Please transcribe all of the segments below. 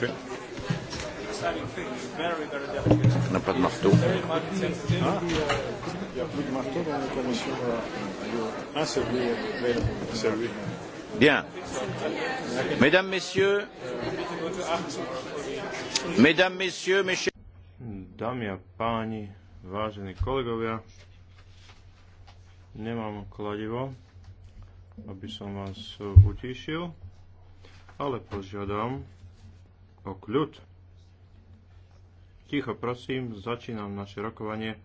Ok. On n'a pas de marteau. il n'y a plus de marteau dans Ah, c'est lui. C'est lui. Bien. Mesdames, Messieurs, Mesdames, Messieurs, mes chers... Dámy a páni, vážení kolegovia, nemám kladivo, aby som vás utíšil, ale požiadam o kľud. Ticho, prosím, začínam naše rokovanie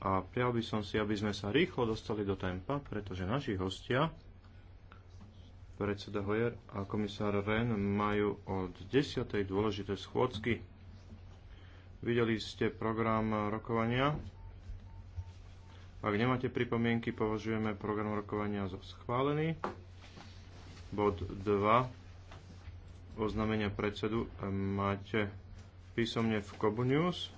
a prial by som si, aby sme sa rýchlo dostali do tempa, pretože naši hostia, predseda Hoyer a komisár Ren, majú od 10. dôležité schôdzky. Videli ste program rokovania. Ak nemáte pripomienky, považujeme program rokovania za schválený. Bod 2 oznámenia predsedu máte písomne v Kobu News.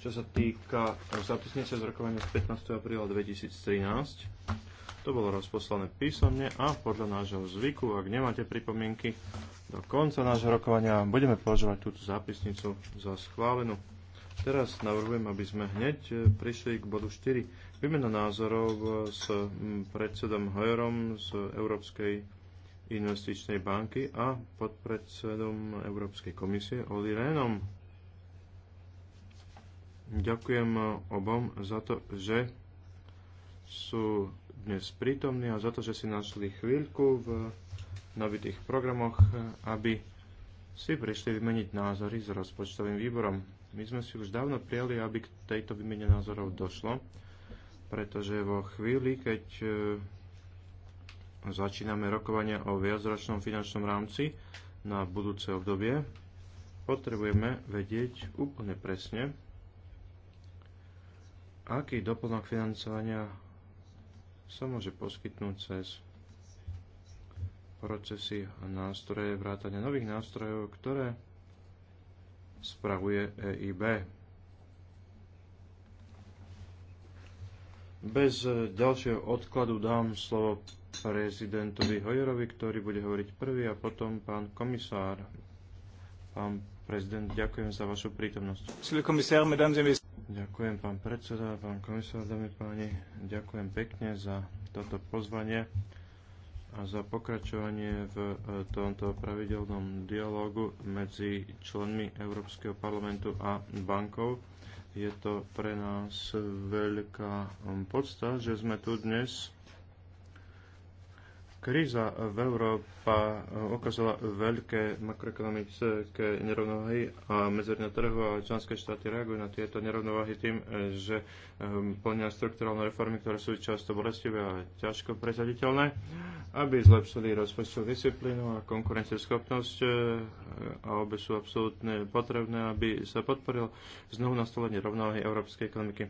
Čo sa týka zapisnice z rokovania z 15. apríla 2013, to bolo rozposlané písomne a podľa nášho zvyku, ak nemáte pripomienky do konca nášho rokovania, budeme považovať túto zápisnicu za schválenú. Teraz navrhujem, aby sme hneď prišli k bodu 4. Výmena názorov s predsedom Hojerom z Európskej investičnej banky a podpredsedom Európskej komisie Oli Rénom. Ďakujem obom za to, že sú dnes prítomní a za to, že si našli chvíľku v novitých programoch, aby si prišli vymeniť názory s rozpočtovým výborom. My sme si už dávno prijali, aby k tejto výmene názorov došlo, pretože vo chvíli, keď začíname rokovania o viacročnom finančnom rámci na budúce obdobie, potrebujeme vedieť úplne presne, aký doplnok financovania sa môže poskytnúť cez procesy a nástroje, vrátane nových nástrojov, ktoré spravuje EIB. Bez ďalšieho odkladu dám slovo prezidentovi Hojerovi, ktorý bude hovoriť prvý a potom pán komisár. Pán prezident, ďakujem za vašu prítomnosť. Ďakujem, pán predseda, pán komisár, dámy páni. Ďakujem pekne za toto pozvanie a za pokračovanie v e, tomto pravidelnom dialogu medzi členmi Európskeho parlamentu a bankou. Je to pre nás veľká podsta, že sme tu dnes Kríza v Európa eh, ukázala veľké makroekonomické nerovnováhy a medzerne trhu a členské štáty reagujú na tieto nerovnováhy tým, eh, že ehm, plnia strukturálne reformy, ktoré sú často bolestivé a ťažko presaditeľné, aby zlepšili rozpočtovú disciplínu a konkurencieschopnosť eh, a obe sú absolútne potrebné, aby sa podporil znovu nastolenie rovnováhy európskej ekonomiky.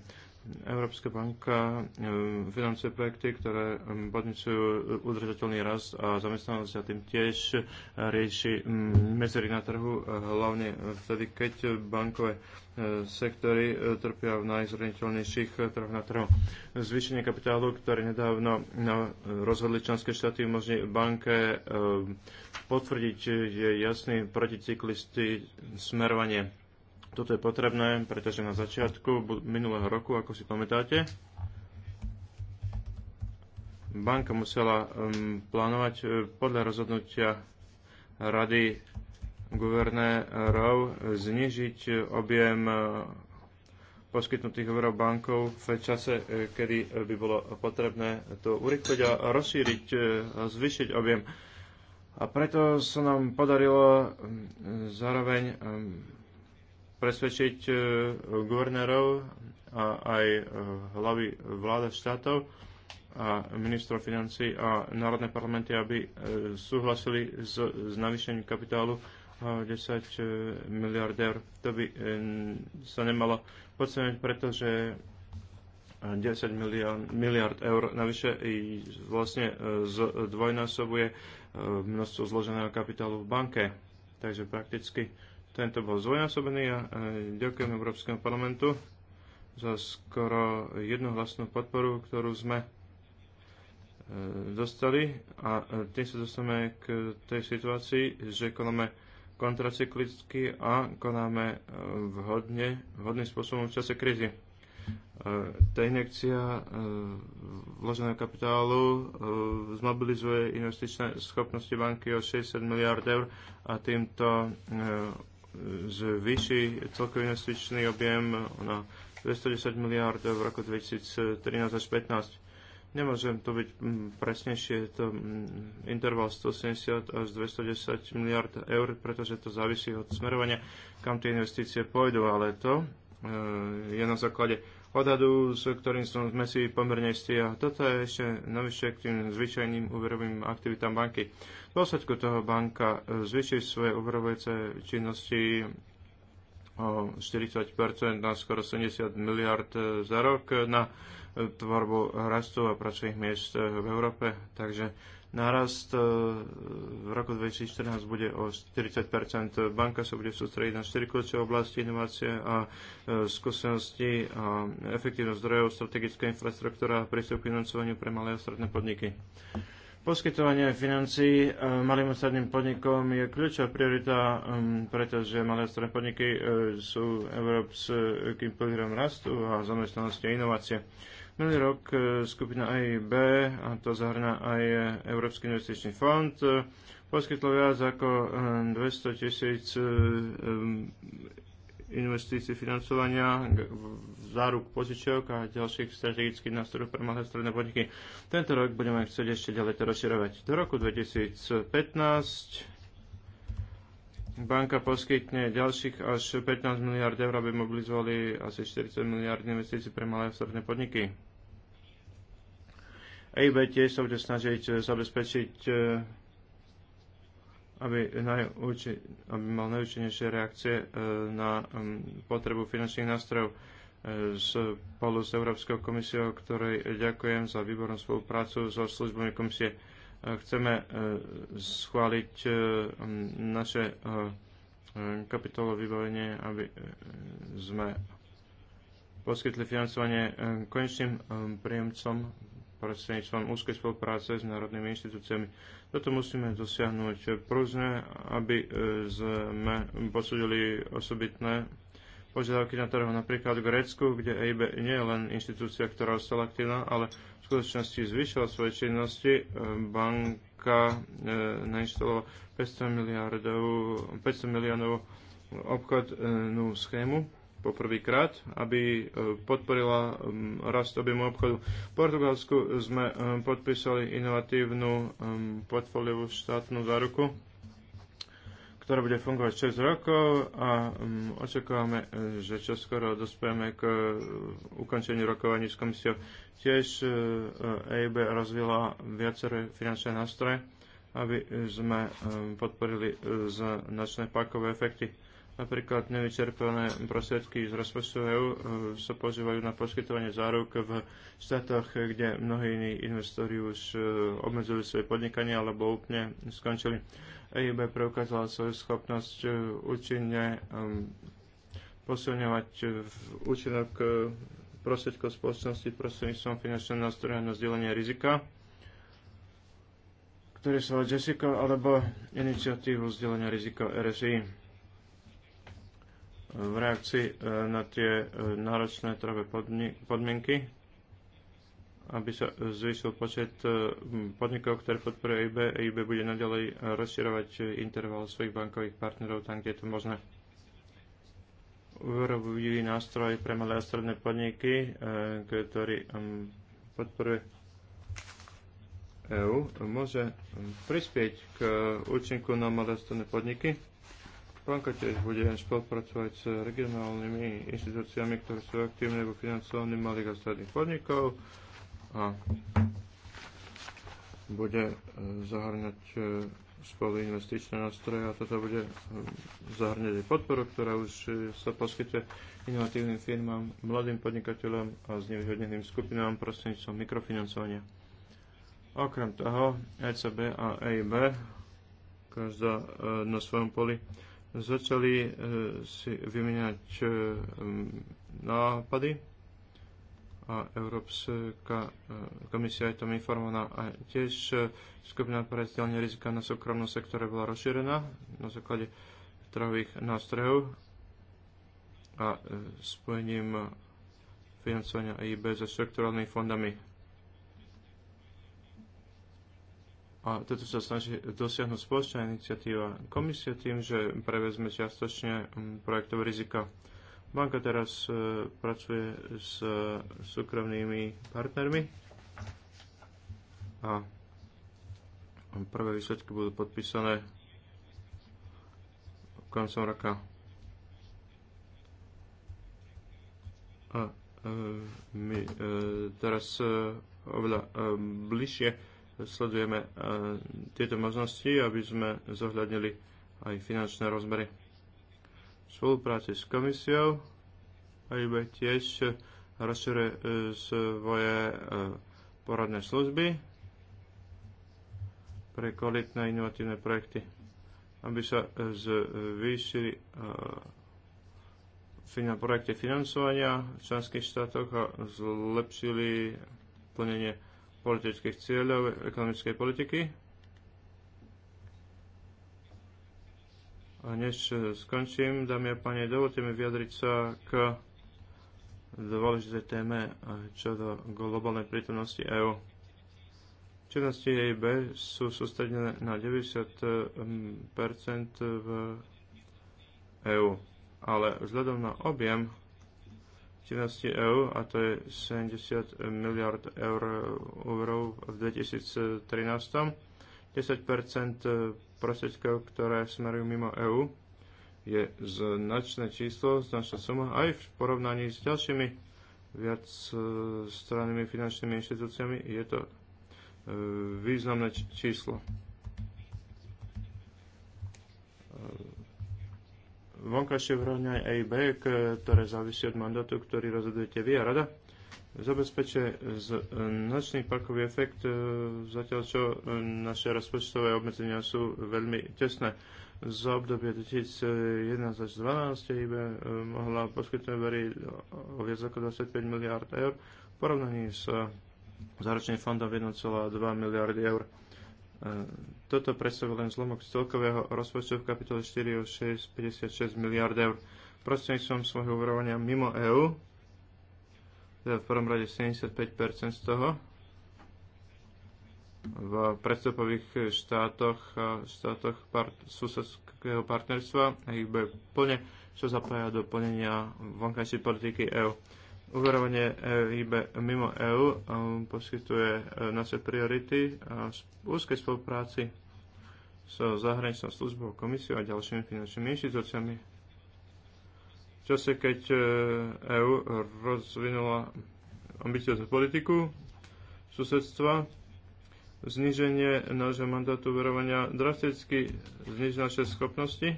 Európska banka ehm, financuje projekty, ktoré ehm, podnicujú udržateľný rast a zamestnanosť a tým tiež eh, rieši mm, medzery na trhu, eh, hlavne vtedy, keď bankové eh, sektory trpia v najzraniteľnejších trhoch na trhu. Zvýšenie kapitálu, ktoré nedávno rozhodli členské štáty, umožní banke ehm, potvrdiť je jasný proticyklistický smerovanie toto je potrebné, pretože na začiatku minulého roku, ako si pamätáte, banka musela um, plánovať e, podľa rozhodnutia rady guvernérov znižiť e, objem e, poskytnutých úverov bankov v čase, kedy by bolo potrebné to urychliť a rozšíriť a zvýšiť objem. A preto sa nám podarilo zároveň presvedčiť e, guvernérov a aj e, hlavy vláda štátov a ministrov financí a národné parlamenty, aby e, súhlasili s, s navýšením kapitálu 10 miliard eur. To by sa nemalo podceňovať, pretože 10 milión, miliard eur navyše i vlastne zdvojnásobuje množstvo zloženého kapitálu v banke. Takže prakticky tento bol zvojnásobený a e, ďakujem Európskemu parlamentu za skoro jednohlasnú podporu, ktorú sme e, dostali a e, tým sa dostaneme k tej situácii, že konáme kontracyklicky a konáme vhodne, vhodným spôsobom v čase krízy. Tá injekcia vloženého kapitálu zmobilizuje investičné schopnosti banky o 60 miliard eur a týmto zvýši celkový investičný objem na 210 miliárd v roku 2013 až 2015. Nemôžem to byť mm, presnejšie, je to mm, interval 170 až 210 miliard eur, pretože to závisí od smerovania, kam tie investície pôjdu, ale to e, je na základe odhadu, s ktorým som sme si pomerne istí. A toto je ešte navyše k tým zvyčajným úverovým aktivitám banky. V dôsledku toho banka e, zvyšuje svoje úverovajúce činnosti o 40 na skoro 70 miliard e, za rok e, na tvorbu rastu a pracovných miest v Európe. Takže nárast e, v roku 2014 bude o 40 Banka sa bude sústrediť na 4 kľúčové oblasti inovácie a e, skúsenosti a efektívnosť zdrojov, strategická infraštruktúra a prístup k financovaniu pre malé a stredné podniky. Poskytovanie financí e, malým a stredným podnikom je kľúčová priorita, pretože malé a stredné podniky sú európskym pilierom rastu a zamestnanosti a inovácie. Minulý rok e, skupina AIB, a to zahrňa aj Európsky investičný fond, e, poskytlo viac ako 200 e, tisíc investícií financovania, záruk požičiok a ďalších strategických nástrojov pre malé stredné podniky. Tento rok budeme chcieť ešte ďalej to rozširovať. Do roku 2015 banka poskytne ďalších až 15 miliard eur, aby mobilizovali asi 40 miliard investícií pre malé a stredné podniky. EIB tiež sa bude snažiť eh, zabezpečiť eh, aby, najúči, aby mal najúčinnejšie reakcie eh, na mm, potrebu finančných nástrojov spolu s Európskou komisiou, ktorej ďakujem za výbornú spoluprácu so službami komisie. Chceme schváliť mm, naše kapitolové vybavenie, aby sme poskytli financovanie konečným príjemcom prostredníctvom úzkej spolupráce s národnými inštitúciami. Toto musíme dosiahnuť prúzne, aby e, sme posúdili osobitné požiadavky na trhu. Napríklad v Grécku, kde EIB nie je len inštitúcia, ktorá ostala aktívna, ale v skutočnosti zvyšila svoje činnosti. E, banka e, nainštalovala 500, miliardov, 500 miliónov obchodnú schému poprvýkrát, aby e, podporila mm, rast objemu obchodu. V Portugalsku sme e, podpísali inovatívnu e, portfóliovú štátnu záruku, ktorá bude fungovať 6 rokov a mm, očakávame, že čoskoro dospieme k ukončeniu rokovaní s komisiou. Tiež EIB rozvila viaceré finančné nástroje, aby sme podporili značné pakové efekty Napríklad nevyčerpané prostriedky z rozpočtu EU e, sa používajú na poskytovanie záruk v štátoch, kde mnohí iní investori už e, obmedzujú svoje podnikanie alebo úplne skončili. EIB preukázala svoju schopnosť e, účinne um, posilňovať účinok prostriedkov spoločnosti prostredníctvom finančného nástroja na zdieľanie rizika ktoré sa Jessica alebo iniciatívu vzdelania rizika RSI v reakcii e, na tie e, náročné trhové podmienky, aby sa zvýšil počet e, podnikov, ktoré podporuje EIB. EIB bude naďalej rozširovať interval svojich bankových partnerov tam, kde je to možné. Urobili nástroj pre malé a stredné podniky, ktorý podporuje EÚ, môže prispieť k účinku na malé a stredné podniky banka tiež bude spolupracovať s regionálnymi inštitúciami, ktoré sú aktívne vo financovaní malých a stredných podnikov a bude e, zahrňať e, spolu investičné nástroje a toto bude e, zahrňať aj podporu, ktorá už sa poskytuje inovatívnym firmám, mladým podnikateľom a znevýhodneným skupinám prostredníctvom mikrofinancovania. Okrem toho ECB a EIB každá na svojom poli začali e, si vymieňať e, nápady a Európska e, komisia je tam informovaná a tiež skupina predstavenia rizika na súkromnom sektore bola rozšírená na základe trhových nástrojov a spojením financovania EIB so štrukturálnymi fondami A toto sa snaží dosiahnuť spoločná iniciatíva komisie tým, že prevezme čiastočne mm, projektové rizika. Banka teraz e, pracuje s e, súkromnými partnermi a prvé výsledky budú podpísané koncom roka. A e, my teraz oveľa bližšie sledujeme e, tieto možnosti, aby sme zohľadnili aj finančné rozmery. V spolupráci s komisiou IB tiež rozširuje e, svoje e, poradné služby pre kvalitné inovatívne projekty, aby sa zvýšili projekty financovania v členských štátoch a zlepšili plnenie politických cieľov ekonomickej politiky. A než skončím, dámy a páni, dovolte mi vyjadriť sa k dôležitej téme čo do globálnej prítomnosti EÚ. Činnosti EIB sú sústredené na 90% v EÚ, ale vzhľadom na objem 14 EU a to je 70 miliard eur úverov v 2013. 10 prostriedkov, ktoré smerujú mimo EU, je značné číslo, značná suma aj v porovnaní s ďalšími viac e, stranými finančnými inštitúciami je to e, významné číslo e, vonkajšie vrhovňa EIB, ktoré závisí od mandátu, ktorý rozhodujete vy a rada, zabezpečuje značný parkový efekt, e, zatiaľ čo e, naše rozpočtové obmedzenia sú veľmi tesné. Za obdobie 2011 až 2012 EIB mohla poskytnúť veri o viac ako 25 miliard eur v porovnaní s záročným fondom 1,2 miliardy eur. Toto predstavuje len zlomok z celkového rozpočtu v kapitole 4 o 6,56 56 miliard eur. Prostredníctvom svojho uverovania mimo EÚ, teda v prvom rade 75% z toho, v predstupových štátoch, štátoch part, susedského partnerstva a ich bude plne čo zapája do plnenia vonkajšej politiky EÚ. Uverovanie IB eh, mimo EÚ eh, poskytuje eh, naše priority a úzkej spolupráci s zahraničnou službou, komisiou a ďalšími finančnými inštitúciami. V čase, keď EÚ e rozvinula ambicioznú politiku susedstva, zniženie nášho mandátu verovania drasticky zniží naše schopnosti,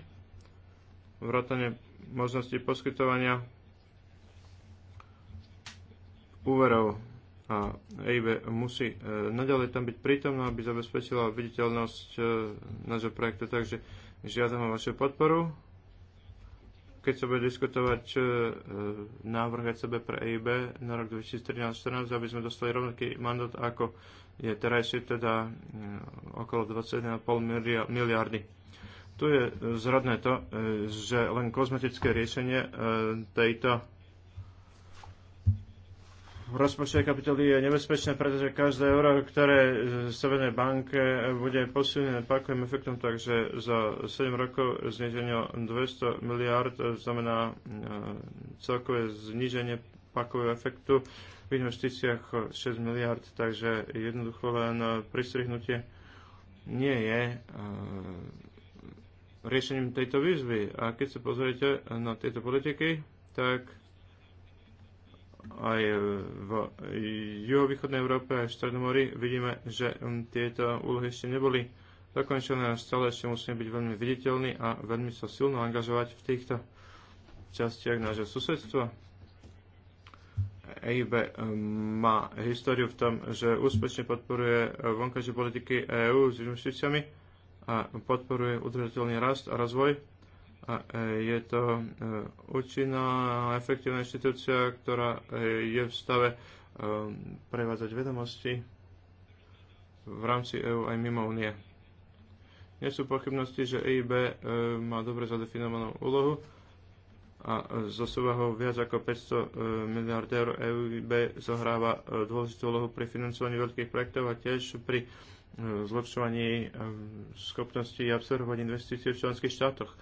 vrátanie možnosti poskytovania úverov a EIB musí e, naďalej tam byť prítomná, aby zabezpečila viditeľnosť e, nášho projektu. Takže žiadam o vašu podporu. Keď sa bude diskutovať e, návrh ECB pre EIB na rok 2013-2014, aby sme dostali rovnaký mandát ako je terajší, teda okolo 21,5 miliardy. Tu je zradné to, že len kozmetické riešenie tejto rozpočtovej kapitoly je nebezpečné, pretože každé euro, ktoré e, Severnej banke e, bude posilnené pakovým efektom, takže za 7 rokov zniženie 200 miliard e, znamená celkové zniženie pakového efektu v investíciách 6 miliard, takže jednoducho len pristrihnutie nie je riešením tejto výzvy. A keď sa pozriete na tieto politiky, tak aj v juhovýchodnej Európe aj v Stredomori vidíme, že um, tieto úlohy ešte neboli dokončené a stále ešte musíme byť veľmi viditeľní a veľmi sa silno angažovať v týchto častiach nášho susedstva. EIB um, má históriu v tom, že úspešne podporuje vonkajšie politiky EÚ s investíciami a podporuje udržateľný rast a rozvoj E, je to e, účinná a efektívna inštitúcia, ktorá e, je v stave prevádzať vedomosti v rámci EÚ aj mimo únie. Nie sú pochybnosti, že EIB má dobre zadefinovanú úlohu a so súvahou viac ako 500 miliard eur EIB zohráva dôležitú úlohu pri financovaní veľkých projektov a tiež pri zlepšovaní schopnosti absorbovať investície v členských štátoch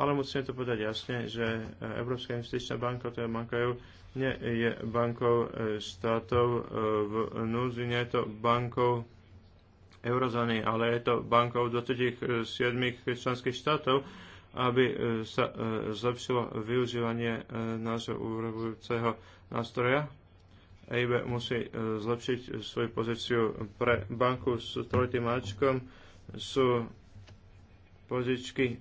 ale musíme to povedať jasne, že e, Európska investičná banka, to je banka EU, nie je bankou e, štátov e, v núzi, nie je to bankou eurozóny, ale je to bankou 27 členských štátov, aby sa zlepšilo využívanie nášho úrovujúceho nástroja. EIB musí zlepšiť svoju pozíciu pre banku s trojitým mačkom, sú požičky e,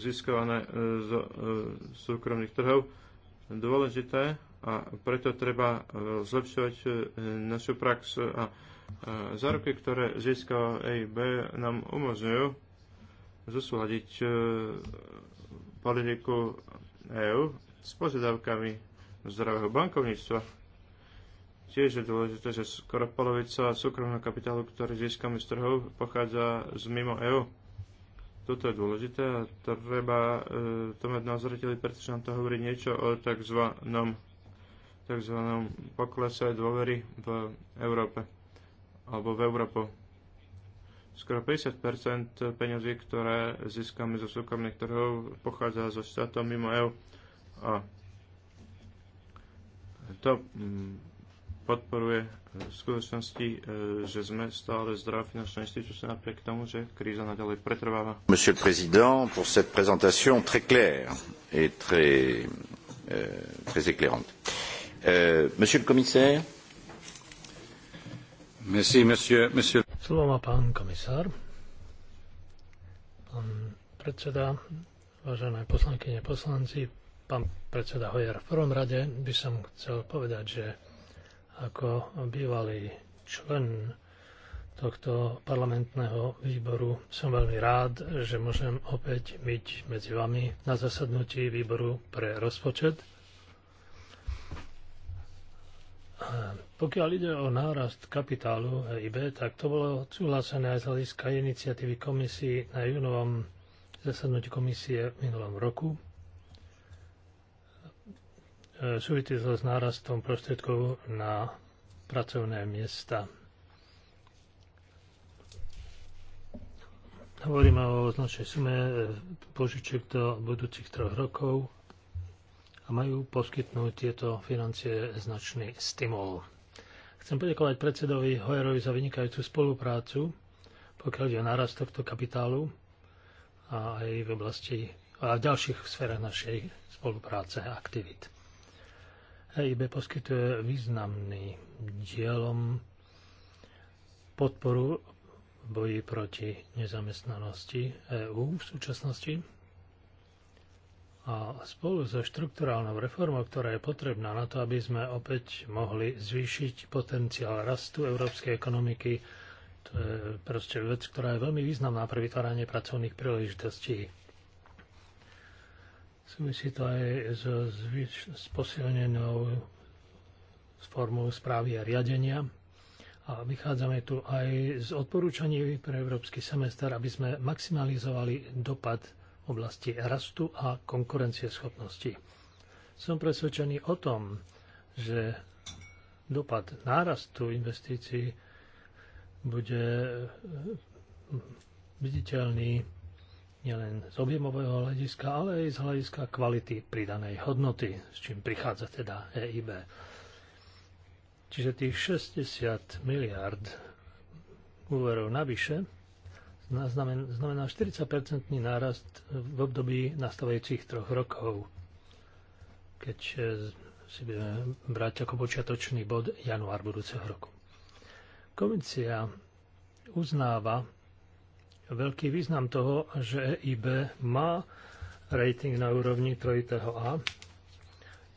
získované e, z e, súkromných trhov dôležité a preto treba zlepšovať našu prax a záruky, ktoré získava EIB, nám umožňujú zosúľadiť politiku EÚ s požiadavkami zdravého bankovníctva. Tiež je dôležité, že skoro polovica súkromného kapitálu, ktorý získame z trhov, pochádza z mimo EÚ toto je dôležité a treba e, to mať na zreteli, pretože nám to hovorí niečo o tzv. tzv. poklese dôvery v Európe alebo v Európu. Skoro 50% peňazí, ktoré získame zo súkromných trhov, pochádza zo štátov mimo EU. A to mm, podporuje v skutočnosti, e, že sme stále zdravá finančná inštitúcia napriek tomu, že kríza naďalej pretrváva. Monsieur le Président, pour cette présentation très claire et très, euh, très éclairante. Euh, monsieur le Commissaire. Merci, monsieur, monsieur. Slovo má pán komisár. Pán predseda, vážené poslankyne, poslanci, pán predseda Hojer. V prvom rade by som chcel povedať, že ako bývalý člen tohto parlamentného výboru som veľmi rád, že môžem opäť byť medzi vami na zasadnutí výboru pre rozpočet. Pokiaľ ide o nárast kapitálu EIB, tak to bolo súhlasené aj z hľadiska iniciatívy komisii na júnovom zasadnutí komisie v minulom roku súvisí s nárastom prostriedkov na pracovné miesta. Hovoríme o značnej sume e, požičiek do budúcich troch rokov a majú poskytnúť tieto financie značný stimul. Chcem poďakovať predsedovi Hojerovi za vynikajúcu spoluprácu, pokiaľ ide o nárast tohto kapitálu a aj v oblasti a v ďalších sférach našej spolupráce a aktivít. EIB poskytuje významný dielom podporu boji proti nezamestnanosti EÚ v súčasnosti. A spolu so štrukturálnou reformou, ktorá je potrebná na to, aby sme opäť mohli zvýšiť potenciál rastu európskej ekonomiky, to je proste vec, ktorá je veľmi významná pre vytváranie pracovných príležitostí Súvisí to aj so zvyš, s posilnenou formou správy a riadenia. A vychádzame tu aj z odporúčaní pre Európsky semester, aby sme maximalizovali dopad v oblasti rastu a konkurencieschopnosti. Som presvedčený o tom, že dopad nárastu investícií bude viditeľný nielen z objemového hľadiska, ale aj z hľadiska kvality pridanej hodnoty, s čím prichádza teda EIB. Čiže tých 60 miliard úverov navyše znamená 40-percentný nárast v období nastavujúcich troch rokov, keď eh, si budeme brať ako počiatočný bod január budúceho roku. Komisia uznáva veľký význam toho, že EIB má rating na úrovni 3. A.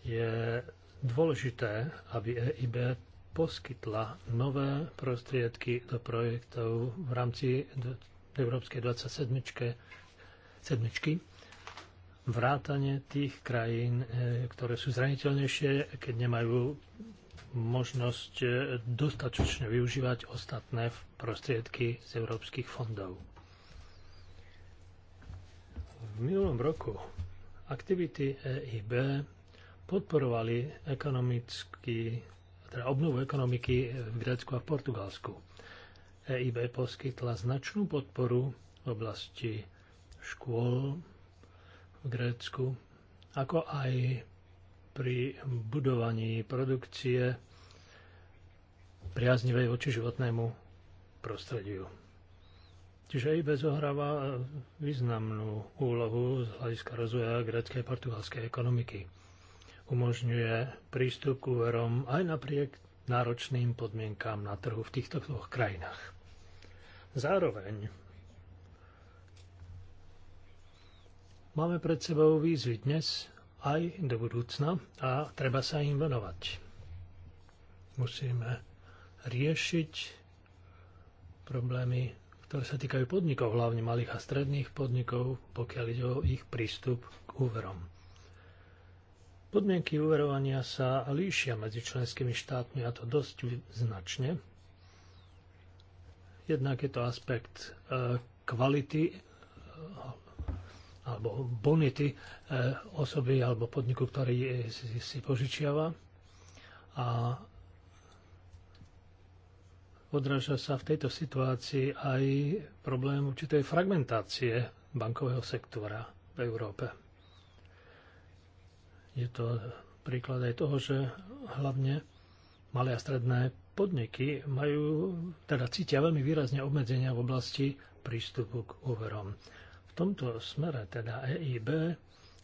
Je dôležité, aby EIB poskytla nové prostriedky do projektov v rámci Európskej 27. sedmičky tých krajín, e, ktoré sú zraniteľnejšie, keď nemajú možnosť e, dostatočne využívať ostatné prostriedky z európskych fondov. V minulom roku aktivity EIB podporovali ekonomicky, teda obnovu ekonomiky v Grécku a v Portugalsku. EIB poskytla značnú podporu v oblasti škôl v Grécku, ako aj pri budovaní produkcie priaznivej voči životnému prostrediu. Čiže IB zohráva e, významnú úlohu z hľadiska rozvoja greckej a portugalskej ekonomiky. Umožňuje prístup k úverom aj napriek náročným podmienkám na trhu v týchto dvoch krajinách. Zároveň máme pred sebou výzvy dnes aj do budúcna a treba sa im venovať. Musíme riešiť problémy ktoré sa týkajú podnikov, hlavne malých a stredných podnikov, pokiaľ ide o ich prístup k úverom. Podmienky uverovania sa líšia medzi členskými štátmi a to dosť značne. Jednak je to aspekt e, kvality e, alebo bonity e, osoby alebo podniku, ktorý si požičiava. A odráža sa v tejto situácii aj problém určitej fragmentácie bankového sektora v Európe. Je to príklad aj toho, že hlavne malé a stredné podniky majú, teda cítia veľmi výrazne obmedzenia v oblasti prístupu k úverom. V tomto smere teda EIB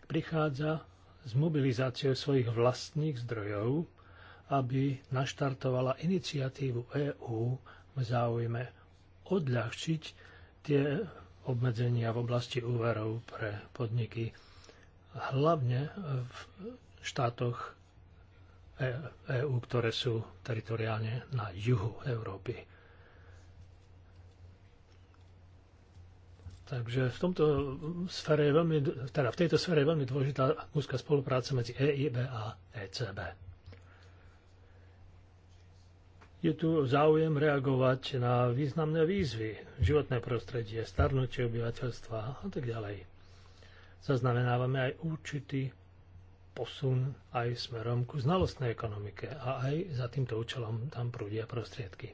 prichádza s mobilizáciou svojich vlastných zdrojov aby naštartovala iniciatívu EÚ v záujme odľahčiť tie obmedzenia v oblasti úverov pre podniky, hlavne v štátoch EÚ, e ktoré sú teritoriálne na juhu Európy. Takže v, tomto sfere je veľmi, teda v tejto sfére je veľmi dôležitá úzka spolupráca medzi EIB a ECB je tu záujem reagovať na významné výzvy, životné prostredie, starnutie obyvateľstva a tak ďalej. Zaznamenávame aj určitý posun aj smerom ku znalostnej ekonomike a aj za týmto účelom tam prúdia prostriedky.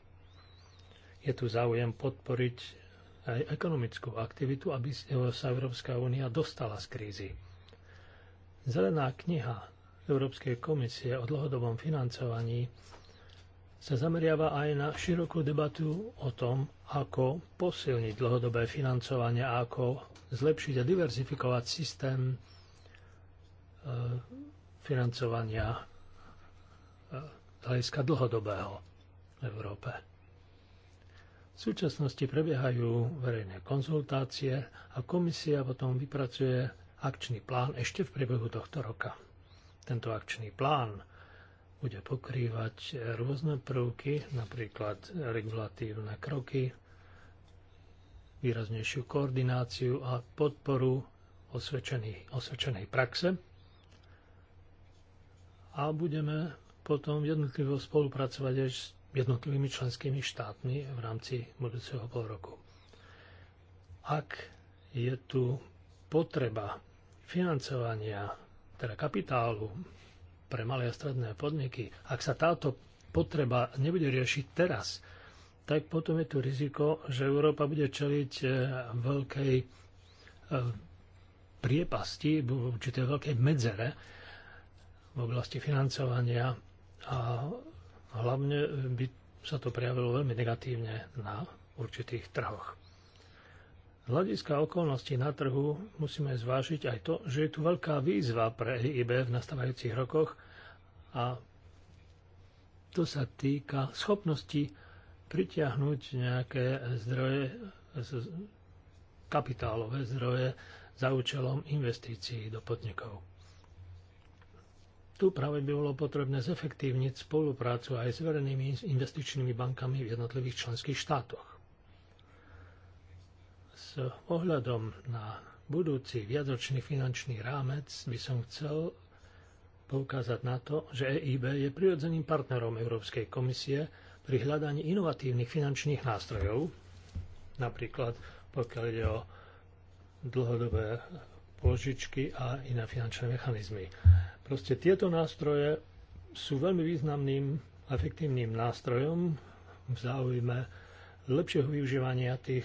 Je tu záujem podporiť aj ekonomickú aktivitu, aby sa Európska únia dostala z krízy. Zelená kniha Európskej komisie o dlhodobom financovaní sa zameriava aj na širokú debatu o tom, ako posilniť dlhodobé financovanie a ako zlepšiť a diverzifikovať systém e, financovania e, hľadiska dlhodobého v Európe. V súčasnosti prebiehajú verejné konzultácie a komisia potom vypracuje akčný plán ešte v priebehu tohto roka. Tento akčný plán bude pokrývať rôzne prvky, napríklad regulatívne kroky, výraznejšiu koordináciu a podporu osvedčenej praxe. A budeme potom jednotlivo spolupracovať aj s jednotlivými členskými štátmi v rámci budúceho pol roku. Ak je tu potreba financovania, teda kapitálu pre malé a stredné podniky, ak sa táto potreba nebude riešiť teraz, tak potom je tu riziko, že Európa bude čeliť e, veľkej e, priepasti, určitej veľkej medzere v oblasti financovania a hlavne by sa to prejavilo veľmi negatívne na určitých trhoch. Z hľadiska okolností na trhu musíme zvážiť aj to, že je tu veľká výzva pre EIB v nastávajúcich rokoch a to sa týka schopnosti pritiahnuť nejaké zdroje, kapitálové zdroje za účelom investícií do podnikov. Tu práve by bolo potrebné zefektívniť spoluprácu aj s verejnými investičnými bankami v jednotlivých členských štátoch. S ohľadom na budúci viacročný finančný rámec by som chcel poukázať na to, že EIB je prirodzeným partnerom Európskej komisie pri hľadaní inovatívnych finančných nástrojov, napríklad pokiaľ ide o dlhodobé pôžičky a iné finančné mechanizmy. Proste tieto nástroje sú veľmi významným efektívnym nástrojom v záujme lepšieho využívania tých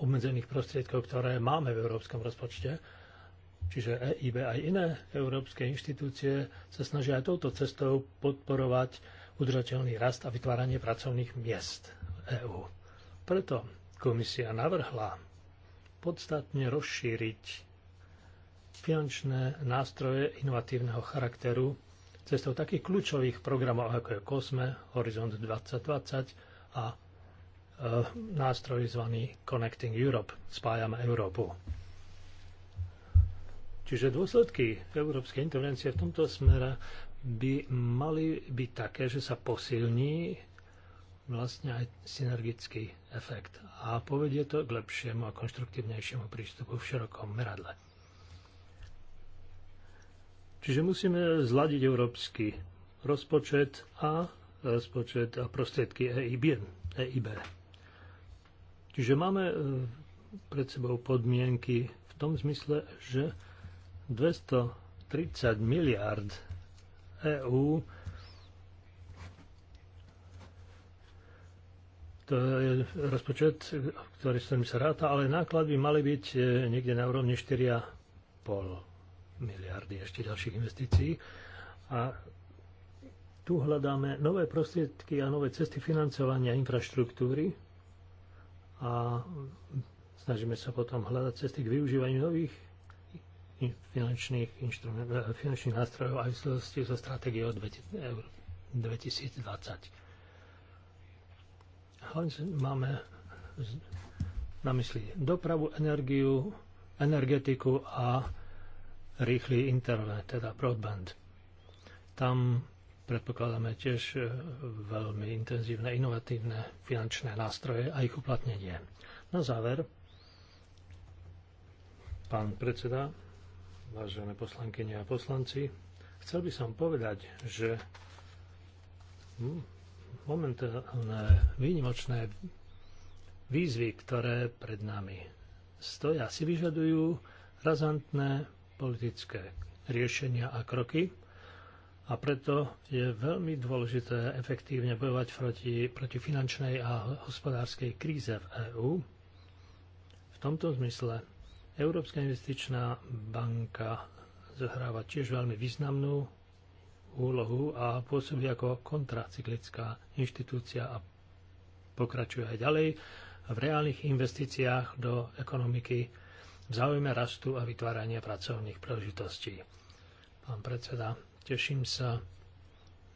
obmedzených prostriedkov, ktoré máme v európskom rozpočte Čiže EIB aj iné európske inštitúcie sa snažia aj touto cestou podporovať udržateľný rast a vytváranie pracovných miest v EÚ. Preto komisia navrhla podstatne rozšíriť finančné nástroje inovatívneho charakteru cestou takých kľúčových programov, ako je COSME, Horizont 2020 a e, nástroj zvaný Connecting Europe, spájame Európu. Čiže dôsledky európskej intervencie v tomto smere by mali byť také, že sa posilní vlastne aj synergický efekt a povedie to k lepšiemu a konštruktívnejšiemu prístupu v širokom meradle. Čiže musíme zladiť európsky rozpočet a rozpočet a prostriedky EIB. EIB. Čiže máme eh, pred sebou podmienky v tom zmysle, že 230 miliard EÚ to je rozpočet, ktorý s sa ráta, ale náklad by mali byť e, niekde na úrovni 4,5 miliardy ešte ďalších investícií. A tu hľadáme nové prostriedky a nové cesty financovania infraštruktúry a snažíme sa potom hľadať cesty k využívaniu nových finančných, e, finančných nástrojov aj v súvislosti so stratégiou 2020. E, Hlavne máme na mysli dopravu, energiu, energetiku a rýchly internet, teda broadband. Tam predpokladáme tiež e, veľmi intenzívne, inovatívne finančné nástroje a ich uplatnenie. Na záver, pán predseda, vážené poslankyne a poslanci. Chcel by som povedať, že momentálne výnimočné výzvy, ktoré pred nami stoja, si vyžadujú razantné politické riešenia a kroky a preto je veľmi dôležité efektívne bojovať proti, proti finančnej a hospodárskej kríze v EÚ. V tomto zmysle Európska investičná banka zohráva tiež veľmi významnú úlohu a pôsobí ako kontracyklická inštitúcia a pokračuje aj ďalej v reálnych investíciách do ekonomiky v záujme rastu a vytvárania pracovných príležitostí. Pán predseda, teším sa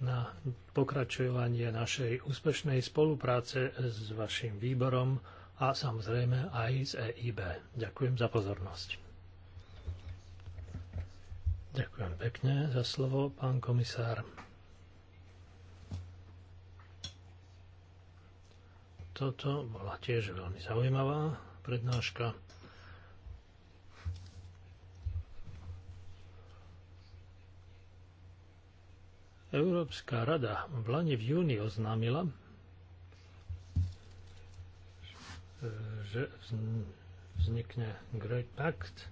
na pokračovanie našej úspešnej spolupráce s vašim výborom a samozrejme aj z EIB. Ďakujem za pozornosť. Ďakujem pekne za slovo, pán komisár. Toto bola tiež veľmi zaujímavá prednáška. Európska rada v Lani v júni oznámila, že vznikne Great Pact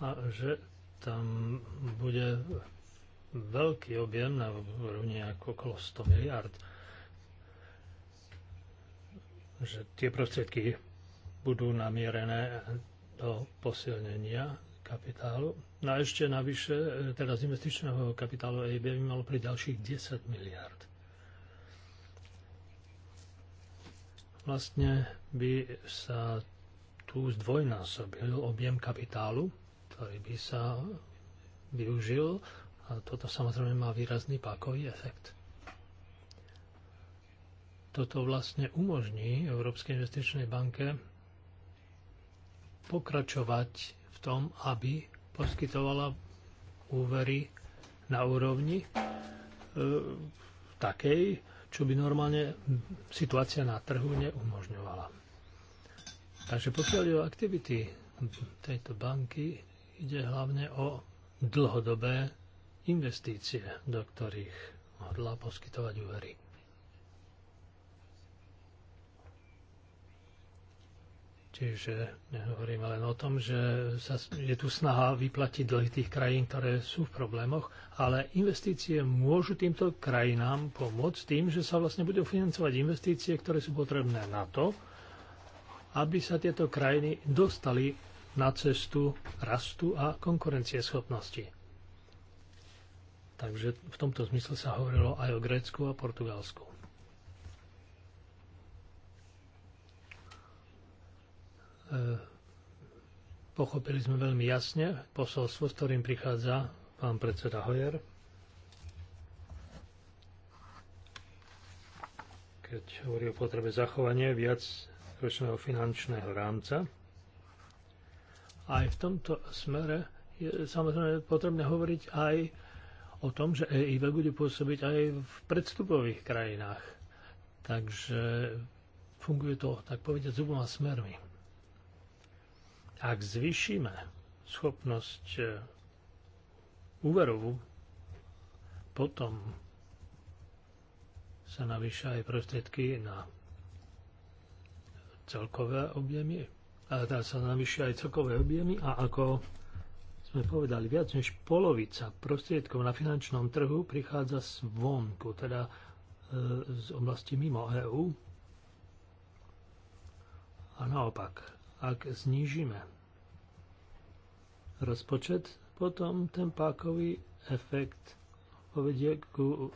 a že tam bude veľký objem na úrovni okolo 100 miliard že tie prostriedky budú namierené do posilnenia kapitálu. No a ešte navyše, eh, teraz investičného kapitálu EIB by malo pri ďalších 10 miliard. vlastne by sa tu zdvojnásobil objem kapitálu, ktorý by sa využil a toto samozrejme má výrazný pákový efekt. Toto vlastne umožní Európskej investičnej banke pokračovať v tom, aby poskytovala úvery na úrovni e, takej, čo by normálne situácia na trhu neumožňovala. Takže pokiaľ o aktivity tejto banky, ide hlavne o dlhodobé investície, do ktorých hodlá poskytovať úvery. Čiže nehovoríme len o tom, že sa, je tu snaha vyplatiť dlhy tých krajín, ktoré sú v problémoch, ale investície môžu týmto krajinám pomôcť tým, že sa vlastne budú financovať investície, ktoré sú potrebné na to, aby sa tieto krajiny dostali na cestu rastu a konkurencieschopnosti. Takže v tomto zmysle sa hovorilo aj o Grécku a Portugalsku. E, pochopili sme veľmi jasne posolstvo, s ktorým prichádza pán predseda Hojer. Keď hovorí o potrebe zachovania viac ročného finančného rámca. Aj v tomto smere je samozrejme potrebné hovoriť aj o tom, že EIB bude pôsobiť aj v predstupových krajinách. Takže funguje to, tak povedať, z oboma smermi. Ak zvýšime schopnosť e, úverovú, potom sa navýšia aj prostriedky na celkové objemy. A teda sa navýšia aj celkové objemy a ako sme povedali, viac než polovica prostriedkov na finančnom trhu prichádza z vonku, teda e, z oblasti mimo EÚ. A naopak, ak znížime rozpočet, potom ten pákový efekt povedie ku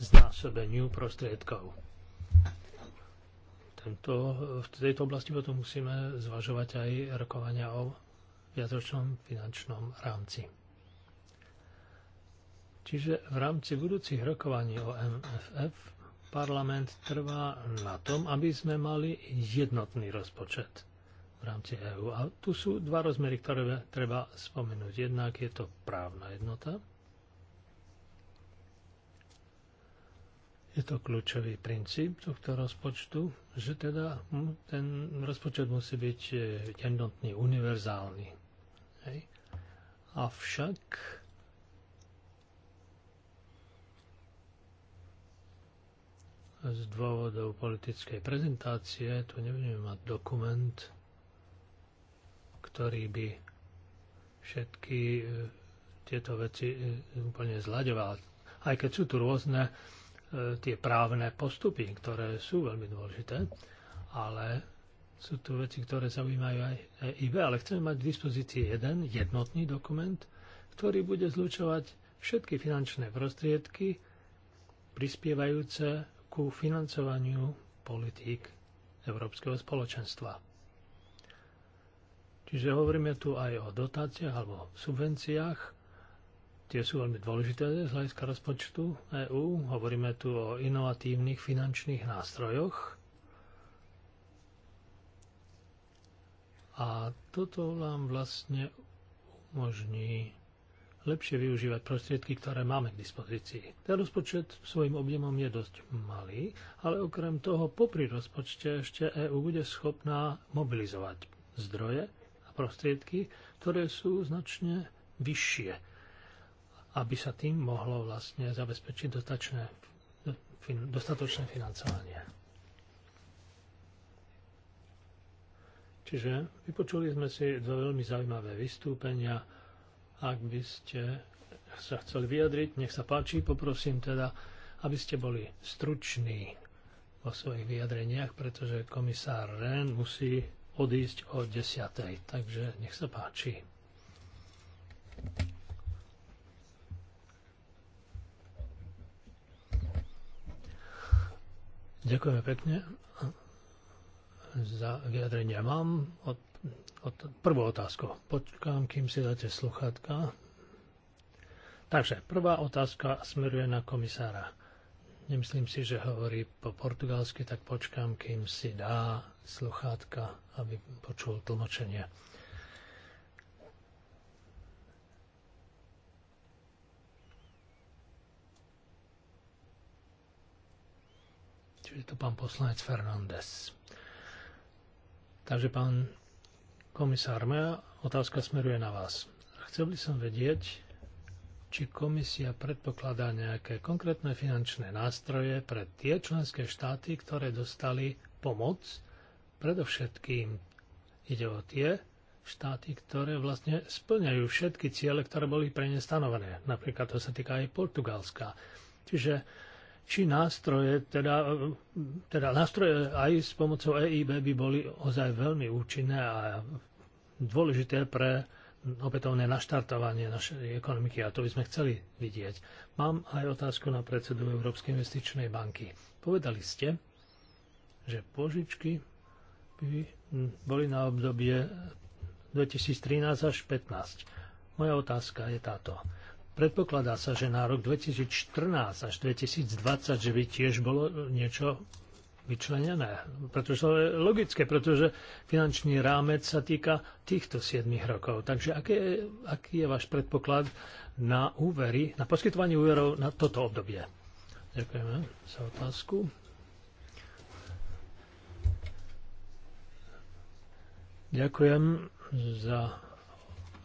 znásobeniu prostriedkov. Tento, v tejto oblasti potom musíme zvažovať aj rokovania o viacročnom finančnom rámci. Čiže v rámci budúcich rokovaní o MFF parlament trvá na tom, aby sme mali jednotný rozpočet v rámci EÚ. A tu sú dva rozmery, ktoré treba spomenúť. Jednak je to právna jednota. Je to kľúčový princíp tohto rozpočtu, že teda ten rozpočet musí byť e, jednotný, univerzálny. Hej. Avšak z dôvodov politickej prezentácie tu nebudeme mať dokument, ktorý by všetky e, tieto veci e, úplne zľaďoval. Aj keď sú tu rôzne e, tie právne postupy, ktoré sú veľmi dôležité, ale sú tu veci, ktoré zaujímajú aj IB, ale chceme mať v dispozícii jeden jednotný dokument, ktorý bude zlučovať všetky finančné prostriedky prispievajúce ku financovaniu politík Európskeho spoločenstva. Čiže hovoríme tu aj o dotáciách alebo subvenciách. Tie sú veľmi dôležité z hľadiska rozpočtu EÚ. Hovoríme tu o inovatívnych finančných nástrojoch. A toto nám vlastne umožní lepšie využívať prostriedky, ktoré máme k dispozícii. Ten rozpočet svojim objemom je dosť malý, ale okrem toho popri rozpočte ešte EÚ bude schopná mobilizovať zdroje, prostriedky, ktoré sú značne vyššie, aby sa tým mohlo vlastne zabezpečiť dotačné, dostatočné financovanie. Čiže vypočuli sme si dva veľmi zaujímavé vystúpenia. Ak by ste sa chceli vyjadriť, nech sa páči, poprosím teda, aby ste boli struční vo svojich vyjadreniach, pretože komisár Ren musí odísť o 10. Takže nech sa páči. Ďakujeme pekne za vyjadrenia. Mám od, od, prvú otázku. Počkám, kým si dáte sluchátka. Takže prvá otázka smeruje na komisára. Nemyslím si, že hovorí po portugalsky, tak počkám, kým si dá sluchátka, aby počul tlmočenie. Čiže to pán poslanec Fernández. Takže pán komisár, moja otázka smeruje na vás. Chcel by som vedieť, či komisia predpokladá nejaké konkrétne finančné nástroje pre tie členské štáty, ktoré dostali pomoc. Predovšetkým ide o tie štáty, ktoré vlastne splňajú všetky ciele, ktoré boli pre ne stanovené. Napríklad to sa týka aj Portugalska. Čiže či nástroje, teda, teda nástroje aj s pomocou EIB by boli ozaj veľmi účinné a dôležité pre opätovné naštartovanie našej ekonomiky a to by sme chceli vidieť. Mám aj otázku na predsedu Európskej investičnej banky. Povedali ste, že požičky by boli na obdobie 2013 až 2015. Moja otázka je táto. Predpokladá sa, že na rok 2014 až 2020, že by tiež bolo niečo vyčlenené. Pretože to je logické, pretože finančný rámec sa týka týchto 7 rokov. Takže aký je, aký je váš predpoklad na úvery, na poskytovanie úverov na toto obdobie? Ďakujeme za otázku. Ďakujem za e,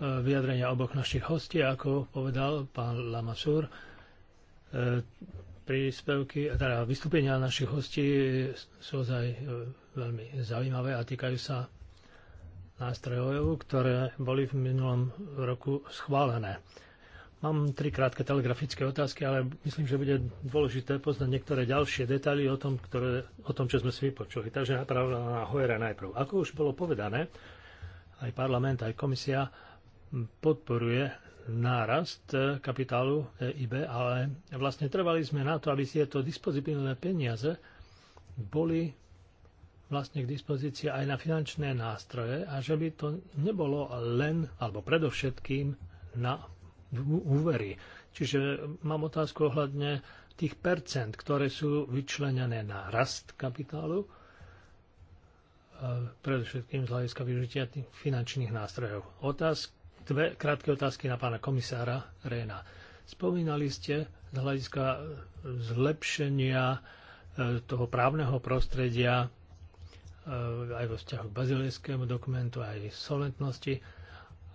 vyjadrenia oboch našich hostí, ako povedal pán Lamasur e, príspevky, teda vystúpenia našich hostí sú ozaj e, veľmi zaujímavé a týkajú sa nástrojov, e ktoré boli v minulom roku schválené. Mám tri krátke telegrafické otázky, ale myslím, že bude dôležité poznať niektoré ďalšie detaily o tom, ktoré, o tom čo sme si vypočuli. Takže napravda na Hojera najprv. Ako už bolo povedané, aj parlament, aj komisia podporuje nárast e, kapitálu EIB, ale vlastne trvali sme na to, aby tieto dispozitívne peniaze boli vlastne k dispozícii aj na finančné nástroje a že by to nebolo len, alebo predovšetkým na úvery. Čiže mám otázku ohľadne tých percent, ktoré sú vyčlenené na rast kapitálu, e, predovšetkým z hľadiska využitia tých finančných nástrojov. Otázka dve krátke otázky na pána komisára Réna. Spomínali ste z hľadiska e, zlepšenia e, toho právneho prostredia e, aj vo vzťahu k bazilejskému dokumentu, aj solventnosti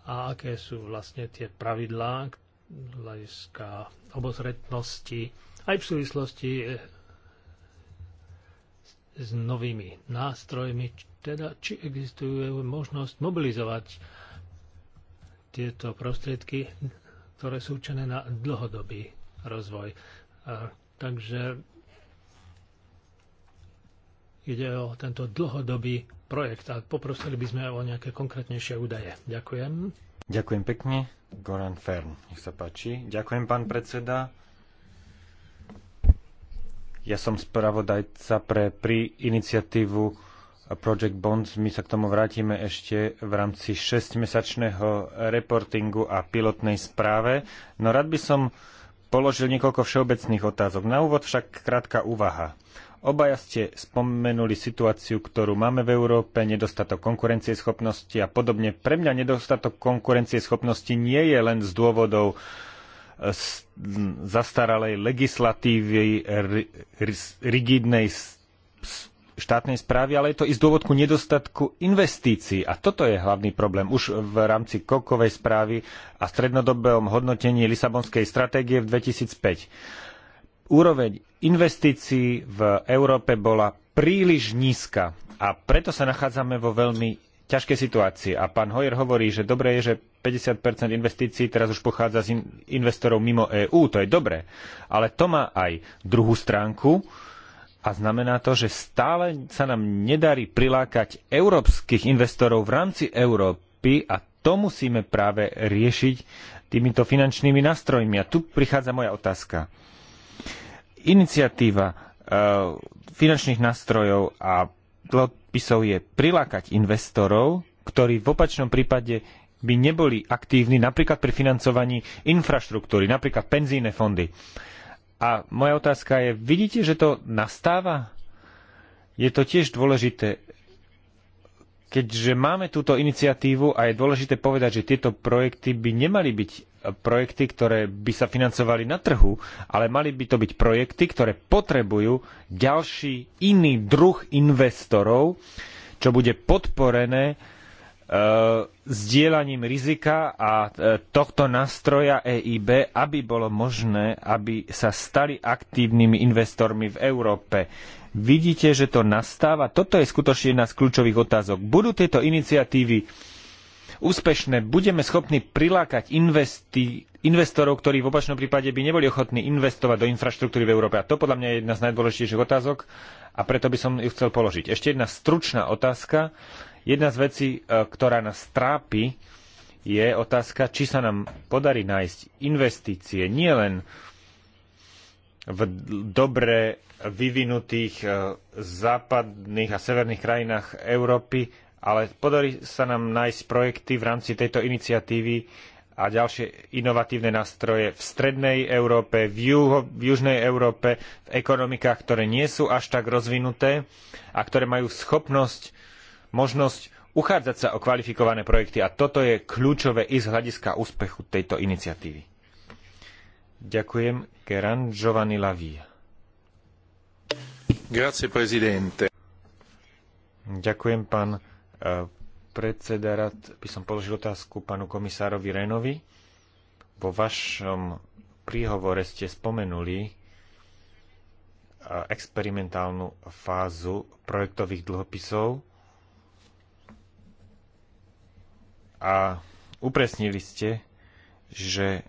a aké sú vlastne tie pravidlá hľadiska obozretnosti aj v súvislosti s novými nástrojmi, teda či existuje možnosť mobilizovať tieto prostriedky, ktoré sú určené na dlhodobý rozvoj. A, takže ide o tento dlhodobý projekt a poprosili by sme o nejaké konkrétnejšie údaje. Ďakujem. Ďakujem pekne. Goran Fern, nech sa páči. Ďakujem, pán predseda. Ja som spravodajca pre pri iniciatívu Project Bonds. My sa k tomu vrátime ešte v rámci 6-mesačného reportingu a pilotnej správe. No rád by som položil niekoľko všeobecných otázok. Na úvod však krátka úvaha. Obaja ste spomenuli situáciu, ktorú máme v Európe, nedostatok konkurencieschopnosti a podobne. Pre mňa nedostatok konkurencieschopnosti nie je len z dôvodov e, zastaralej legislatívy, rigidnej štátnej správy, ale je to i z dôvodku nedostatku investícií. A toto je hlavný problém. Už v rámci Kokovej správy a strednodobom hodnotení Lisabonskej stratégie v 2005. Úroveň investícií v Európe bola príliš nízka a preto sa nachádzame vo veľmi ťažkej situácii. A pán Hoyer hovorí, že dobre je, že 50 investícií teraz už pochádza z investorov mimo EÚ. To je dobre. Ale to má aj druhú stránku, a znamená to, že stále sa nám nedarí prilákať európskych investorov v rámci Európy a to musíme práve riešiť týmito finančnými nástrojmi. A tu prichádza moja otázka. Iniciatíva uh, finančných nástrojov a dlhopisov je prilákať investorov, ktorí v opačnom prípade by neboli aktívni napríklad pri financovaní infraštruktúry, napríklad penzíne fondy. Uh, a moja otázka je, vidíte, že to nastáva? Je to tiež dôležité, keďže máme túto iniciatívu a je dôležité povedať, že tieto projekty by nemali byť projekty, ktoré by sa financovali na trhu, ale mali by to byť projekty, ktoré potrebujú ďalší iný druh investorov, čo bude podporené zdieľaním e, rizika a e, tohto nástroja EIB, aby bolo možné, aby sa stali aktívnymi investormi v Európe. Vidíte, že to nastáva. Toto je skutočne jedna z kľúčových otázok. Budú tieto iniciatívy úspešné? Budeme schopní prilákať investi- investorov, ktorí v opačnom prípade by neboli ochotní investovať do infraštruktúry v Európe? A to podľa mňa je jedna z najdôležitejších otázok a preto by som ju chcel položiť. Ešte jedna stručná otázka Jedna z vecí, e, ktorá nás trápi, je otázka, či sa nám podarí nájsť investície nielen v dobre vyvinutých e, západných a severných krajinách Európy, ale podarí sa nám nájsť projekty v rámci tejto iniciatívy a ďalšie inovatívne nástroje v strednej Európe, v, juho, v južnej Európe, v ekonomikách, ktoré nie sú až tak rozvinuté a ktoré majú schopnosť možnosť uchádzať sa o kvalifikované projekty a toto je kľúčové i z hľadiska úspechu tejto iniciatívy. Ďakujem. Geran Giovanni Lavia. Grazie, prezidente. Ďakujem, pán e, predseda. Rád by som položil otázku pánu komisárovi Renovi. Vo vašom príhovore ste spomenuli e, experimentálnu fázu projektových dlhopisov a upresnili ste, že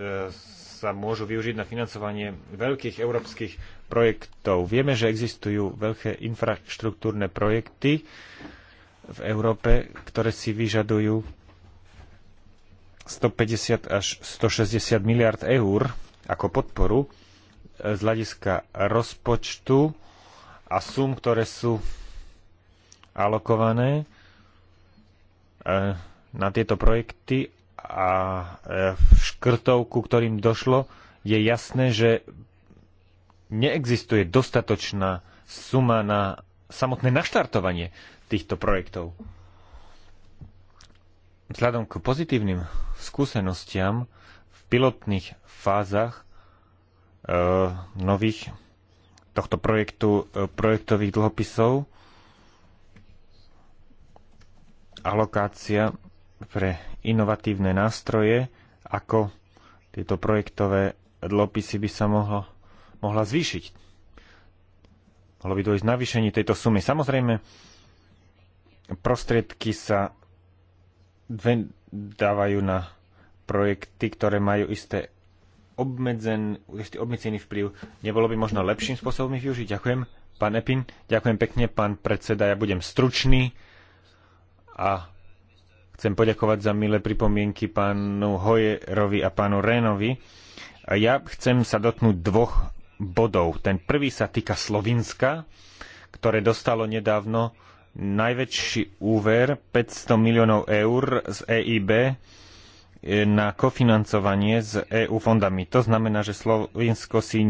e, sa môžu využiť na financovanie veľkých európskych projektov. Vieme, že existujú veľké infraštruktúrne projekty v Európe, ktoré si vyžadujú 150 až 160 miliard eur ako podporu e, z hľadiska rozpočtu a sum, ktoré sú alokované E, na tieto projekty a e, škrtov, ku ktorým došlo, je jasné, že neexistuje dostatočná suma na samotné naštartovanie týchto projektov. Vzhľadom k pozitívnym skúsenostiam v pilotných fázach e, nových tohto projektu e, projektových dlhopisov alokácia pre inovatívne nástroje, ako tieto projektové dlopisy by sa mohlo, mohla zvýšiť. Mohlo by dojsť navýšení tejto sumy. Samozrejme, prostriedky sa dávajú na projekty, ktoré majú isté obmedzen, istý obmedzený vplyv. Nebolo by možno lepším spôsobom ich využiť? Ďakujem, pán Epin. Ďakujem pekne, pán predseda. Ja budem stručný a chcem poďakovať za milé pripomienky pánu Hojerovi a pánu Rénovi. Ja chcem sa dotknúť dvoch bodov. Ten prvý sa týka Slovinska, ktoré dostalo nedávno najväčší úver 500 miliónov eur z EIB e, na kofinancovanie s EU fondami. To znamená, že Slovinsko si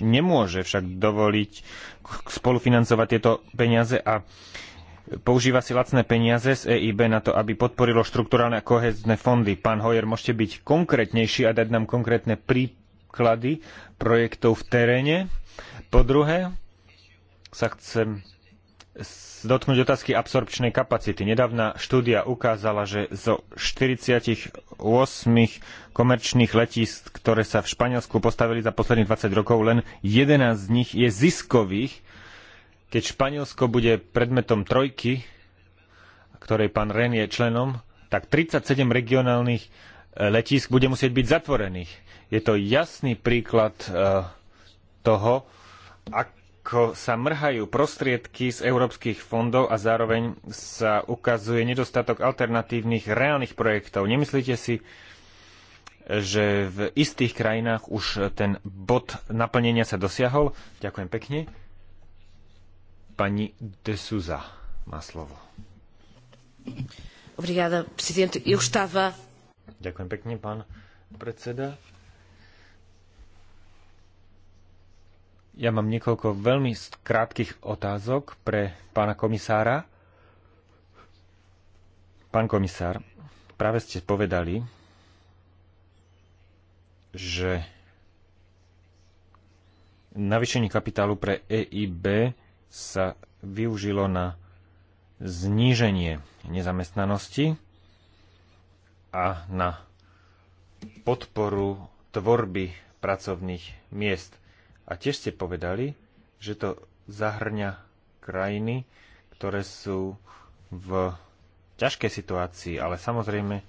nemôže však dovoliť spolufinancovať tieto peniaze a používa si lacné peniaze z EIB na to, aby podporilo štrukturálne a kohezné fondy. Pán Hoyer, môžete byť konkrétnejší a dať nám konkrétne príklady projektov v teréne. Po druhé, sa chcem dotknúť otázky absorpčnej kapacity. Nedávna štúdia ukázala, že zo 48 komerčných letísk, ktoré sa v Španielsku postavili za posledných 20 rokov, len 11 z nich je ziskových keď Španielsko bude predmetom trojky, ktorej pán Ren je členom, tak 37 regionálnych e, letísk bude musieť byť zatvorených. Je to jasný príklad e, toho, ako sa mrhajú prostriedky z európskych fondov a zároveň sa ukazuje nedostatok alternatívnych reálnych projektov. Nemyslíte si, že v istých krajinách už ten bod naplnenia sa dosiahol? Ďakujem pekne. Pani de Souza má slovo. Obrigada, presidente. Eu estava... Ďakujem pekne, pán predseda. Ja mám niekoľko veľmi krátkých otázok pre pána komisára. Pán komisár, práve ste povedali, že navýšenie kapitálu pre EIB sa využilo na zníženie nezamestnanosti a na podporu tvorby pracovných miest. A tiež ste povedali, že to zahrňa krajiny, ktoré sú v ťažkej situácii, ale samozrejme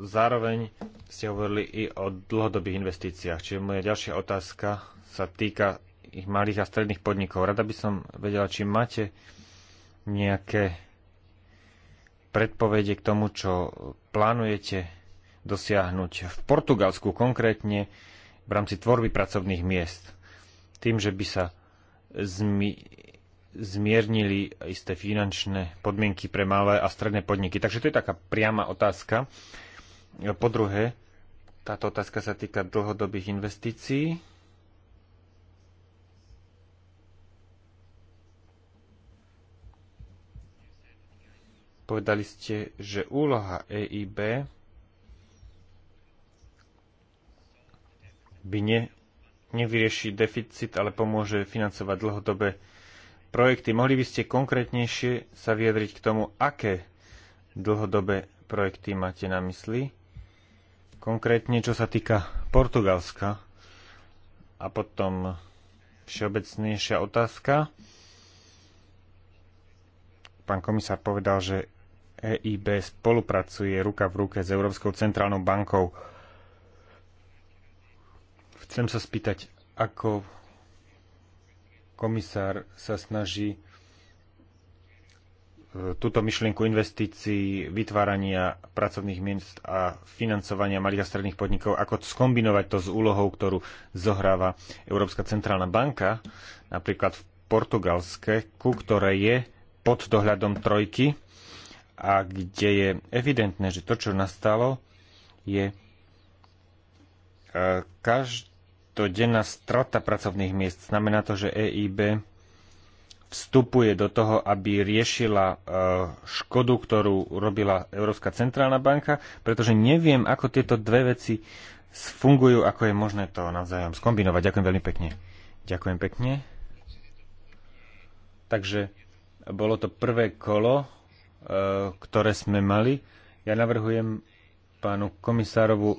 zároveň ste hovorili i o dlhodobých investíciách. Čiže moja ďalšia otázka sa týka ich malých a stredných podnikov. Rada by som vedela, či máte nejaké predpovede k tomu, čo plánujete dosiahnuť v Portugalsku konkrétne v rámci tvorby pracovných miest. Tým, že by sa zmi- zmiernili isté finančné podmienky pre malé a stredné podniky. Takže to je taká priama otázka. Po druhé, táto otázka sa týka dlhodobých investícií Povedali ste, že úloha EIB by ne, nevyrieši deficit, ale pomôže financovať dlhodobé projekty. Mohli by ste konkrétnejšie sa vyjadriť k tomu, aké dlhodobé projekty máte na mysli? Konkrétne, čo sa týka Portugalska. A potom všeobecnejšia otázka. Pán komisár povedal, že EIB spolupracuje ruka v ruke s Európskou centrálnou bankou. Chcem sa spýtať, ako komisár sa snaží e, túto myšlienku investícií, vytvárania pracovných miest a financovania malých a stredných podnikov, ako skombinovať to s úlohou, ktorú zohráva Európska centrálna banka, napríklad v Portugalske, ku ktoré je pod dohľadom trojky a kde je evidentné, že to, čo nastalo, je e, každodenná strata pracovných miest. Znamená to, že EIB vstupuje do toho, aby riešila e, škodu, ktorú robila Európska centrálna banka, pretože neviem, ako tieto dve veci fungujú, ako je možné to navzájom skombinovať. Ďakujem veľmi pekne. Ďakujem pekne. Takže bolo to prvé kolo E, ktoré sme mali. Ja navrhujem pánu komisárovu e,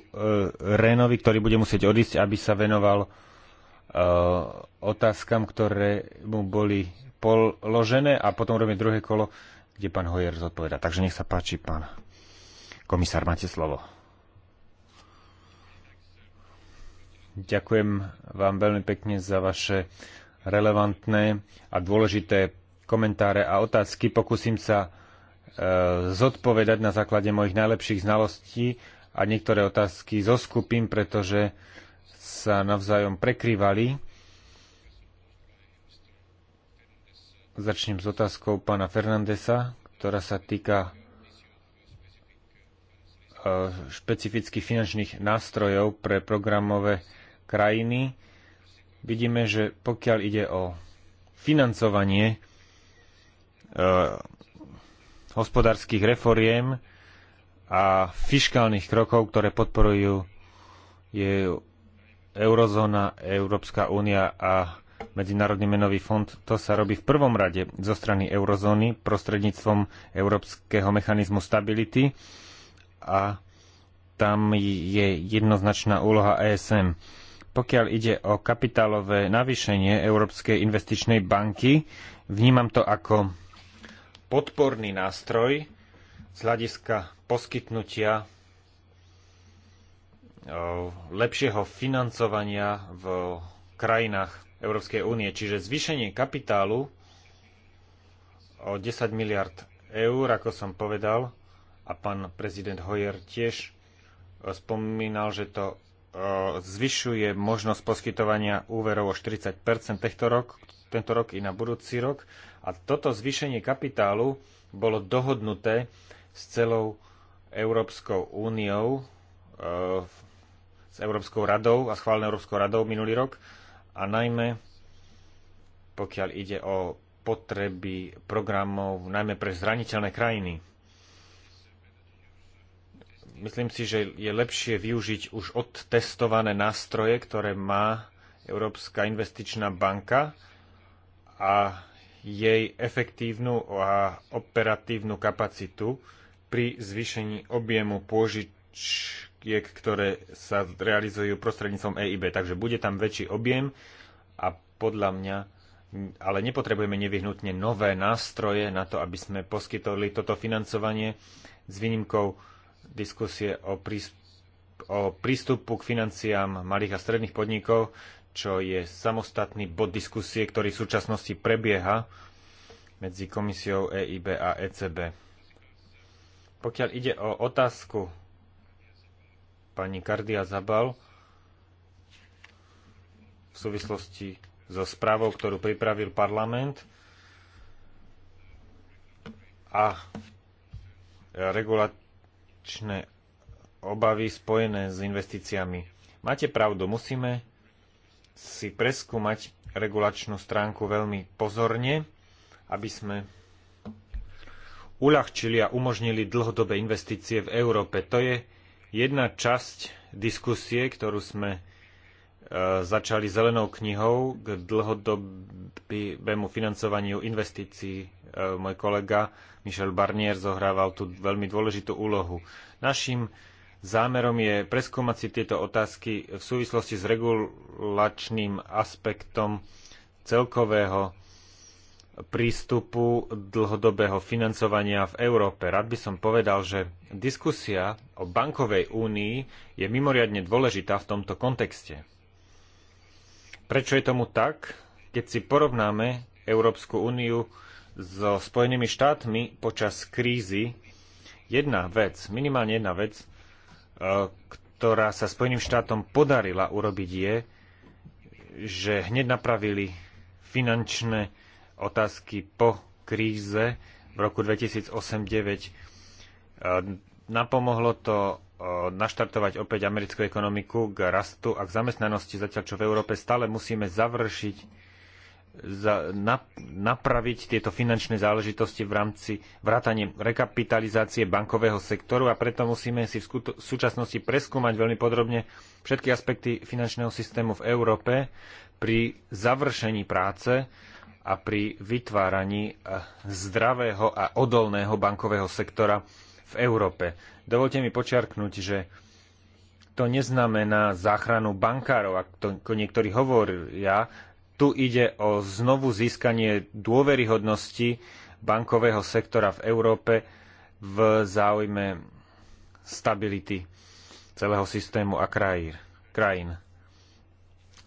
Renovi, ktorý bude musieť odísť, aby sa venoval e, otázkam, ktoré mu boli položené a potom robíme druhé kolo, kde pán Hojer zodpoveda. Takže nech sa páči, pán komisár, máte slovo. Ďakujem vám veľmi pekne za vaše relevantné a dôležité komentáre a otázky. Pokúsim sa Eh, zodpovedať na základe mojich najlepších znalostí a niektoré otázky zoskupím, pretože sa navzájom prekrývali. Začnem s otázkou pána Fernandesa, ktorá sa týka eh, špecifických finančných nástrojov pre programové krajiny. Vidíme, že pokiaľ ide o financovanie eh, hospodárskych reforiem a fiškálnych krokov, ktoré podporujú je eurozóna, Európska únia a Medzinárodný menový fond, to sa robí v prvom rade zo strany eurozóny prostredníctvom Európskeho mechanizmu stability a tam je jednoznačná úloha ESM. Pokiaľ ide o kapitálové navýšenie Európskej investičnej banky, vnímam to ako podporný nástroj z hľadiska poskytnutia e, lepšieho financovania v krajinách Európskej únie. Čiže zvýšenie kapitálu o 10 miliard eur, ako som povedal, a pán prezident Hoyer tiež e, spomínal, že to e, zvyšuje možnosť poskytovania úverov o 40 tento rok, tento rok i na budúci rok a toto zvýšenie kapitálu bolo dohodnuté s celou Európskou úniou, e, s Európskou radou a schválenou Európskou radou minulý rok a najmä pokiaľ ide o potreby programov, najmä pre zraniteľné krajiny. Myslím si, že je lepšie využiť už odtestované nástroje, ktoré má Európska investičná banka a jej efektívnu a operatívnu kapacitu pri zvýšení objemu pôžičiek, ktoré sa realizujú prostredníctvom EIB. Takže bude tam väčší objem a podľa mňa ale nepotrebujeme nevyhnutne nové nástroje na to, aby sme poskytovali toto financovanie s výnimkou diskusie o, prístupu k financiám malých a stredných podnikov, čo je samostatný bod diskusie, ktorý v súčasnosti prebieha medzi komisiou EIB a ECB. Pokiaľ ide o otázku pani Kardia Zabal v súvislosti so správou, ktorú pripravil parlament a regulačné obavy spojené s investíciami. Máte pravdu, musíme si preskúmať regulačnú stránku veľmi pozorne, aby sme uľahčili a umožnili dlhodobé investície v Európe. To je jedna časť diskusie, ktorú sme e, začali zelenou knihou k dlhodobému financovaniu investícií. E, môj kolega Michel Barnier zohrával tu veľmi dôležitú úlohu. Naším Zámerom je preskúmať si tieto otázky v súvislosti s regulačným aspektom celkového prístupu dlhodobého financovania v Európe. Rád by som povedal, že diskusia o bankovej únii je mimoriadne dôležitá v tomto kontexte. Prečo je tomu tak? Keď si porovnáme Európsku úniu so Spojenými štátmi počas krízy, jedna vec, minimálne jedna vec, E, ktorá sa Spojeným štátom podarila urobiť je, že hneď napravili finančné otázky po kríze v roku 2008-2009. E, napomohlo to e, naštartovať opäť americkú ekonomiku k rastu a k zamestnanosti, zatiaľ čo v Európe stále musíme završiť za, na, napraviť tieto finančné záležitosti v rámci vrátane rekapitalizácie bankového sektoru a preto musíme si v, skuto- v súčasnosti preskúmať veľmi podrobne všetky aspekty finančného systému v Európe pri završení práce a pri vytváraní eh, zdravého a odolného bankového sektora v Európe. Dovolte mi počiarknúť, že to neznamená záchranu bankárov, ako niektorí hovoria, tu ide o znovu získanie dôveryhodnosti bankového sektora v Európe v záujme stability celého systému a krajín.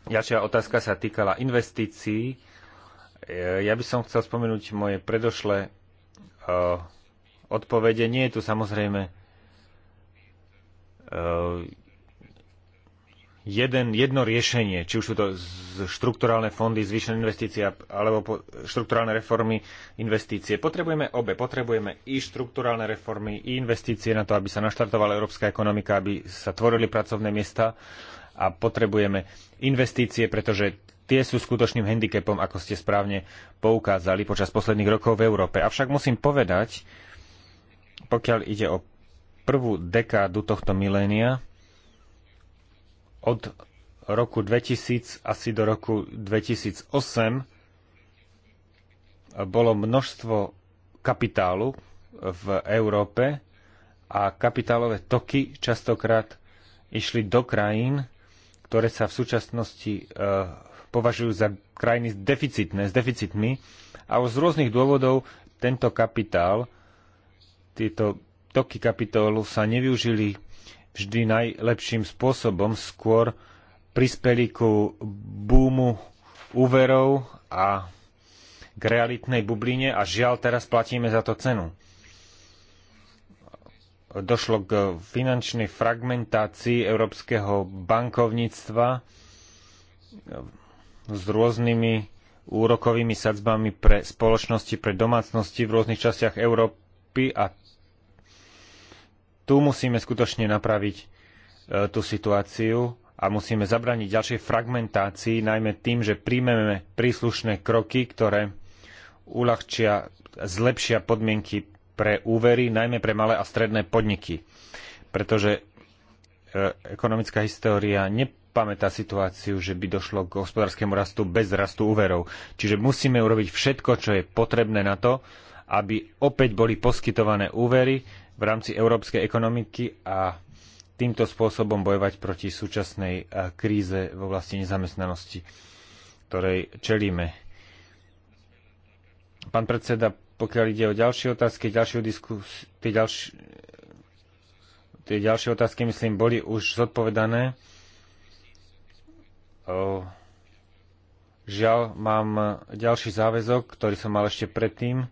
Ďalšia otázka sa týkala investícií. E, ja by som chcel spomenúť moje predošlé e, odpovede. Nie je tu samozrejme e, jeden, jedno riešenie, či už sú to štrukturálne fondy, zvýšené investície alebo štrukturálne reformy, investície. Potrebujeme obe. Potrebujeme i štrukturálne reformy, i investície na to, aby sa naštartovala európska ekonomika, aby sa tvorili pracovné miesta a potrebujeme investície, pretože tie sú skutočným handicapom, ako ste správne poukázali počas posledných rokov v Európe. Avšak musím povedať, pokiaľ ide o prvú dekádu tohto milénia, od roku 2000 asi do roku 2008 bolo množstvo kapitálu v Európe a kapitálové toky častokrát išli do krajín, ktoré sa v súčasnosti e, považujú za krajiny deficitné, s deficitmi a z rôznych dôvodov tento kapitál, tieto toky kapitálu sa nevyužili vždy najlepším spôsobom, skôr prispeli ku búmu úverov a k realitnej bubline a žiaľ teraz platíme za to cenu. Došlo k finančnej fragmentácii európskeho bankovníctva s rôznymi úrokovými sadzbami pre spoločnosti, pre domácnosti v rôznych častiach Európy a tu musíme skutočne napraviť e, tú situáciu a musíme zabraniť ďalšej fragmentácii, najmä tým, že príjmeme príslušné kroky, ktoré uľahčia, zlepšia podmienky pre úvery, najmä pre malé a stredné podniky. Pretože e, ekonomická história nepamätá situáciu, že by došlo k hospodárskému rastu bez rastu úverov. Čiže musíme urobiť všetko, čo je potrebné na to, aby opäť boli poskytované úvery v rámci európskej ekonomiky a týmto spôsobom bojovať proti súčasnej eh, kríze v oblasti nezamestnanosti, ktorej čelíme. Pán predseda, pokiaľ ide o ďalšie otázky, ďalšiu diskus, tie, ďalš, tie ďalšie otázky, myslím, boli už zodpovedané. O, žiaľ, mám ďalší záväzok, ktorý som mal ešte predtým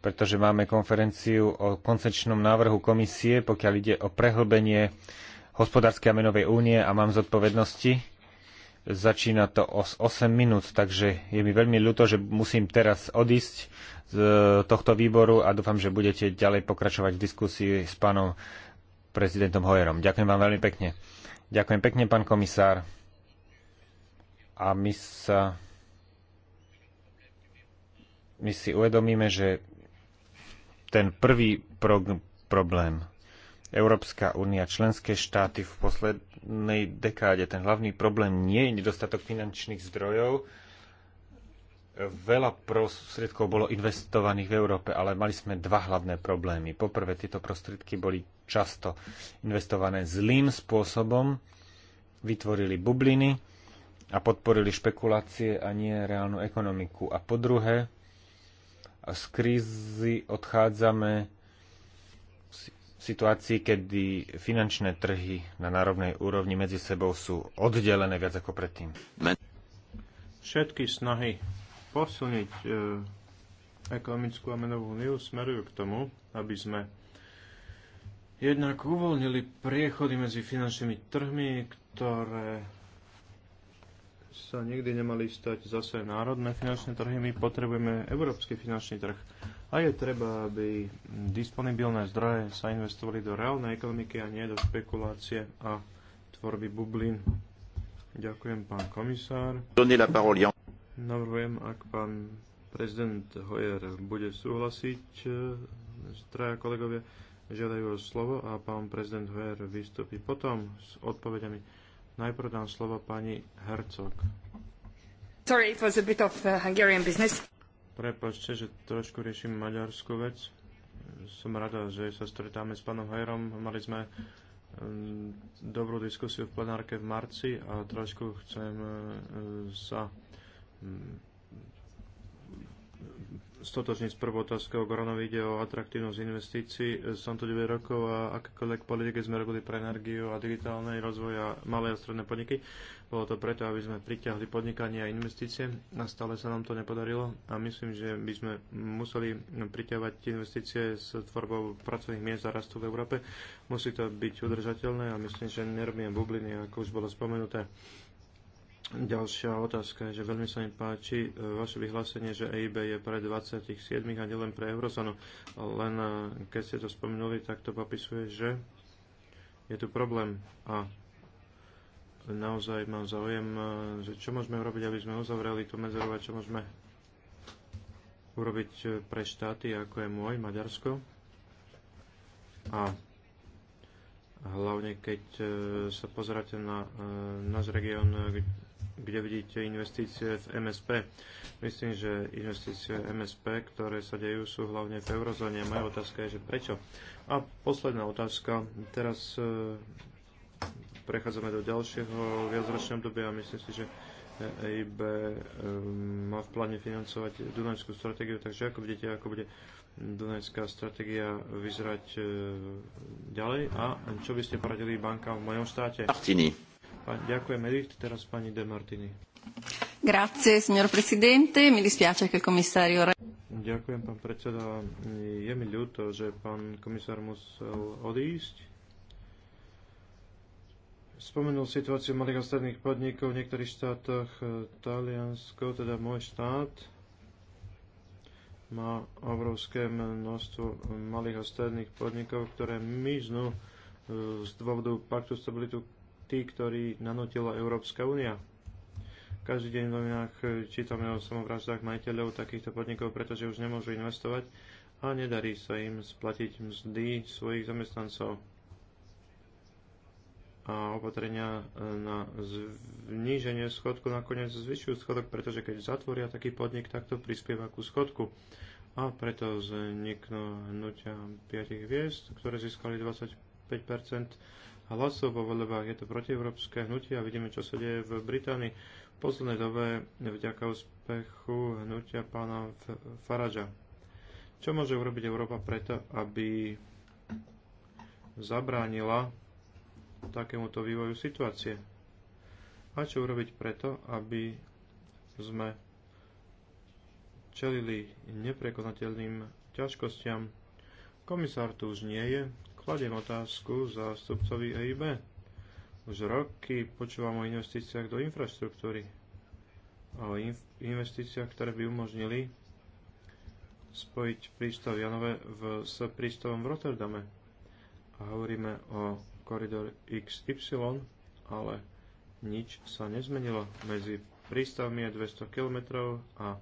pretože máme konferenciu o koncepčnom návrhu komisie, pokiaľ ide o prehlbenie hospodárskej a menovej únie a mám zodpovednosti. Začína to o 8 minút, takže je mi veľmi ľúto, že musím teraz odísť z tohto výboru a dúfam, že budete ďalej pokračovať v diskusii s pánom prezidentom Hojerom. Ďakujem vám veľmi pekne. Ďakujem pekne, pán komisár. A my sa my si uvedomíme, že ten prvý problém. Európska únia, členské štáty v poslednej dekáde, ten hlavný problém nie je nedostatok finančných zdrojov. Veľa prostriedkov bolo investovaných v Európe, ale mali sme dva hlavné problémy. Poprvé, tieto prostriedky boli často investované zlým spôsobom, vytvorili bubliny a podporili špekulácie a nie reálnu ekonomiku. A po druhé, a z krízy odchádzame v situácii, kedy finančné trhy na národnej úrovni medzi sebou sú oddelené viac ako predtým. Všetky snahy posilniť e, ekonomickú a menovú úniu smerujú k tomu, aby sme jednak uvoľnili priechody medzi finančnými trhmi, ktoré sa nikdy nemali stať zase národné finančné trhy. My potrebujeme európsky finančný trh. A je treba, aby disponibilné zdroje sa investovali do reálnej ekonomiky a nie do špekulácie a tvorby bublín. Ďakujem, pán komisár. Navrhujem, ak pán prezident Hoyer bude súhlasiť, eh, traja kolegovia žiadajú o slovo a pán prezident Hoyer vystúpi potom s odpovediami Najprv dám slovo pani Hercog. Sorry, it was a bit of uh, Hungarian business. Prepačte, že trošku riešim maďarskú vec. Som rada, že sa stretáme s pánom Hajrom. Mali sme um, dobrú diskusiu v plenárke v marci a trošku chcem uh, sa um, stotočniť s prvou otázkou. Goronovi ide o atraktívnosť investícií. E, Som tu 9 rokov a akékoľvek politiky sme robili pre energiu a digitálny rozvoj a malé a stredné podniky. Bolo to preto, aby sme priťahli podnikanie a investície a stále sa nám to nepodarilo a myslím, že by sme museli priťahovať investície s tvorbou pracovných miest a rastu v Európe. Musí to byť udržateľné a myslím, že nerobíme bubliny, ako už bolo spomenuté. Ďalšia otázka je, že veľmi sa mi páči e, vaše vyhlásenie, že EIB je pre 27 a nielen pre eurozónu. Len e, keď ste to spomenuli, tak to popisuje, že je tu problém a naozaj mám záujem, e, že čo môžeme urobiť, aby sme uzavreli tú medzeru a čo môžeme urobiť pre štáty, ako je môj, Maďarsko. A hlavne keď sa pozeráte na náš región, kde vidíte investície v MSP. Myslím, že investície v MSP, ktoré sa dejú, sú hlavne v eurozóne. Moja otázka je, že prečo? A posledná otázka. Teraz e, prechádzame do ďalšieho viacročného obdobia a myslím si, že EIB e, má v pláne financovať Dunajskú stratégiu, takže ako vidíte, ako bude Dunajská stratégia vyzerať e, ďalej a čo by ste poradili bankám v mojom štáte? Martini. Ďakujem, Edith. Teraz pani De Martini. Grazie, signor Presidente. Mi dispiace che il commissario... Ďakujem, pán predseda. Je mi ľúto, že pán komisár musel odísť. Spomenul situáciu malých a stredných podnikov v niektorých štátoch. Eh, Taliansko, teda môj štát, má obrovské množstvo malých a stredných podnikov, ktoré miznú eh, z dôvodu paktu stabilitu tí, ktorí nanotila Európska únia. Každý deň v novinách čítame o samovraždách majiteľov takýchto podnikov, pretože už nemôžu investovať a nedarí sa im splatiť mzdy svojich zamestnancov a opatrenia na zníženie schodku nakoniec zvyšujú schodok, pretože keď zatvoria taký podnik, tak to prispieva ku schodku. A preto vzniknú hnutia 5 hviezd, ktoré získali 25 hlasov vo voľbách. Je to protievropské hnutie a vidíme, čo sa deje v Británii. V poslednej dobe vďaka úspechu hnutia pána Faradža. Čo môže urobiť Európa preto, aby zabránila takémuto vývoju situácie? A čo urobiť preto, aby sme čelili neprekonateľným ťažkostiam? Komisár tu už nie je, Kladiem otázku zástupcovi EIB. Už roky počúvam o investíciách do infraštruktúry a o investíciách, ktoré by umožnili spojiť prístav Janove v, s prístavom v Rotterdame. A hovoríme o koridor XY, ale nič sa nezmenilo. Medzi prístavmi je 200 km a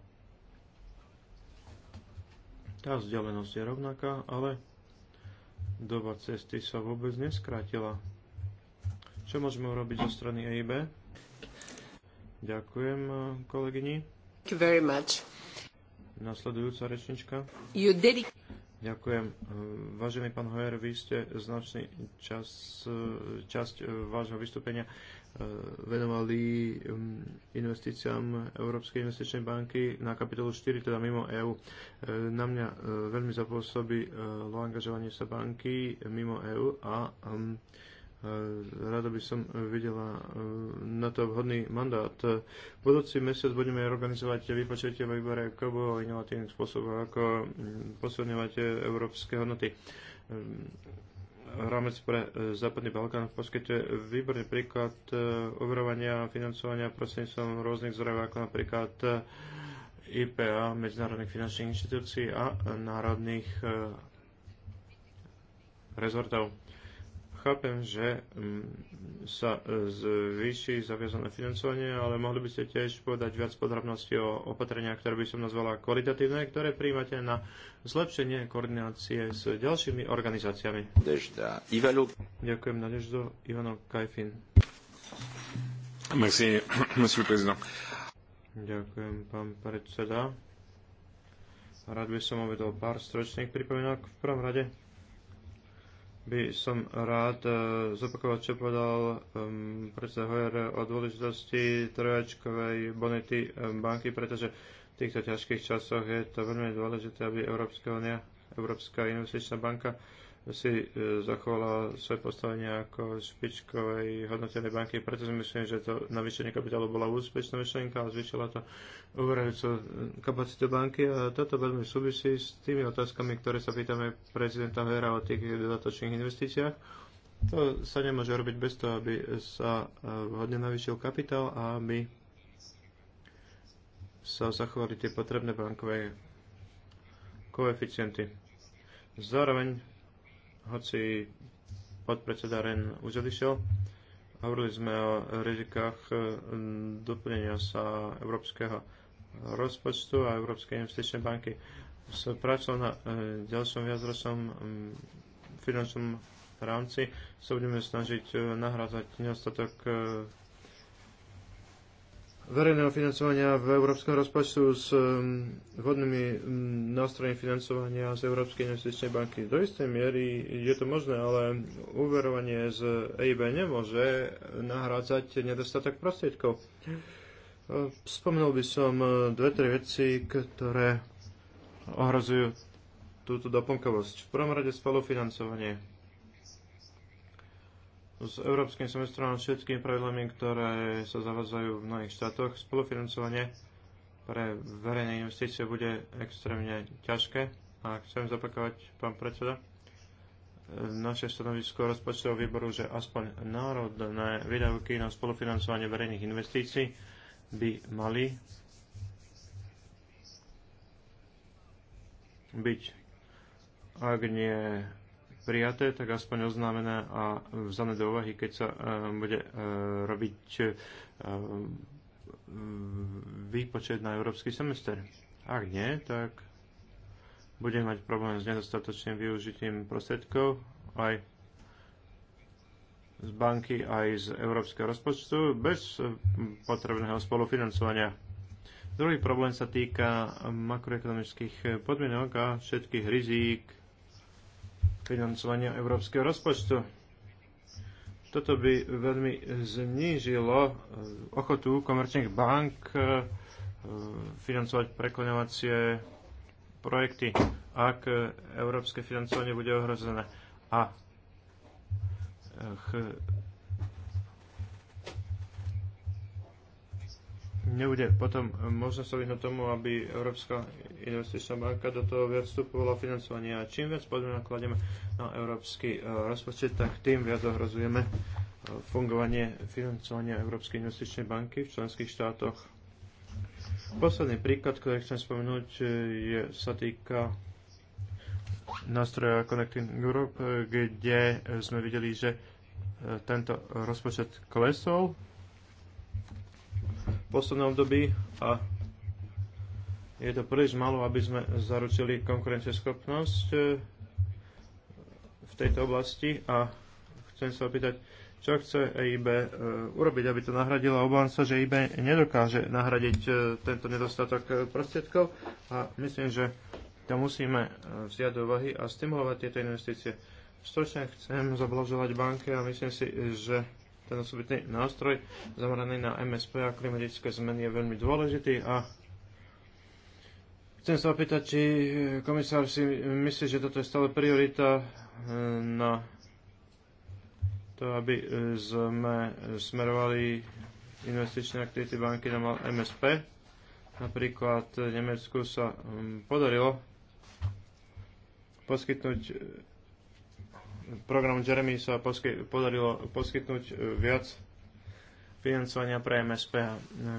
tá vzdialenosť je rovnaká, ale doba cesty sa vôbec neskrátila. Čo môžeme urobiť zo strany EIB? Ďakujem kolegyni. Thank you very much. Nasledujúca rečnička. You dedic- Ďakujem. Vážený pán Hojer, vy ste značný čas, časť vášho vystúpenia eh, venovali mm, investíciám Európskej investičnej banky na kapitolu 4, teda mimo EÚ. Eh, na mňa eh, veľmi zapôsobí angažovanie sa banky mimo EÚ a um, Rada by som videla e, na to vhodný mandát. V budúci mesiac budeme organizovať vypočetie vo výbore KOBO o inovatívnym spôsobom, ako posilňovať európske hodnoty. Rámec pre Západný Balkán poskytuje výborný príklad e, overovania a financovania prostredníctvom rôznych zdrojov, ako napríklad e, IPA, medzinárodných finančných inštitúcií a národných rezortov Chápem, že mm, sa e, zvýši zaviazané financovanie, ale mohli by ste tiež povedať viac podrobností o opatreniach, ktoré by som nazvala kvalitatívne, ktoré príjmate na zlepšenie koordinácie s ďalšími organizáciami. Dežda, Ivalo. Ďakujem, deždo, Ivano Kajfin. Merci, monsieur président. Ďakujem, pán predseda. Rád by som uvedol pár stročných pripomienok v prvom rade by som rád e, zopakoval, čo povedal um, predseda Hojer o dôležitosti trojačkovej bonity e, banky, pretože v týchto ťažkých časoch je to veľmi dôležité, aby Európska únia, Európska investičná banka si e, zachovala svoje postavenie ako špičkovej hodnotenej banky, preto si myslím, že to navýšenie kapitálu bola úspešná myšlienka a zvýšila to uverajúcu e, kapacitu banky a toto veľmi súvisí s tými otázkami, ktoré sa pýtame prezidenta Hera o tých dodatočných investíciách. To sa nemôže robiť bez toho, aby sa e, hodne navýšil kapitál a aby sa zachovali tie potrebné bankové koeficienty. Zároveň hoci podpredseda Ren už odišiel, hovorili sme o rizikách e, doplnenia sa európskeho rozpočtu a Európskej investičnej banky. S prácou na e, ďalšom viacročnom finančnom rámci sa budeme snažiť e, nahrázať nedostatok verejného financovania v európskom rozpočtu s um, vhodnými um, nástrojmi financovania z Európskej investičnej banky. Do istej miery je to možné, ale úverovanie z EIB nemôže nahrádzať nedostatok prostriedkov. Spomenul by som uh, dve, tri veci, ktoré ohrozujú túto doplnkovosť. V prvom rade spolufinancovanie s európskym semestrom a všetkými pravidlami, ktoré sa zavádzajú v mnohých štátoch. Spolufinancovanie pre verejné investície bude extrémne ťažké a chcem zapakovať, pán predseda, naše stanovisko rozpočtového výboru, že aspoň národné výdavky na spolufinancovanie verejných investícií by mali byť, ak nie prijaté, tak aspoň oznámené a vzané do úvahy, keď sa e, bude e, robiť e, výpočet na európsky semester. Ak nie, tak budeme mať problém s nedostatočným využitím prostriedkov aj z banky, aj z európskeho rozpočtu bez potrebného spolufinancovania. Druhý problém sa týka makroekonomických podmienok a všetkých rizík, financovania európskeho rozpočtu. Toto by veľmi znížilo e, ochotu komerčných bank e, financovať preklenovacie projekty, ak európske financovanie bude ohrozené. A e, Nebude Potom e, možno sa vyhnúť tomu, aby Európska investičná banka do toho viac vstupovala financovanie. A čím viac podmienok kladieme na európsky e, rozpočet, tak tým viac ohrozujeme e, fungovanie financovania Európskej investičnej banky v členských štátoch. Posledný príklad, ktorý chcem spomenúť, je, sa týka nástroja Connecting Europe, kde sme videli, že tento rozpočet klesol poslednom období a je to príliš malo, aby sme zaručili konkurencieschopnosť eh, v tejto oblasti a chcem sa opýtať, čo chce EIB eh, urobiť, aby to nahradila. Obávam sa, že EIB nedokáže nahradiť eh, tento nedostatok prostriedkov a myslím, že to musíme vziať do úvahy a stimulovať tieto investície. Stočne chcem zablažovať banky a myslím si, že ten osobitný nástroj zameraný na MSP a klimatické zmeny je veľmi dôležitý a chcem sa opýtať, či komisár si myslí, že toto je stále priorita e, na to, aby e, sme smerovali investičné aktivity banky na MSP. Napríklad Nemecku sa podarilo poskytnúť programu Jeremy sa posky, podarilo poskytnúť e, viac financovania pre MSP. E,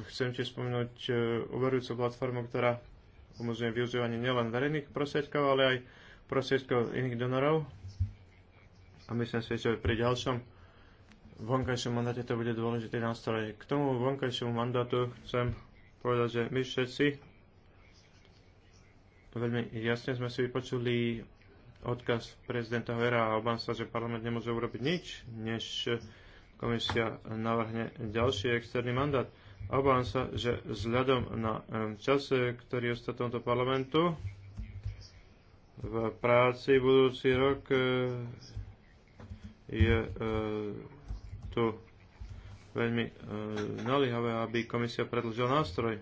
chcem tiež spomenúť uverujúcu e, platformu, ktorá umožňuje využívanie nielen verejných prostriedkov, ale aj prostriedkov iných donorov. A myslím si, že pri ďalšom vonkajšom mandáte to bude dôležitý nástroj. K tomu vonkajšiemu mandátu chcem povedať, že my všetci veľmi jasne sme si vypočuli odkaz prezidenta Vera a Obansa, že parlament nemôže urobiť nič, než komisia navrhne ďalší externý mandát. Obávam sa, že vzhľadom na čase, ktorý je tomto parlamentu, v práci budúci rok eh, je eh, tu veľmi eh, naliehavé, aby komisia predlžila nástroj.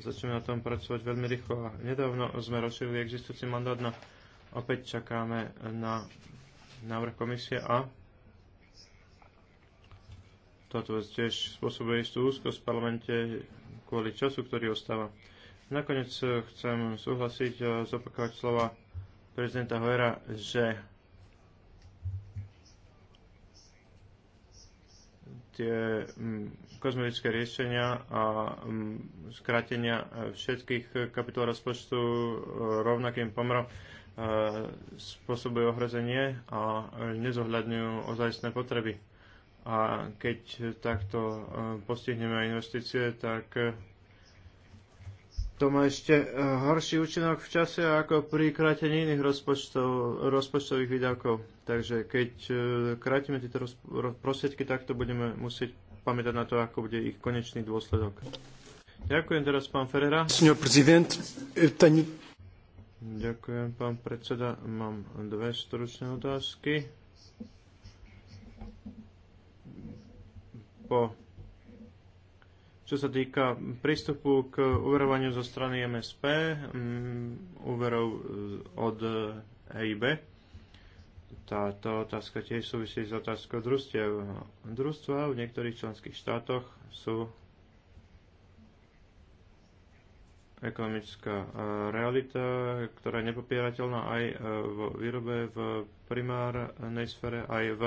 Začneme na tom pracovať veľmi rýchlo a nedávno sme rozšírili existujúci mandát na Opäť čakáme na návrh komisie a toto tiež spôsobuje istú úzkosť v parlamente kvôli času, ktorý ostáva. Nakoniec chcem súhlasiť a zopakovať slova prezidenta Hojera, že tie mm, kozmetické riešenia a mm, skrátenia všetkých kapitol rozpočtu rovnakým pomerom E, spôsobujú ohrozenie a nezohľadňujú ozajstné potreby. A keď takto e, postihneme investície, tak e, to má ešte horší účinok v čase ako pri krátení iných rozpočtov, rozpočtových výdavkov. Takže keď krátime tieto prostriedky, tak to budeme musieť pamätať na to, ako bude ich konečný dôsledok. Ďakujem teraz, pán Ferreira. Senhor prezident, Ďakujem, pán predseda. Mám dve stručné otázky. Po čo sa týka prístupu k uverovaniu zo strany MSP, mm, úverov eh, od EIB, táto otázka tiež súvisí s otázkou družstiev. Družstva v niektorých členských štátoch sú ekonomická e, realita, ktorá je nepopierateľná aj e, v výrobe v primárnej sfere, aj v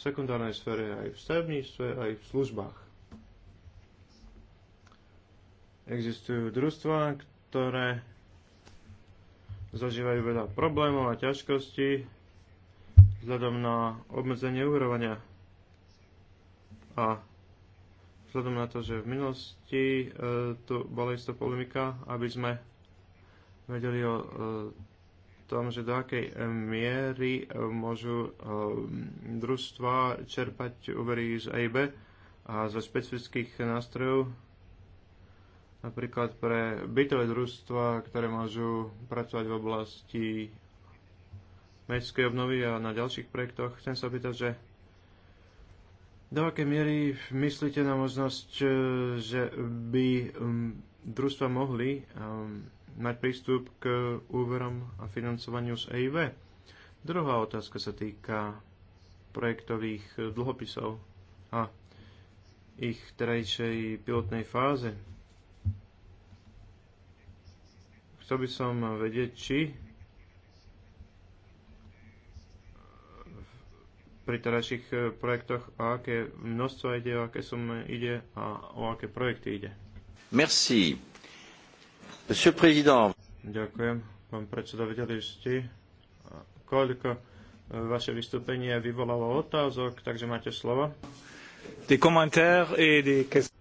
sekundárnej sfere, aj v stavebníctve, aj v službách. Existujú družstva, ktoré zažívajú veľa problémov a ťažkostí vzhľadom na obmedzenie úrovania a vzhľadom na to, že v minulosti e, tu bola istá polemika, aby sme vedeli o e, tom, že do akej e, miery e, môžu e, družstva čerpať úvery z EIB a zo špecifických nástrojov, napríklad pre bytové družstva, ktoré môžu pracovať v oblasti mestskej obnovy a na ďalších projektoch. Chcem sa pýtať, že do akej miery myslíte na možnosť, e, že by družstva mohli e, mať prístup k úverom a financovaniu z EIV? Druhá otázka sa týka projektových dlhopisov a ich terajšej pilotnej fáze. Chcel by som vedieť, či pri terajších e, projektoch a aké množstvo ide, o aké som ide a o aké projekty ide. Merci. Monsieur président. Ďakujem, pán predseda, videli ste, koľko e, vaše vystúpenie vyvolalo otázok, takže máte slovo. Des commentaires et des questions.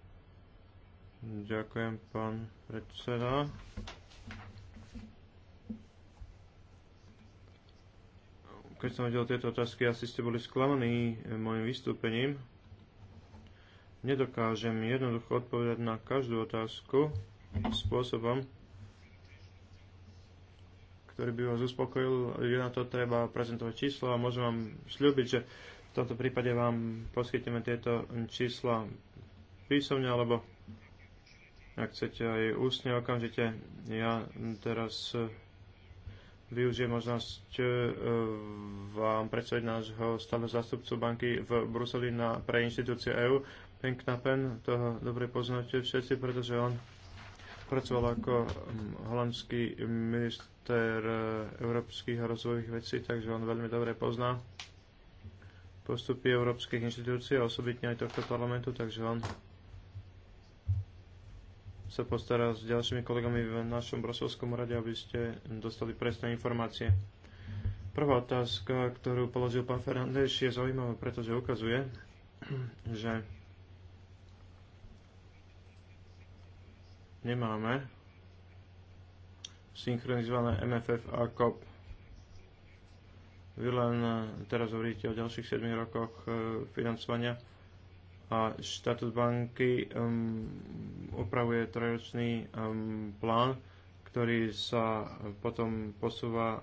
Ďakujem, pán predseda. keď som vedel tieto otázky, asi ste boli sklamaní eh, môjim vystúpením. Nedokážem jednoducho odpovedať na každú otázku spôsobom, ktorý by vás uspokojil. Je na to treba prezentovať číslo a môžem vám slúbiť, že v tomto prípade vám poskytneme tieto čísla písomne alebo ak chcete aj ústne okamžite. Ja teraz eh, využije možnosť e, vám predstaviť nášho stáleho zástupcu banky v Bruseli na, pre inštitúcie EÚ. Pen Knapen, toho dobre poznáte všetci, pretože on pracoval ako holandský minister e, európskych a rozvojových vecí, takže on veľmi dobre pozná postupy európskych inštitúcií a osobitne aj tohto parlamentu, takže on sa postará s ďalšími kolegami v našom Brosovskom rade, aby ste dostali presné informácie. Prvá otázka, ktorú položil pán Fernández, je zaujímavá, pretože ukazuje, že nemáme synchronizované MFF a COP. Vy len teraz hovoríte o ďalších 7 rokoch eh, financovania a štát banky um, upravuje trojročný um, plán, ktorý sa potom posúva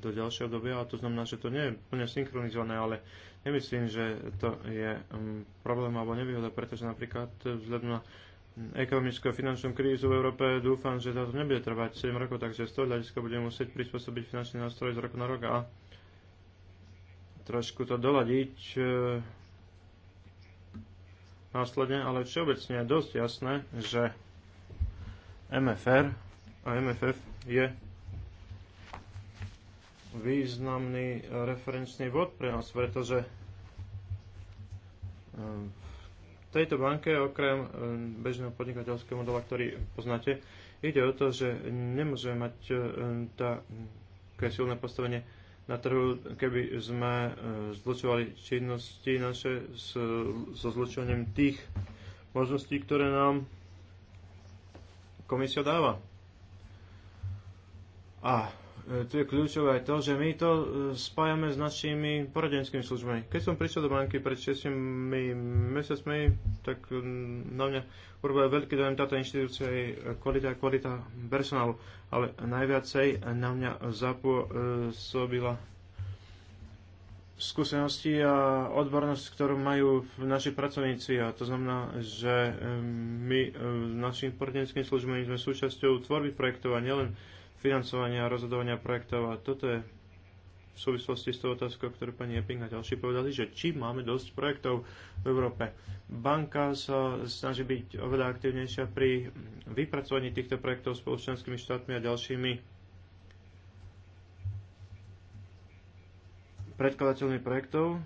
do ďalšieho obdobia a to znamená, že to nie je plne synchronizované, ale nemyslím, že to je um, problém alebo nevýhoda, pretože napríklad vzhľadom na ekonomickú a finančnú krízu v Európe dúfam, že to nebude trvať 7 rokov, takže z toho hľadiska budeme musieť prispôsobiť finančný nástroj z roku na rok a trošku to doladiť. Uh, následne, ale všeobecne je dosť jasné, že MFR a MFF je významný referenčný bod pre nás, pretože ehm, v tejto banke, okrem ehm, bežného podnikateľského modela, ktorý poznáte, ide o to, že nemôžeme mať ehm, také silné postavenie na trhu, keby sme e, zlučovali činnosti naše so zlučovaním tých možností, ktoré nám komisia dáva. A tu je kľúčové to, že my to e, spájame s našimi poradenskými službami. Keď som prišiel do banky pred 6 mesiacmi, tak na mňa urobil veľký dojem táto inštitúcia je kvalita a kvalita personálu, ale najviacej na mňa zapôsobila skúsenosti a odbornosť, ktorú majú naši pracovníci. A to znamená, že my e, našimi poradenským službami sme súčasťou tvorby projektov a nielen financovania a rozhodovania projektov. A toto je v súvislosti s tou otázkou, ktorú pani Epping a ďalší povedali, že či máme dosť projektov v Európe. Banka sa snaží byť oveľa aktívnejšia pri vypracovaní týchto projektov s spoločenskými štátmi a ďalšími predkladateľmi projektov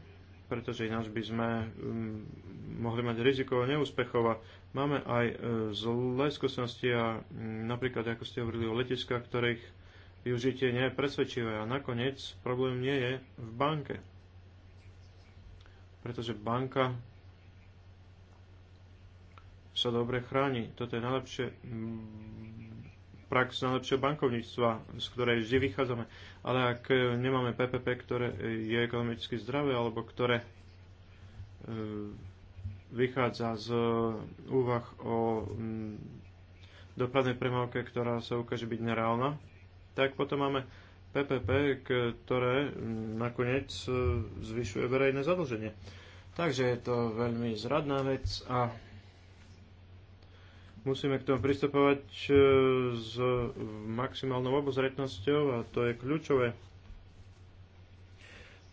pretože ináč by sme um, mohli mať riziko neúspechov a máme aj e, zlé skúsenosti a mm, napríklad, ako ste hovorili o letiskách, ktorých využitie nie je presvedčivé a nakoniec problém nie je v banke. Pretože banka sa dobre chráni. Toto je najlepšie prax najlepšieho bankovníctva, z ktorej vždy vychádzame. Ale ak e, nemáme PPP, ktoré e, je ekonomicky zdravé, alebo ktoré e, vychádza z úvah o mm, dopravnej premávke, ktorá sa ukáže byť nereálna, tak potom máme PPP, ktoré mm, nakoniec zvyšuje verejné zadlženie. Takže je to veľmi zradná vec a Musíme k tomu pristupovať e, s maximálnou obozretnosťou a to je kľúčové.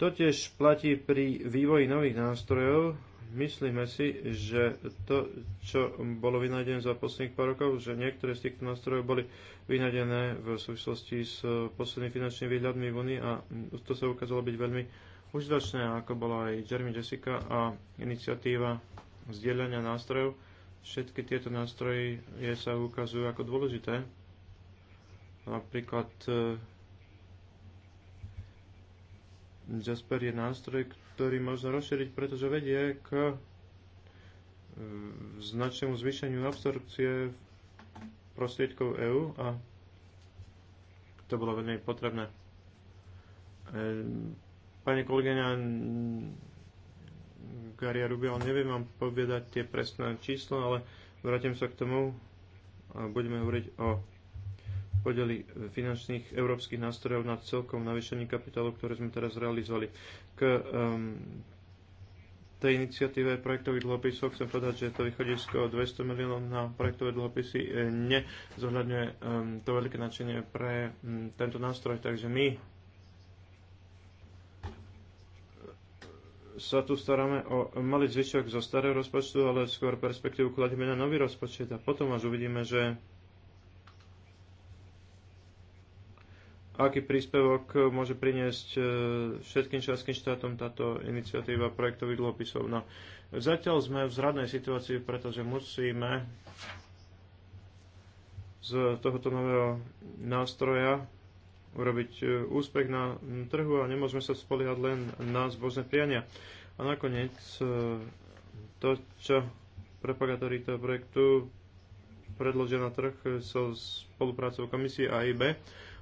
To tiež platí pri vývoji nových nástrojov. Myslíme si, že to, čo bolo vynájdené za posledných pár rokov, že niektoré z týchto nástrojov boli vynájdené v súvislosti s poslednými finančnými výhľadmi v Unii a to sa ukázalo byť veľmi užitočné, ako bola aj Jeremy Jessica a iniciatíva zdieľania nástrojov Všetky tieto nástroje sa ukazujú ako dôležité. Napríklad e, Jasper je nástroj, ktorý možno rozšíriť, pretože vedie k e, značnému zvýšeniu absorpcie prostriedkov EU a to bolo veľmi potrebné. E, Pani kolegyňa Garia ale Neviem vám povedať tie presné číslo, ale vrátim sa k tomu a budeme hovoriť o podeli finančných európskych nástrojov na celkom navýšení kapitálu, ktoré sme teraz realizovali. K um, tej iniciatíve projektových dlhopisov chcem povedať, že to východisko 200 miliónov na projektové dlhopisy eh, nezohľadňuje um, to veľké nadšenie pre um, tento nástroj, takže my sa tu staráme o malý zvyšok zo starého rozpočtu, ale skôr perspektívu kladíme na nový rozpočet a potom až uvidíme, že aký príspevok môže priniesť e, všetkým členským štátom táto iniciatíva projektových dlhopisov. No, zatiaľ sme v zradnej situácii, pretože musíme z tohoto nového nástroja urobiť e, úspech na trhu a nemôžeme sa spoliehať len na zbožné priania. A nakoniec e, to, čo propagátori toho projektu predložia na trh e, so spoluprácou komisie a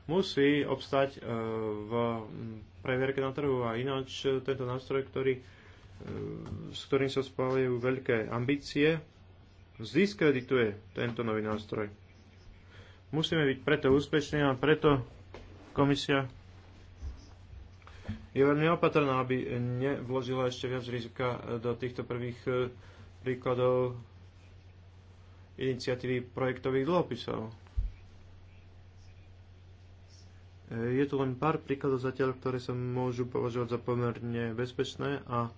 musí obstať v previerke na trhu a ináč tento nástroj, ktorý, s ktorým sa spávajú veľké ambície, zdiskredituje tento nový nástroj. Musíme byť preto úspešní a preto Komisia je veľmi opatrná, aby nevložila ešte viac rizika do týchto prvých e, príkladov iniciatívy projektových dlhopisov. E, je tu len pár príkladov zatiaľ, ktoré sa môžu považovať za pomerne bezpečné a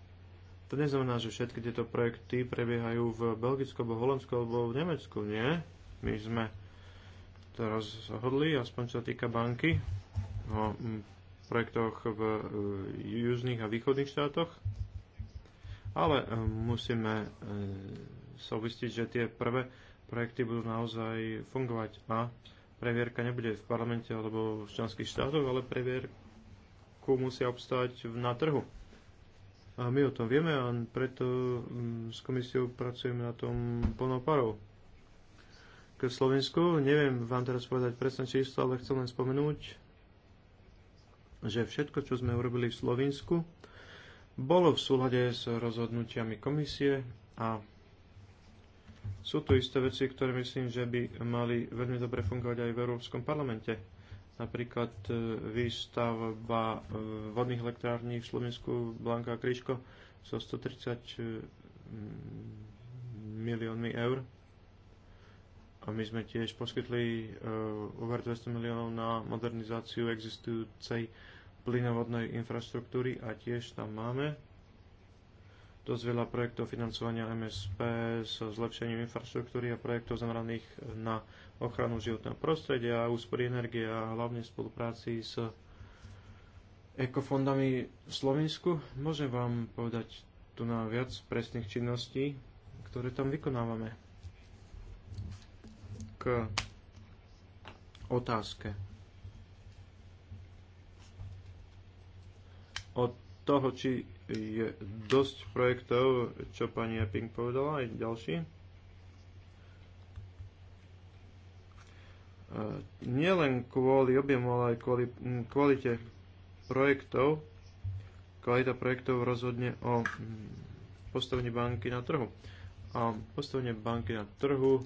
to neznamená, že všetky tieto projekty prebiehajú v Belgicku, alebo Holandsku, alebo v Nemecku. Nie. My sme to rozhodli, aspoň čo sa týka banky, o mm, projektoch v e, južných a východných štátoch. Ale e, musíme e, sa uistiť, že tie prvé projekty budú naozaj fungovať a previerka nebude v parlamente alebo v členských štátoch, ale previerku musia obstáť na trhu. A my o tom vieme a preto mm, s komisiou pracujeme na tom plnou parou k Slovensku. Neviem vám teraz povedať presné číslo, ale chcem len spomenúť, že všetko, čo sme urobili v Slovensku, bolo v súlade s rozhodnutiami komisie a sú tu isté veci, ktoré myslím, že by mali veľmi dobre fungovať aj v Európskom parlamente. Napríklad e, výstavba e, vodných elektrární v Slovensku Blanka a Kryško so 130 e, miliónmi eur a my sme tiež poskytli e, over 200 miliónov na modernizáciu existujúcej plynovodnej infraštruktúry a tiež tam máme dosť veľa projektov financovania MSP so zlepšením infraštruktúry a projektov zameraných na ochranu životného prostredia, úspory energie a hlavne v spolupráci s ekofondami v Slovensku. Môžem vám povedať tu na viac presných činností, ktoré tam vykonávame k otázke. Od toho, či je dosť projektov, čo pani Epping povedala, aj ďalší. E, nielen kvôli objemu, ale aj kvôli kvalite projektov. Kvalita projektov rozhodne o postavení banky na trhu. A postavenie banky na trhu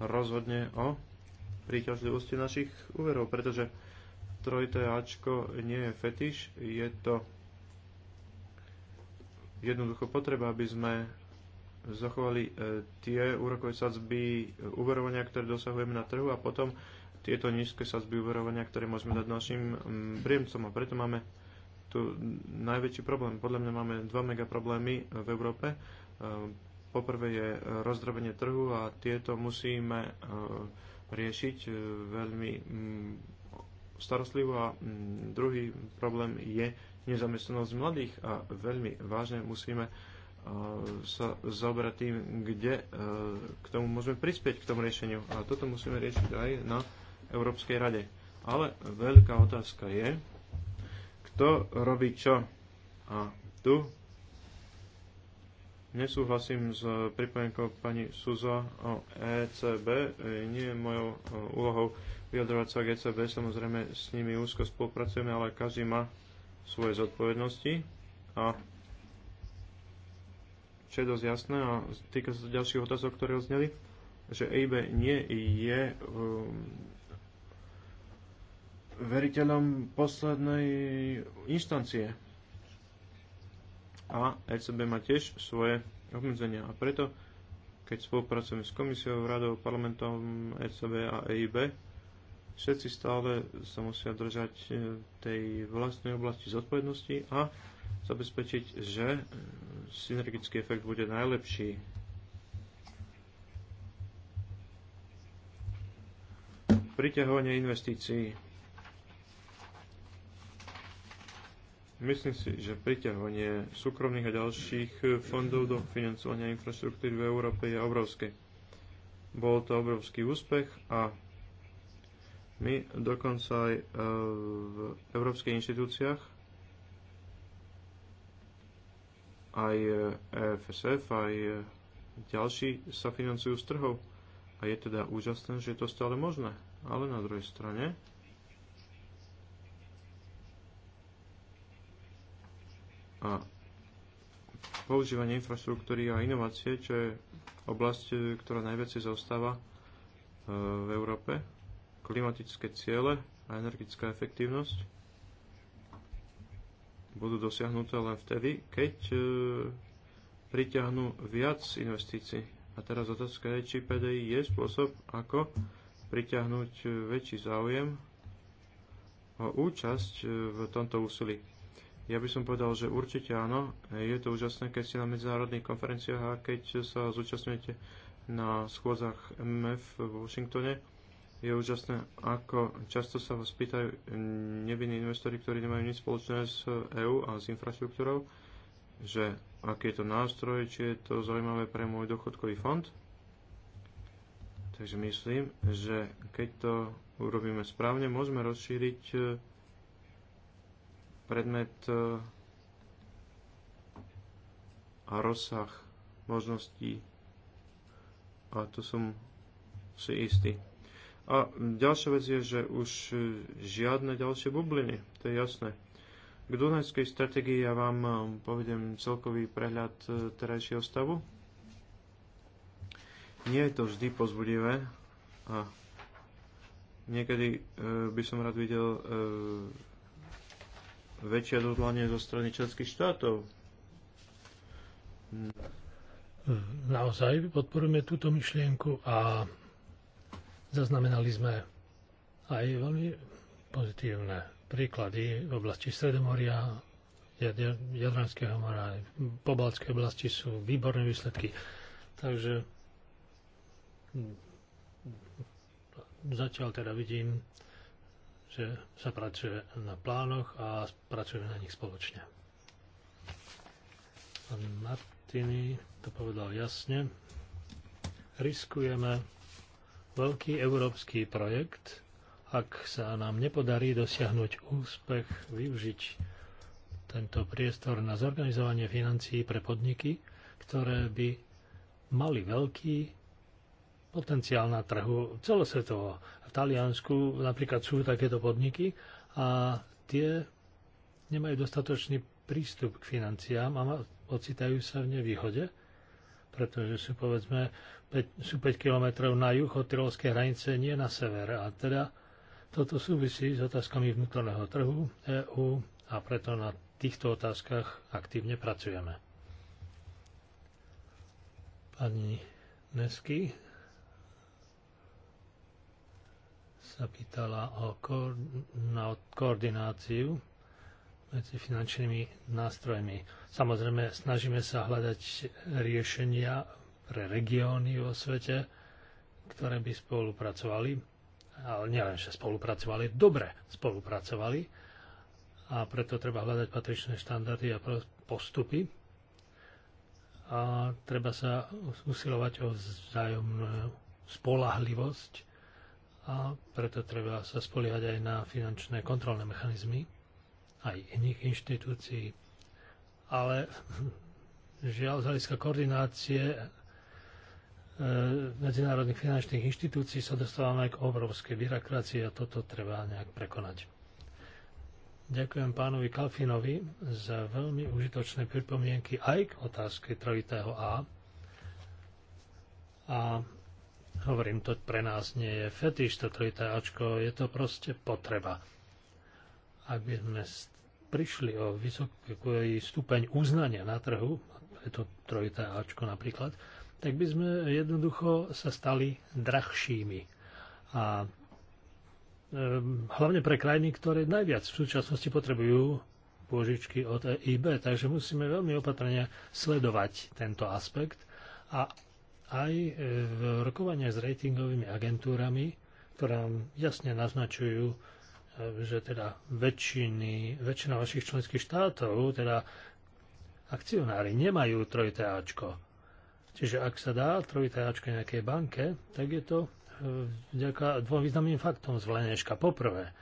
rozhodne o príťažlivosti našich úverov, pretože trojité Ačko nie je fetiš, je to jednoducho potreba, aby sme zachovali e, tie úrokové sadzby úverovania, ktoré dosahujeme na trhu a potom tieto nízke sadzby úverovania, ktoré môžeme dať našim príjemcom. A preto máme tu najväčší problém. Podľa mňa máme dva mega problémy v Európe. E, Poprvé je e, rozdrobenie trhu a tieto musíme e, riešiť e, veľmi mm, starostlivo a mm, druhý problém je nezamestnanosť mladých a veľmi vážne musíme sa zaoberať tým, kde k tomu môžeme prispieť k tomu riešeniu. A toto musíme riešiť aj na Európskej rade. Ale veľká otázka je, kto robí čo. A tu Nesúhlasím s eh, pripomienkou pani Suzo o ECB. Eh, nie je mojou eh, úlohou vyjadrovať sa k ECB. Samozrejme, s nimi úzko spolupracujeme, ale každý má svoje zodpovednosti. A čo je dosť jasné, a týka sa ďalších otázok, ktoré ozneli, že EIB nie je um, veriteľom poslednej inštancie a ECB má tiež svoje obmedzenia a preto keď spolupracujeme s komisiou, radou, parlamentom, ECB a EIB, všetci stále sa musia držať e, tej vlastnej oblasti zodpovednosti a zabezpečiť, že e, synergický efekt bude najlepší. Priťahovanie investícií Myslím si, že priťahovanie súkromných a ďalších eh, fondov do financovania infraštruktúry v Európe je obrovské. Bol to obrovský úspech a my dokonca aj eh, v európskych inštitúciách aj EFSF, eh, e aj ďalší sa financujú z trhov. A je teda úžasné, že je to stále možné. Ale na druhej strane a používanie infraštruktúry a inovácie, čo je oblasť, e, ktorá najviac zostáva e, v Európe, klimatické ciele a energická efektívnosť budú dosiahnuté len vtedy, keď e, priťahnú viac investícií. A teraz otázka je, či PDI je spôsob, ako priťahnuť väčší záujem o účasť v tomto úsilí. Ja by som povedal, že určite áno. Je to úžasné, keď ste na medzinárodných konferenciách a keď sa zúčastňujete na schôdzach MF v Washingtone. Je úžasné, ako často sa vás pýtajú nevinní investori, ktorí nemajú nič spoločné s EÚ a s infraštruktúrou, že aký je to nástroj, či je to zaujímavé pre môj dochodkový fond. Takže myslím, že keď to urobíme správne, môžeme rozšíriť predmet e, a rozsah možností. A to som si istý. A ďalšia vec je, že už žiadne ďalšie bubliny, to je jasné. K Dunajskej strategii ja vám e, povedem celkový prehľad e, terajšieho stavu. Nie je to vždy pozbudivé a niekedy by som rád videl väčšie odhodlanie zo strany členských štátov. Naozaj podporujeme túto myšlienku a zaznamenali sme aj veľmi pozitívne príklady v oblasti Stredomoria, Jadranského mora, Pobalskej oblasti sú výborné výsledky. Takže hm, zatiaľ teda vidím že sa pracuje na plánoch a pracujeme na nich spoločne. Pán Martiny to povedal jasne. Riskujeme veľký európsky projekt, ak sa nám nepodarí dosiahnuť úspech, využiť tento priestor na zorganizovanie financií pre podniky, ktoré by mali veľký potenciál na trhu celosvetovo v Taliansku napríklad sú takéto podniky a tie nemajú dostatočný prístup k financiám a ocitajú sa v nevýhode, pretože sú povedzme 5, sú 5 km na juh od tyrolskej hranice, nie na sever. A teda toto súvisí s otázkami vnútorného trhu EÚ a preto na týchto otázkach aktívne pracujeme. Pani Nesky, sa pýtala o ko- na koordináciu medzi finančnými nástrojmi. Samozrejme, snažíme sa hľadať riešenia pre regióny vo svete, ktoré by spolupracovali, ale nielen, že spolupracovali, dobre spolupracovali a preto treba hľadať patričné štandardy a postupy a treba sa usilovať o vzájomnú spolahlivosť a preto treba sa spoliehať aj na finančné kontrolné mechanizmy aj iných inštitúcií. Ale žiaľ z hľadiska koordinácie e, medzinárodných finančných inštitúcií sa dostávame aj k obrovskej byrokracii a toto treba nejak prekonať. Ďakujem pánovi Kalfinovi za veľmi užitočné pripomienky aj k otázke trojitého A. A Hovorím, to pre nás nie je fetiš, to ačko je to proste potreba. Ak by sme prišli o vysoký stupeň uznania na trhu, je to ačko napríklad, tak by sme jednoducho sa stali drahšími. A ehm, hlavne pre krajiny, ktoré najviac v súčasnosti potrebujú pôžičky od EIB, takže musíme veľmi opatrne sledovať tento aspekt a aj e, v rokovania s ratingovými agentúrami, ktoré nám jasne naznačujú, e, že teda väčšiny, väčšina vašich členských štátov, teda akcionári, nemajú trojité Ačko. Čiže ak sa dá trojité Ačko nejakej banke, tak je to e, vďaka dvom významným faktom z Vleneška. Poprvé,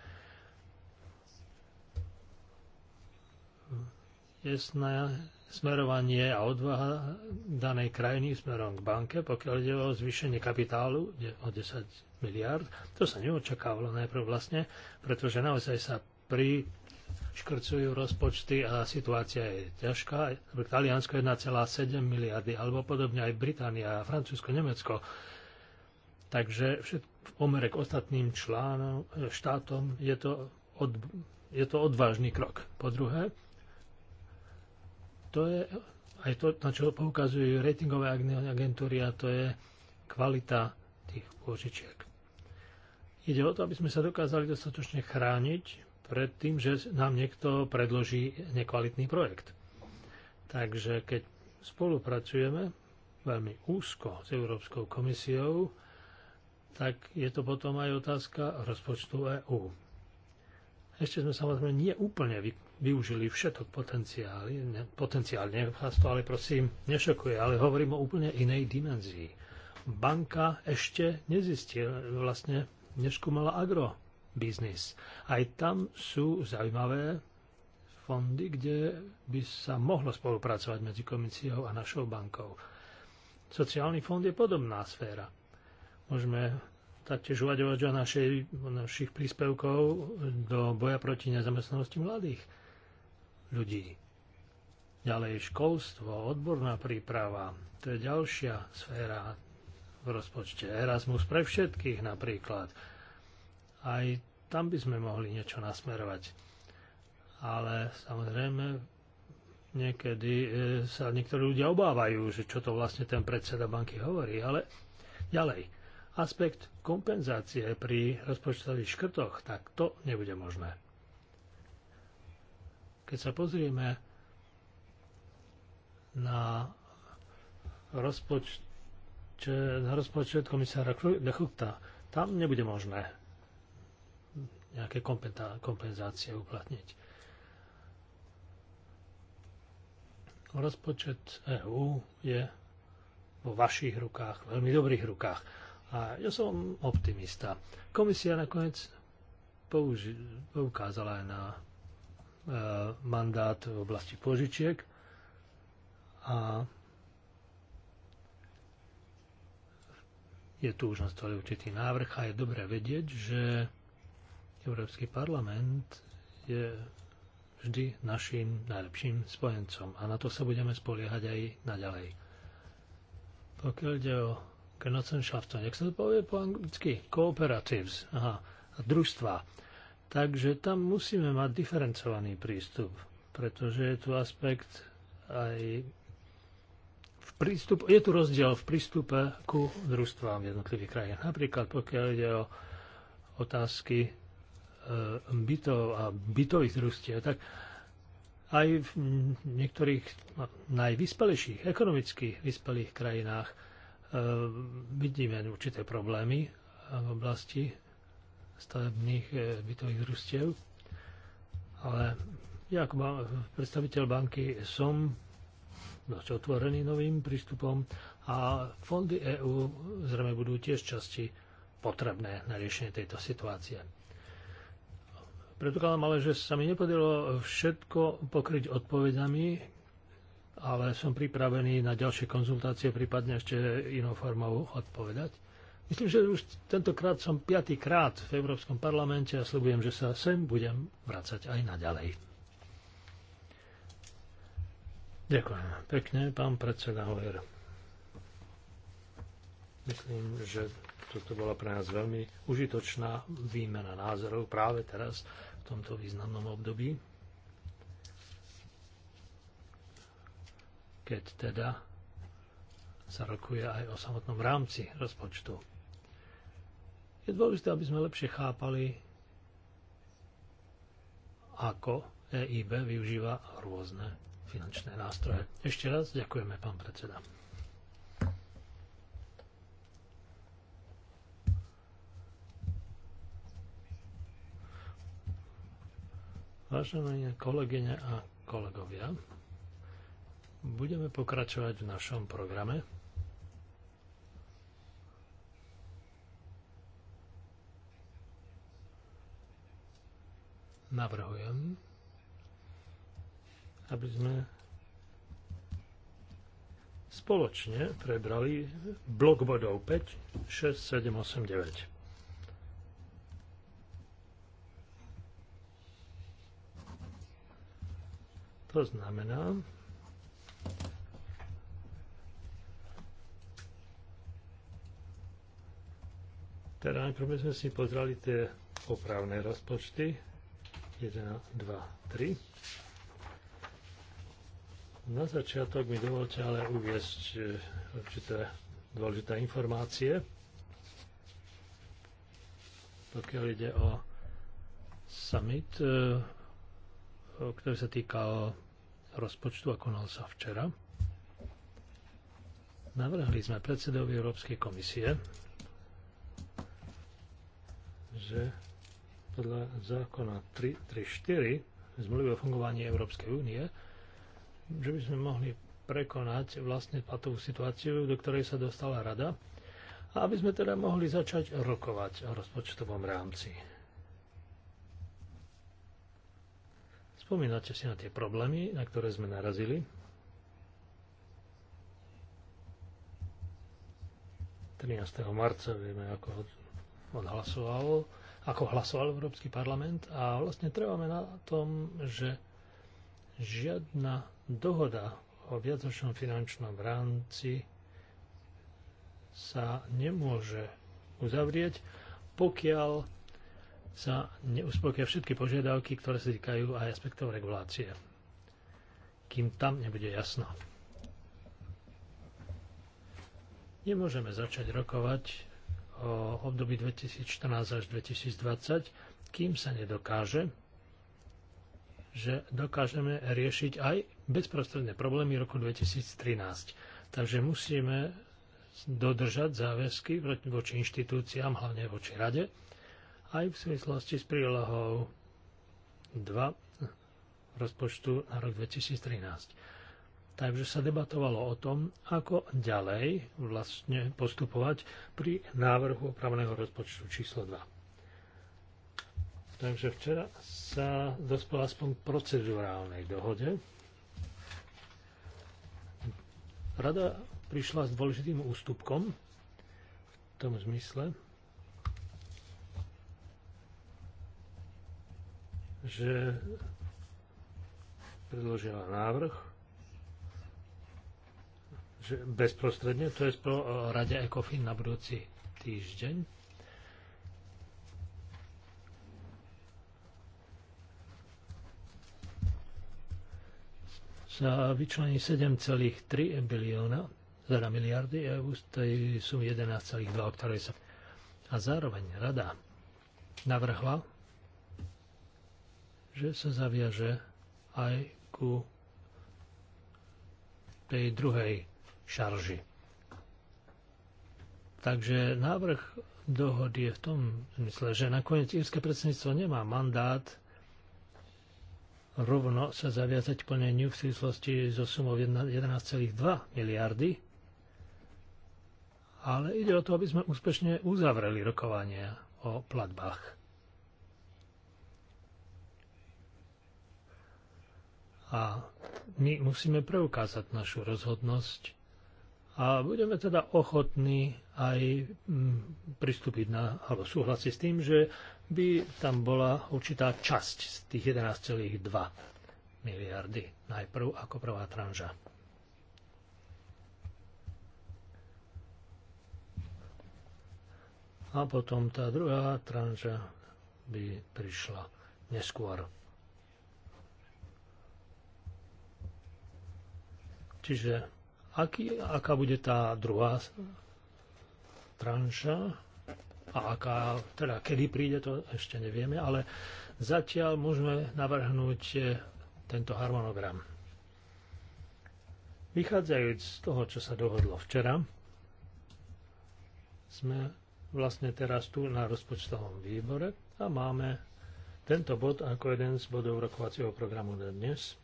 jasné, smerovanie a odvaha danej krajiny smerom k banke, pokiaľ ide o zvýšenie kapitálu o 10 miliard, To sa neočakávalo najprv vlastne, pretože naozaj sa pri škrcujú rozpočty a situácia je ťažká. Taliansko 1,7 miliardy, alebo podobne aj Británia, Francúzsko, Nemecko. Takže všetko, v pomere k ostatným článom, štátom je to, od, je to odvážny krok. Po druhé, to je aj to, na čo poukazujú ratingové agentúry a to je kvalita tých pôžičiek. Ide o to, aby sme sa dokázali dostatočne chrániť pred tým, že nám niekto predloží nekvalitný projekt. Takže keď spolupracujeme veľmi úzko s Európskou komisiou, tak je to potom aj otázka rozpočtu EÚ. Ešte sme samozrejme nie úplne využili všetok potenciál, ne, potenciál, vás to ale prosím nešokuje, ale hovorím o úplne inej dimenzii. Banka ešte nezistila, vlastne neskúmala agrobiznis. Aj tam sú zaujímavé fondy, kde by sa mohlo spolupracovať medzi komisiou a našou bankou. Sociálny fond je podobná sféra. Môžeme taktiež uvažovať o, našej, o našich príspevkov do boja proti nezamestnanosti mladých ľudí. Ďalej školstvo, odborná príprava, to je ďalšia sféra v rozpočte. Erasmus pre všetkých napríklad. Aj tam by sme mohli niečo nasmerovať. Ale samozrejme, niekedy e, sa niektorí ľudia obávajú, že čo to vlastne ten predseda banky hovorí. Ale ďalej, aspekt kompenzácie pri rozpočtových škrtoch, tak to nebude možné. Keď sa pozrieme na rozpočet, na rozpočet komisára de tam nebude možné nejaké kompenzácie uplatniť. Rozpočet EÚ je vo vašich rukách, veľmi dobrých rukách. A ja som optimista. Komisia nakoniec použi- poukázala aj na E, mandát v oblasti požičiek a je tu už na stole určitý návrh a je dobré vedieť, že Európsky parlament je vždy našim najlepším spojencom a na to sa budeme spoliehať aj naďalej. Pokiaľ ide o Genossenschaften, jak sa to povie po anglicky? Cooperatives, aha, družstva Takže tam musíme mať diferencovaný prístup, pretože je tu aspekt aj v prístup, je tu rozdiel v prístupe ku družstvám v jednotlivých krajinách. Napríklad pokiaľ ide o otázky e, bytov a bytových družstiev, tak aj v niektorých najvyspelejších, ekonomicky vyspelých krajinách e, vidíme určité problémy v oblasti stavebných eh, bytových družstiev, ale ja ako predstaviteľ banky som dosť otvorený novým prístupom a fondy EÚ zrejme budú tiež časti potrebné na riešenie tejto situácie. Predpokladám ale, že sa mi nepodarilo všetko pokryť odpovedami, ale som pripravený na ďalšie konzultácie, prípadne ešte inou formou odpovedať. Myslím, že už tentokrát som piatýkrát v Európskom parlamente a slúbujem, že sa sem budem vrácať aj naďalej. Ďakujem pekne, pán predseda Hoer. Myslím, že toto bola pre nás veľmi užitočná výmena názorov práve teraz v tomto významnom období. Keď teda sa rokuje aj o samotnom rámci rozpočtu je dôležité, aby sme lepšie chápali, ako EIB využíva rôzne finančné nástroje. Ešte raz ďakujeme, pán predseda. Vážené kolegyne a kolegovia, budeme pokračovať v našom programe. navrhujem, aby sme spoločne prebrali blok bodov 5, 6, 7, 8, 9. To znamená, teda najprv sme si pozrali tie opravné rozpočty, 1, 2, 3. Na začiatok mi dovolte ale uviesť e, určité dôležité informácie, pokiaľ ide o summit, e, ktorý sa týkal rozpočtu a konal sa včera. Navrhli sme predsedovi Európskej komisie, že podľa zákona 334 zmluvy o fungovaní Európskej únie, že by sme mohli prekonať vlastne patovú situáciu, do ktorej sa dostala rada, a aby sme teda mohli začať rokovať o rozpočtovom rámci. Spomínate si na tie problémy, na ktoré sme narazili? ...13. marca vieme, ako odhlasoval ako hlasoval Európsky parlament a vlastne trváme na tom, že žiadna dohoda o viacročnom finančnom rámci sa nemôže uzavrieť, pokiaľ sa neuspokia všetky požiadavky, ktoré sa týkajú aj aspektov regulácie. Kým tam nebude jasno. Nemôžeme začať rokovať období 2014 až 2020, kým sa nedokáže, že dokážeme riešiť aj bezprostredné problémy roku 2013. Takže musíme dodržať záväzky voči inštitúciám, hlavne voči rade, aj v súvislosti s prílohou 2 rozpočtu na rok 2013. Takže sa debatovalo o tom, ako ďalej vlastne postupovať pri návrhu opravného rozpočtu číslo 2. Takže včera sa dospelo aspoň k procedurálnej dohode. Rada prišla s dôležitým ústupkom v tom zmysle, že predložila návrh že bezprostredne, to je po rade ECOFIN na budúci týždeň. Sa vyčlení 7,3 bilióna, teda miliardy eur, to je sú 11,2, o ktorej sa... A zároveň rada navrhla, že sa zaviaže aj ku tej druhej šarži. Takže návrh dohody je v tom zmysle, že nakoniec írske predsedníctvo nemá mandát rovno sa zaviazať plneniu v súvislosti so sumou 11,2 miliardy, ale ide o to, aby sme úspešne uzavreli rokovania o platbách. A my musíme preukázať našu rozhodnosť a budeme teda ochotní aj mm, pristúpiť na, alebo súhlasiť s tým, že by tam bola určitá časť z tých 11,2 miliardy najprv ako prvá tranža. A potom tá druhá tranža by prišla neskôr. Čiže Aký, aká bude tá druhá tranša a aká, teda kedy príde, to ešte nevieme, ale zatiaľ môžeme navrhnúť e, tento harmonogram. Vychádzajúc z toho, čo sa dohodlo včera, sme vlastne teraz tu na rozpočtovom výbore a máme tento bod ako jeden z bodov rokovacieho programu na dnes.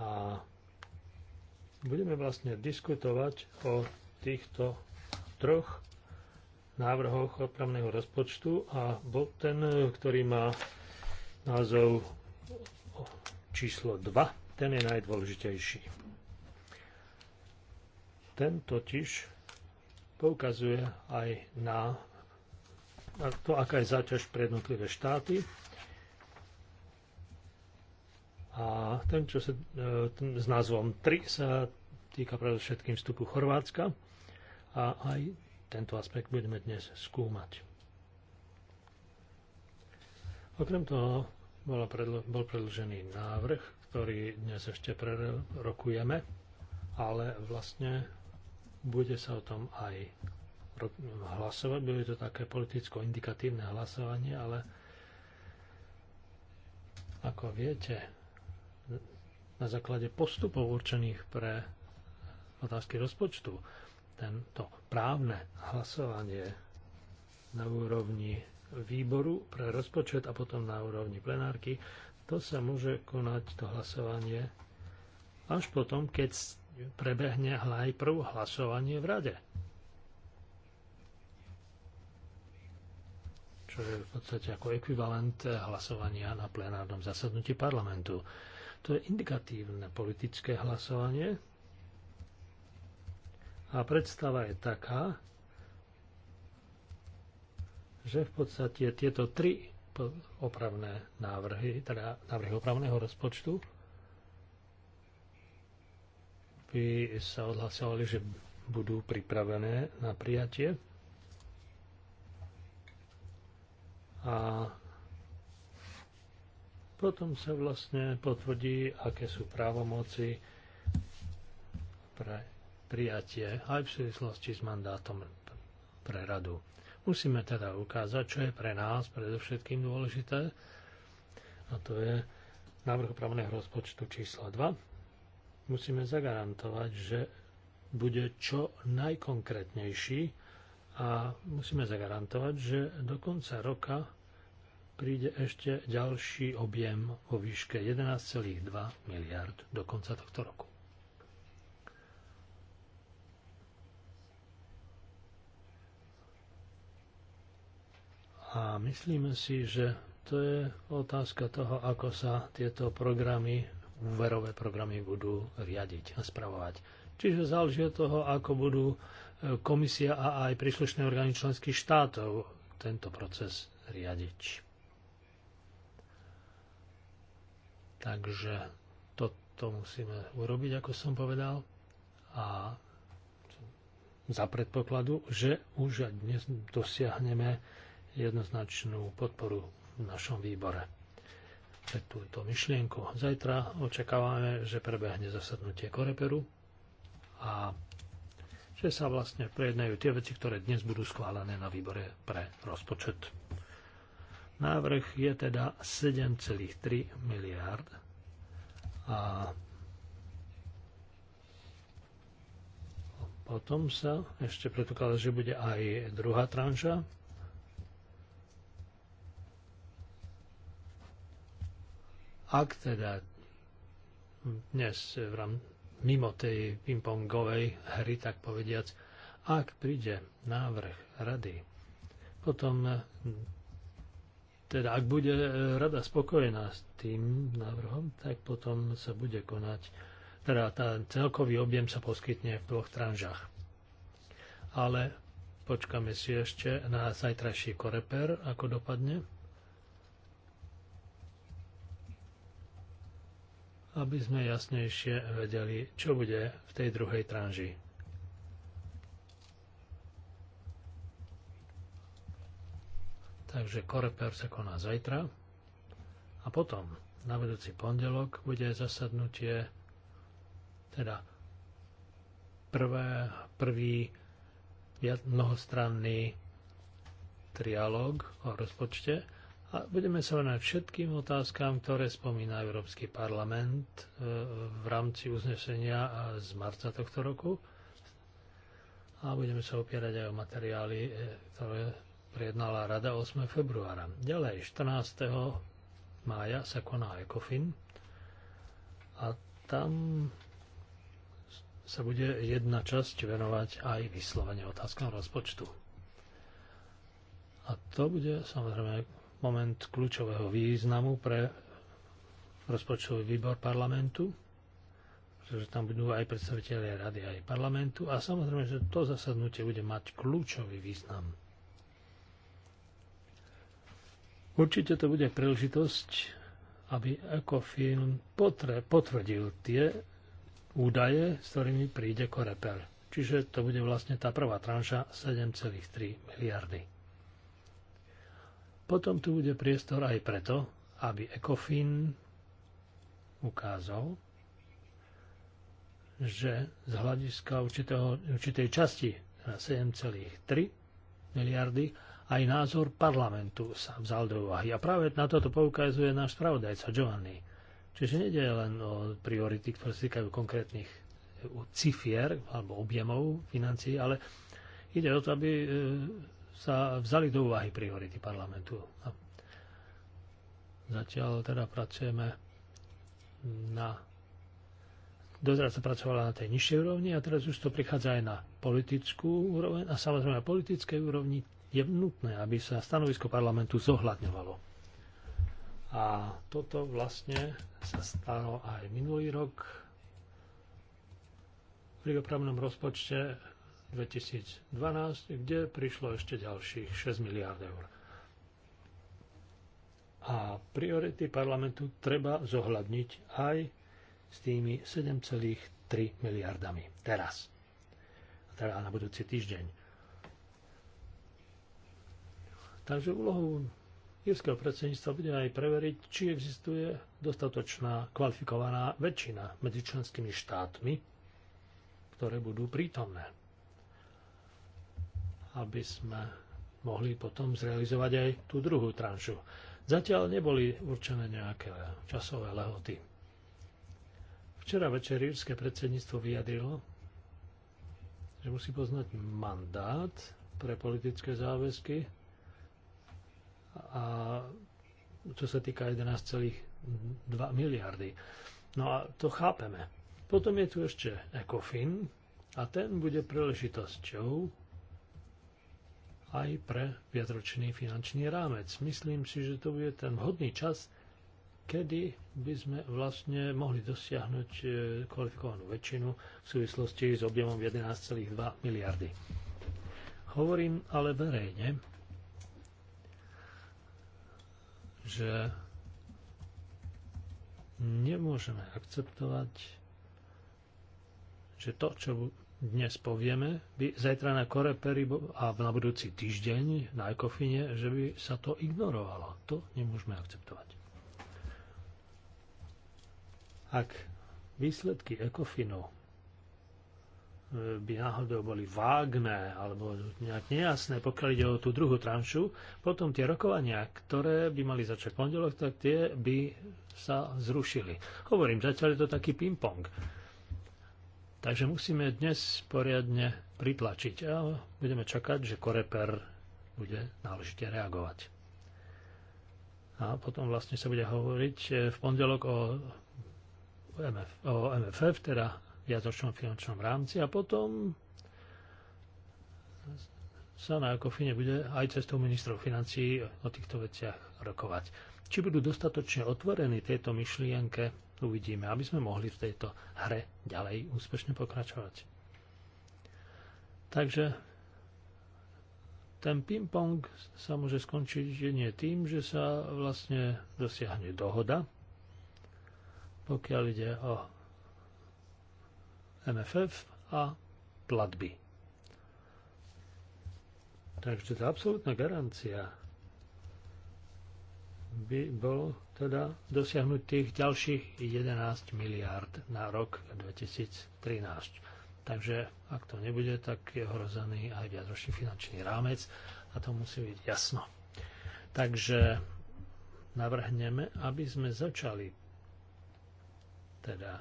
a budeme vlastne diskutovať o týchto troch návrhoch opravného rozpočtu a bol ten, ktorý má názov číslo 2, ten je najdôležitejší. Ten totiž poukazuje aj na to, aká je záťaž pre jednotlivé štáty a ten, čo sa, e, ten s názvom 3 sa týka predovšetkým vstupu Chorvátska a aj tento aspekt budeme dnes skúmať. Okrem toho bol, predl- bol predlžený návrh, ktorý dnes ešte prerokujeme, ale vlastne bude sa o tom aj hlasovať. Bude to také politicko-indikatívne hlasovanie, ale ako viete, na základe postupov určených pre otázky rozpočtu tento právne hlasovanie na úrovni výboru pre rozpočet a potom na úrovni plenárky, to sa môže konať to hlasovanie až potom, keď prebehne aj prv hlasovanie v rade. Čo je v podstate ako ekvivalent hlasovania na plenárnom zasadnutí parlamentu. To je indikatívne politické hlasovanie. A predstava je taká, že v podstate tieto tri opravné návrhy, teda návrhy opravného rozpočtu, by sa odhlasovali, že budú pripravené na prijatie. A potom sa vlastne potvrdí, aké sú právomoci pre prijatie aj v súvislosti s mandátom pre radu. Musíme teda ukázať, čo je pre nás predovšetkým dôležité, a to je návrh opravného rozpočtu číslo 2. Musíme zagarantovať, že bude čo najkonkrétnejší a musíme zagarantovať, že do konca roka príde ešte ďalší objem o výške 11,2 miliard do konca tohto roku. A myslíme si, že to je otázka toho, ako sa tieto programy, úverové programy budú riadiť a spravovať. Čiže záleží od toho, ako budú e, komisia a aj príslušné orgány členských štátov tento proces riadiť. Takže toto musíme urobiť, ako som povedal. A za predpokladu, že už aj dnes dosiahneme jednoznačnú podporu v našom výbore pre túto myšlienku. Zajtra očakávame, že prebehne zasadnutie Koreperu a že sa vlastne prejednajú tie veci, ktoré dnes budú schválené na výbore pre rozpočet. Návrh je teda 7,3 miliard. A potom sa ešte predpokladá, že bude aj druhá tranža. Ak teda dnes v mimo tej pingpongovej hry, tak povediac, ak príde návrh rady, potom teda ak bude e, rada spokojená s tým návrhom, tak potom sa bude konať, teda tá celkový objem sa poskytne v dvoch tranžách. Ale počkame si ešte na zajtrajší koreper, ako dopadne. aby sme jasnejšie vedeli, čo bude v tej druhej tranži. Takže Koreper sa koná zajtra. A potom, na vedúci pondelok, bude zasadnutie, teda prvé, prvý mnohostranný trialog o rozpočte a budeme sa venovať všetkým otázkam, ktoré spomína Európsky parlament e, v rámci uznesenia z marca tohto roku a budeme sa opierať aj o materiály, e, ktoré prijednala rada 8. februára. Ďalej, 14. mája sa koná ECOFIN a tam sa bude jedna časť venovať aj vyslovene otázkam rozpočtu. A to bude samozrejme moment kľúčového významu pre rozpočtový výbor parlamentu, pretože tam budú aj predstaviteľe rady, aj parlamentu a samozrejme, že to zasadnutie bude mať kľúčový význam Určite to bude príležitosť, aby Ecofin potvrdil tie údaje, s ktorými príde Korepel. Čiže to bude vlastne tá prvá tranša 7,3 miliardy. Potom tu bude priestor aj preto, aby ECOFIN ukázal, že z hľadiska určitého, určitej časti 7,3 miliardy aj názor parlamentu sa vzal do úvahy. A práve na toto poukazuje náš spravodajca Giovanni. Čiže nejde len o priority, ktoré sa týkajú konkrétnych e, cifier alebo objemov financií, ale ide o to, aby e, sa vzali do úvahy priority parlamentu. A zatiaľ teda pracujeme na Dozrad sa pracovala na tej nižšej úrovni a teraz už to prichádza aj na politickú úroveň a samozrejme na politickej úrovni je nutné, aby sa stanovisko parlamentu zohľadňovalo. A toto vlastne sa stalo aj minulý rok pri opravnom rozpočte 2012, kde prišlo ešte ďalších 6 miliárd eur. A priority parlamentu treba zohľadniť aj s tými 7,3 miliardami teraz. Teda na budúci týždeň. Takže úlohou írskeho predsedníctva bude aj preveriť, či existuje dostatočná kvalifikovaná väčšina medzi členskými štátmi, ktoré budú prítomné. Aby sme mohli potom zrealizovať aj tú druhú tranšu. Zatiaľ neboli určené nejaké časové lehoty. Včera večer írske predsedníctvo vyjadrilo, že musí poznať mandát pre politické záväzky a čo sa týka 11,2 miliardy. No a to chápeme. Potom je tu ešte ECOFIN a ten bude príležitosťou aj pre viacročný finančný rámec. Myslím si, že to bude ten hodný čas, kedy by sme vlastne mohli dosiahnuť e, kvalifikovanú väčšinu v súvislosti s objemom 11,2 miliardy. Hovorím ale verejne, že nemôžeme akceptovať, že to, čo dnes povieme, by zajtra na Koreperi a na budúci týždeň na Ekofine, že by sa to ignorovalo. To nemôžeme akceptovať. Ak výsledky Ekofinu by náhodou boli vágné alebo nejak nejasné, pokiaľ ide o tú druhú tranšu, potom tie rokovania, ktoré by mali začať pondelok, tak tie by sa zrušili. Hovorím, zatiaľ je to taký ping-pong. Takže musíme dnes poriadne pritlačiť a budeme čakať, že koreper bude náležite reagovať. A potom vlastne sa bude hovoriť e, v pondelok o, MF, o MFF, teda viacročnom finančnom rámci a potom sa na Ekofine bude aj cestou ministrov financií o týchto veciach rokovať. Či budú dostatočne otvorení tejto myšlienke, uvidíme, aby sme mohli v tejto hre ďalej úspešne pokračovať. Takže ten ping-pong sa môže skončiť nie tým, že sa vlastne dosiahne dohoda, pokiaľ ide o MFF a platby. Takže tá absolútna garancia by bol teda dosiahnuť tých ďalších 11 miliárd na rok 2013. Takže ak to nebude, tak je hrozený aj viacročný finančný rámec a to musí byť jasno. Takže navrhneme, aby sme začali teda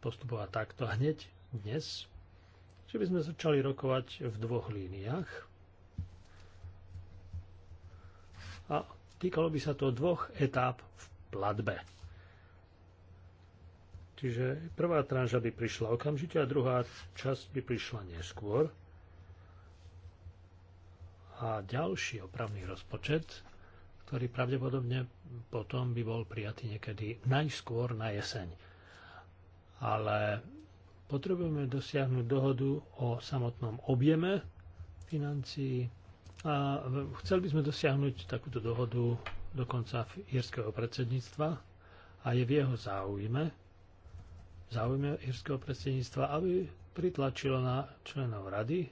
postupovať takto hneď dnes, že by sme začali rokovať v dvoch líniách. A týkalo by sa to dvoch etáp v platbe. Čiže prvá tranža by prišla okamžite a druhá časť by prišla neskôr. A ďalší opravný rozpočet, ktorý pravdepodobne potom by bol prijatý niekedy najskôr na jeseň ale potrebujeme dosiahnuť dohodu o samotnom objeme financií a chceli by sme dosiahnuť takúto dohodu dokonca v írskeho predsedníctva a je v jeho záujme, záujme írskeho predsedníctva, aby pritlačilo na členov rady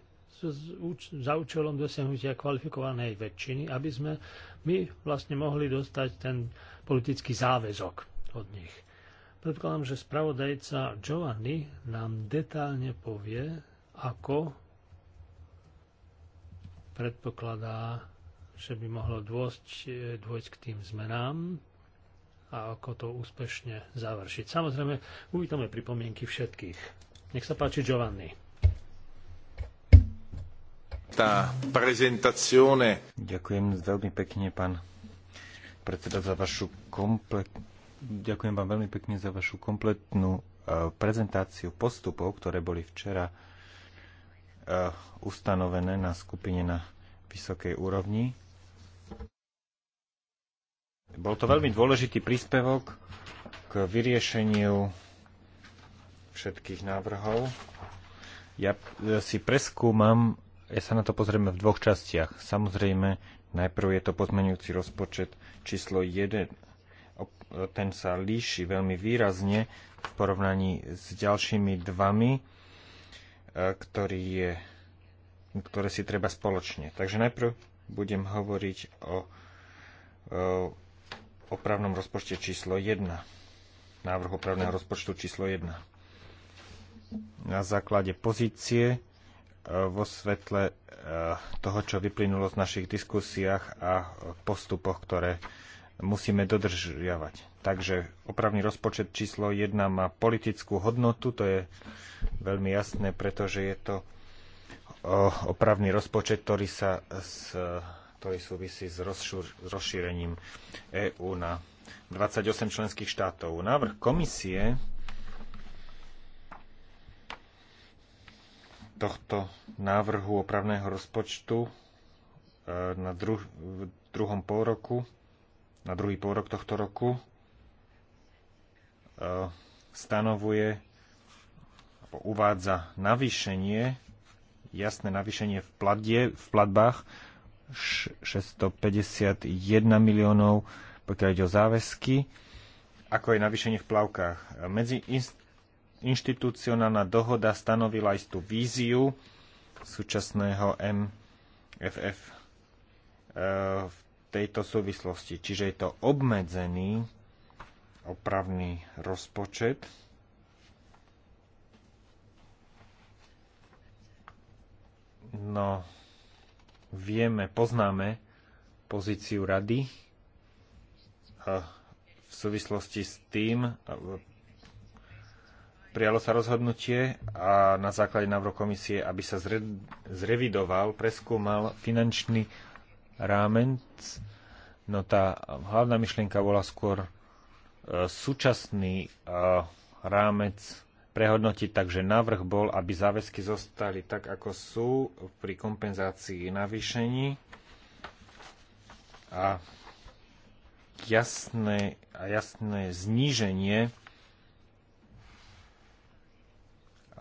za účelom dosiahnutia kvalifikovanej väčšiny, aby sme my vlastne mohli dostať ten politický záväzok od nich. Predpokladám, že spravodajca Giovanni nám detálne povie, ako predpokladá, že by mohlo dôjsť, e, dôjsť k tým zmenám a ako to úspešne završiť. Samozrejme, uvítame pripomienky všetkých. Nech sa páči Giovanni. Tá prezentazione. Ďakujem veľmi pekne, pán predseda, za vašu kompletnú Ďakujem vám veľmi pekne za vašu kompletnú e, prezentáciu postupov, ktoré boli včera e, ustanovené na skupine na vysokej úrovni. Bol to veľmi dôležitý príspevok k vyriešeniu všetkých návrhov. Ja e, si preskúmam, ja sa na to pozrieme v dvoch častiach. Samozrejme, najprv je to pozmenujúci rozpočet číslo 1 ten sa líši veľmi výrazne v porovnaní s ďalšími dvami, e, ktorý je, ktoré si treba spoločne. Takže najprv budem hovoriť o, e, opravnom rozpočte číslo 1. Návrh opravného rozpočtu číslo 1. Na základe pozície e, vo svetle toho, čo vyplynulo z našich diskusiách a postupoch, ktoré musíme dodržiavať. Takže opravný rozpočet číslo 1 má politickú hodnotu, to je veľmi jasné, pretože je to opravný rozpočet, ktorý, sa s, ktorý súvisí s, s rozšírením EÚ na 28 členských štátov. Návrh komisie tohto návrhu opravného rozpočtu e, na dru, v druhom pôroku. roku na druhý pôrok tohto roku e, stanovuje alebo uvádza navýšenie, jasné navýšenie v, platie, v platbách 651 miliónov, pokiaľ ide o záväzky, ako je navýšenie v plavkách. Medzi inštitucionálna dohoda stanovila istú víziu súčasného MFF e, v tejto súvislosti. Čiže je to obmedzený opravný rozpočet. No, vieme, poznáme pozíciu rady v súvislosti s tým, prijalo sa rozhodnutie a na základe návrhu komisie, aby sa zre, zrevidoval, preskúmal finančný rámec No tá hlavná myšlienka bola skôr e, súčasný e, rámec prehodnotiť, takže návrh bol, aby záväzky zostali tak, ako sú pri kompenzácii navýšení a jasné, a jasné zníženie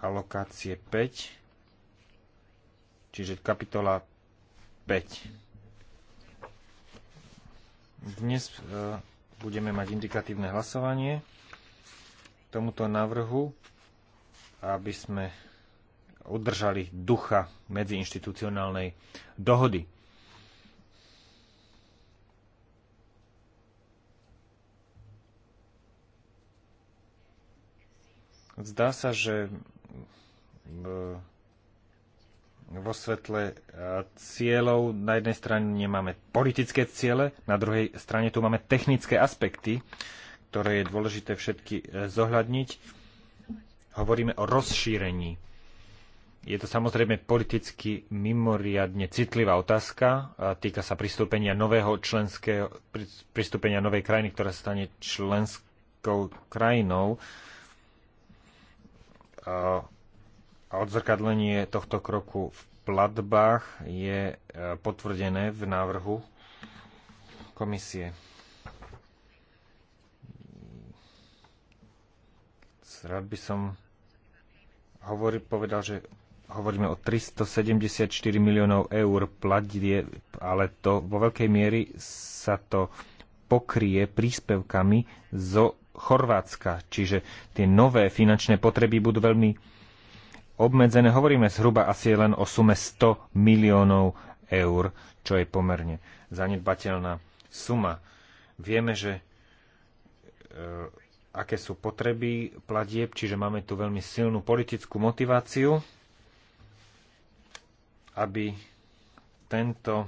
alokácie 5, čiže kapitola 5. Dnes e, budeme mať indikatívne hlasovanie k tomuto návrhu, aby sme udržali ducha medziinštitucionálnej dohody. Zdá sa, že e, vo svetle e, cieľov na jednej strane máme politické ciele, na druhej strane tu máme technické aspekty, ktoré je dôležité všetky e, zohľadniť. Hovoríme o rozšírení. Je to samozrejme politicky mimoriadne citlivá otázka. A týka sa pristúpenia nového členského, pristúpenia novej krajiny, ktorá stane členskou krajinou odzrkadlenie tohto kroku v platbách je e, potvrdené v návrhu komisie. Rád by som hovoril, povedal, že hovoríme o 374 miliónov eur platie, ale to vo veľkej miery sa to pokrie príspevkami zo Chorvátska. Čiže tie nové finančné potreby budú veľmi obmedzené. Hovoríme zhruba asi len o sume 100 miliónov eur, čo je pomerne zanedbateľná suma. Vieme, že e, aké sú potreby platieb, čiže máme tu veľmi silnú politickú motiváciu, aby tento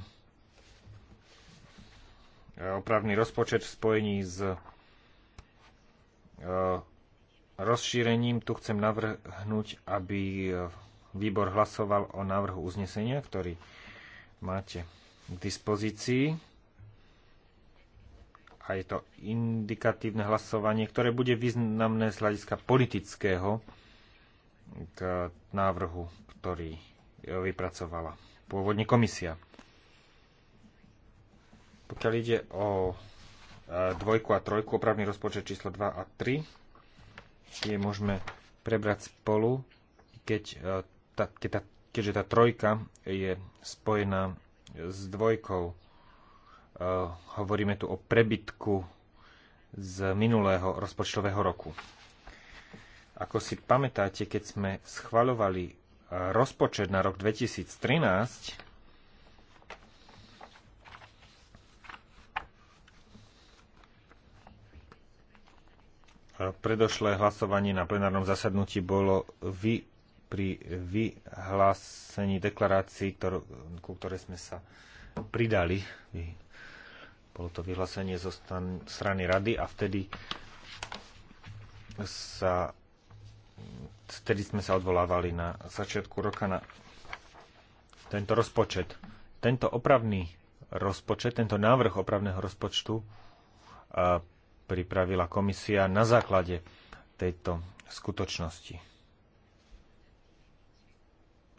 e, opravný rozpočet v spojení s e, rozšírením tu chcem navrhnúť, aby výbor hlasoval o návrhu uznesenia, ktorý máte k dispozícii. A je to indikatívne hlasovanie, ktoré bude významné z hľadiska politického k návrhu, ktorý vypracovala pôvodne komisia. Pokiaľ ide o e, dvojku a trojku, opravný rozpočet číslo 2 a 3, tie môžeme prebrať spolu, keď, e, tá, keď tá, keďže tá trojka je spojená s dvojkou. E, hovoríme tu o prebytku z minulého rozpočtového roku. Ako si pamätáte, keď sme schvaľovali e, rozpočet na rok 2013, predošlé hlasovanie na plenárnom zasadnutí bolo vy, pri vyhlásení deklarácií, ku ktorej sme sa pridali. Bolo to vyhlásenie zo stan- strany rady a vtedy sa vtedy sme sa odvolávali na začiatku roka na tento rozpočet. Tento opravný rozpočet, tento návrh opravného rozpočtu pripravila komisia na základe tejto skutočnosti.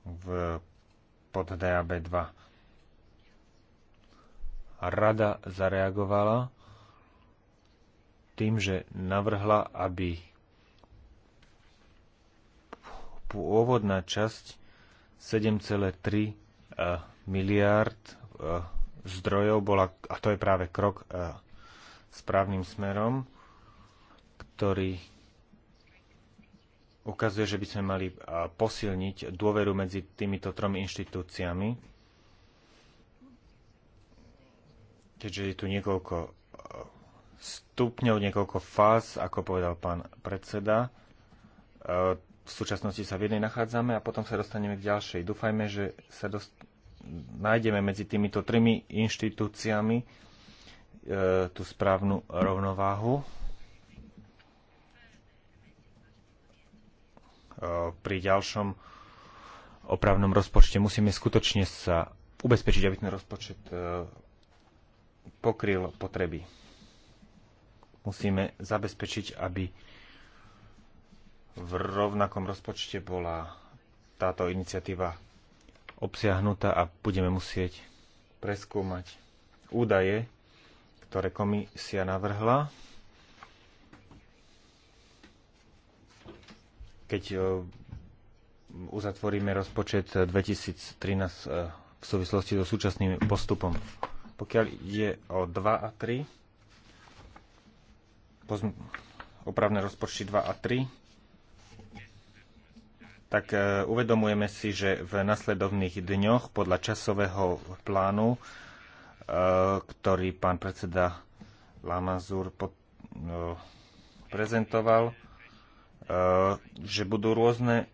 V pod DAB 2. A rada zareagovala tým, že navrhla, aby pôvodná časť 7,3 eh, miliárd eh, zdrojov bola, a to je práve krok eh, správnym smerom, ktorý ukazuje, že by sme mali posilniť dôveru medzi týmito tromi inštitúciami, keďže je tu niekoľko stupňov, niekoľko fáz, ako povedal pán predseda. V súčasnosti sa v jednej nachádzame a potom sa dostaneme k ďalšej. Dúfajme, že sa dost... nájdeme medzi týmito trimi inštitúciami, E, tú správnu rovnováhu e, pri ďalšom opravnom rozpočte. Musíme skutočne sa ubezpečiť, aby ten rozpočet e, pokryl potreby. Musíme zabezpečiť, aby v rovnakom rozpočte bola táto iniciatíva obsiahnutá a budeme musieť preskúmať údaje, ktoré komisia navrhla. Keď e, uzatvoríme rozpočet 2013 e, v súvislosti so súčasným postupom. Pokiaľ ide o 2 a 3, opravné rozpočty 2 a 3, tak e, uvedomujeme si, že v nasledovných dňoch podľa časového plánu Eh, ktorý pán predseda Lamazur eh, prezentoval, eh, že budú rôzne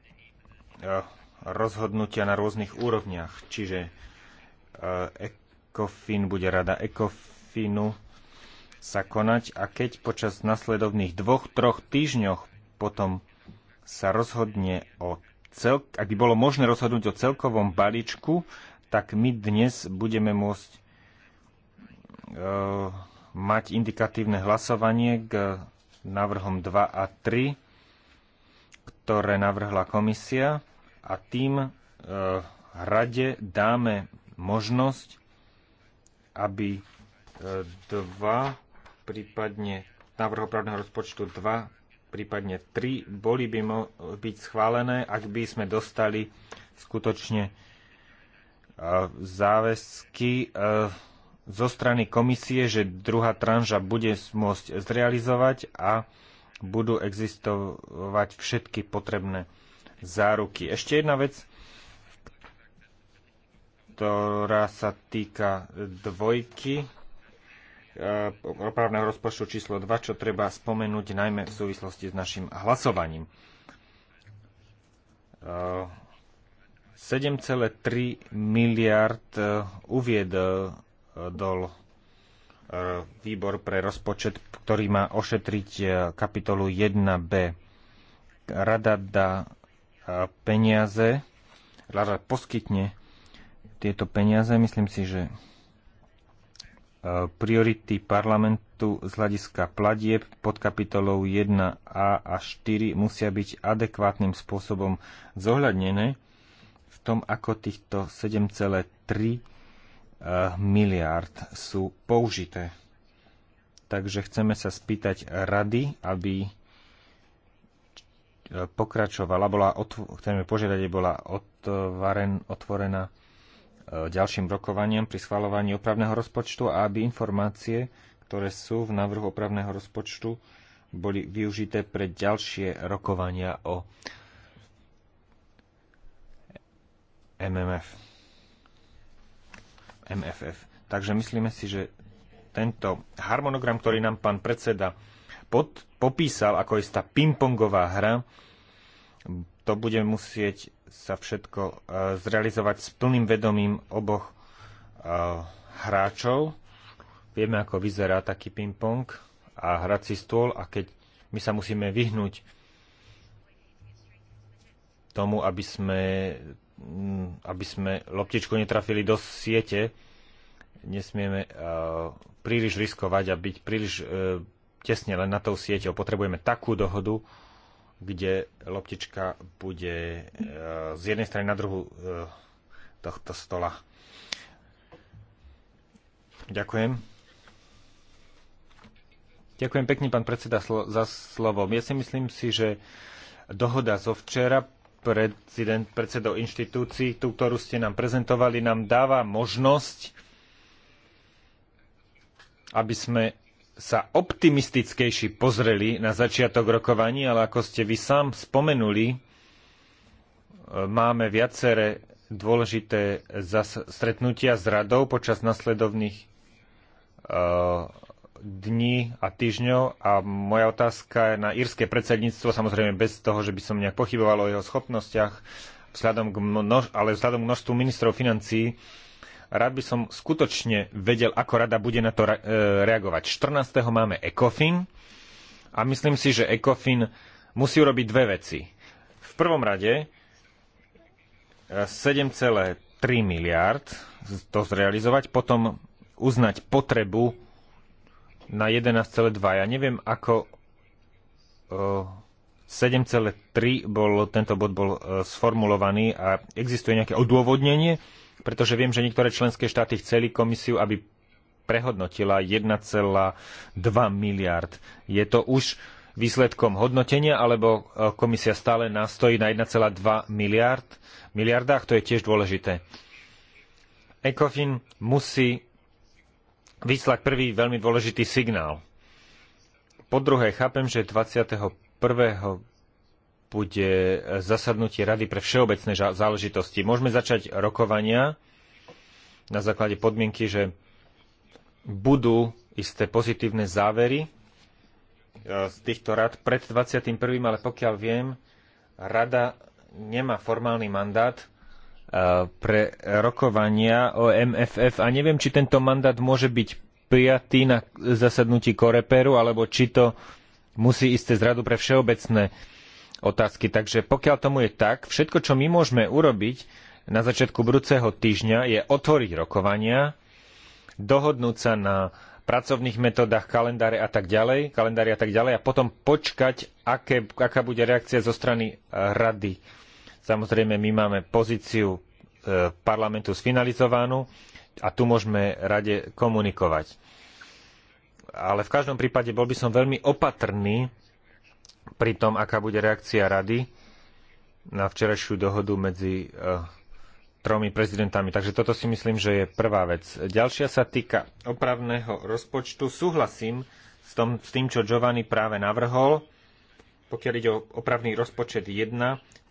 rozhodnutia na rôznych úrovniach. Čiže ECOFIN bude rada ECOFINu sa konať a keď počas nasledovných dvoch, troch týždňoch potom sa rozhodne o cel, ak by bolo možné rozhodnúť o celkovom balíčku, tak my dnes budeme môcť Eh, mať indikatívne hlasovanie k návrhom 2 a 3, ktoré navrhla komisia a tým eh, rade dáme možnosť, aby eh, dva, prípadne návrhu právneho rozpočtu 2, prípadne 3, boli by mo- byť schválené, ak by sme dostali skutočne záväzky zo strany komisie, že druhá tranža bude môcť zrealizovať a budú existovať všetky potrebné záruky. Ešte jedna vec, ktorá sa týka dvojky e, opravného rozpočtu číslo 2, čo treba spomenúť najmä v súvislosti s našim hlasovaním. 7,3 e, miliard e, uviedol dol e, výbor pre rozpočet, ktorý má ošetriť e, kapitolu 1b. Rada dá e, peniaze, rada poskytne tieto peniaze. Myslím si, že priority parlamentu z hľadiska platieb pod kapitolou 1a a 4 musia byť adekvátnym spôsobom zohľadnené v tom, ako týchto 7,3 Eh, miliárd sú použité. Takže chceme sa spýtať rady, aby eh, pokračovala, bola chceme požiadať, aby bola otvaren, otvorená eh, ďalším rokovaniam pri schvalovaní opravného rozpočtu a aby informácie, ktoré sú v návrhu opravného rozpočtu, boli využité pre ďalšie rokovania o MMF. MFF. Takže myslíme si, že tento harmonogram, ktorý nám pán predseda pod, popísal ako istá pingpongová hra, to bude musieť sa všetko uh, zrealizovať s plným vedomím oboch uh, hráčov. Vieme, ako vyzerá taký pingpong a hrací stôl a keď my sa musíme vyhnúť tomu, aby sme Mm, aby sme loptičku netrafili do siete, nesmieme eh, príliš riskovať a byť príliš eh, tesne len na tou sieťou. Potrebujeme takú dohodu, kde loptička bude eh, z jednej strany na druhú tohto stola. Ďakujem. Ďakujem pekne, pán predseda, za slovo. Ja si myslím si, že dohoda zo včera prezident, predsedov inštitúcií, tú, ktorú ste nám prezentovali, nám dáva možnosť, aby sme sa optimistickejšie pozreli na začiatok rokovaní, ale ako ste vy sám spomenuli, e, máme viaceré dôležité stretnutia s radou počas nasledovných uh, dní a týždňov a moja otázka je na írske predsedníctvo, samozrejme bez toho, že by som nejak pochyboval o jeho schopnostiach, vzhľadom k množ- ale vzhľadom k množstvu ministrov financií, rád by som skutočne vedel, ako rada bude na to re- e, reagovať. 14. máme ECOFIN a myslím si, že ECOFIN musí urobiť dve veci. V prvom rade 7,3 e, miliard to zrealizovať, potom uznať potrebu na 11,2. Ja neviem, ako 7,3 e, bol, tento bod bol e, sformulovaný a existuje nejaké odôvodnenie, pretože viem, že niektoré členské štáty chceli komisiu, aby prehodnotila 1,2 miliard. Je to už výsledkom hodnotenia, alebo e, komisia stále nastojí na 1,2 miliard, miliardách, to je tiež dôležité. ECOFIN musí vyslať prvý veľmi dôležitý signál. Po druhé, chápem, že 21. bude zasadnutie Rady pre všeobecné záležitosti. Môžeme začať rokovania na základe podmienky, že budú isté pozitívne závery e, z týchto rad pred 21., ale pokiaľ viem, rada nemá formálny mandát Eh, pre rokovania o MFF a neviem, či tento mandát môže byť prijatý na zasadnutí Koreperu, alebo či to musí ísť cez radu pre všeobecné otázky. Takže pokiaľ tomu je tak, všetko, čo my môžeme urobiť na začiatku budúceho týždňa, je otvoriť rokovania, dohodnúť sa na pracovných metodách, kalendáre a tak ďalej, kalendári a tak ďalej a potom počkať, aké, aká bude reakcia zo strany rady Samozrejme, my máme pozíciu e, parlamentu sfinalizovanú a tu môžeme rade komunikovať. Ale v každom prípade bol by som veľmi opatrný pri tom, aká bude reakcia rady na včerajšiu dohodu medzi e, tromi prezidentami. Takže toto si myslím, že je prvá vec. Ďalšia sa týka opravného rozpočtu. Súhlasím s, tom, s tým, čo Giovanni práve navrhol. Pokiaľ ide o opravný rozpočet 1,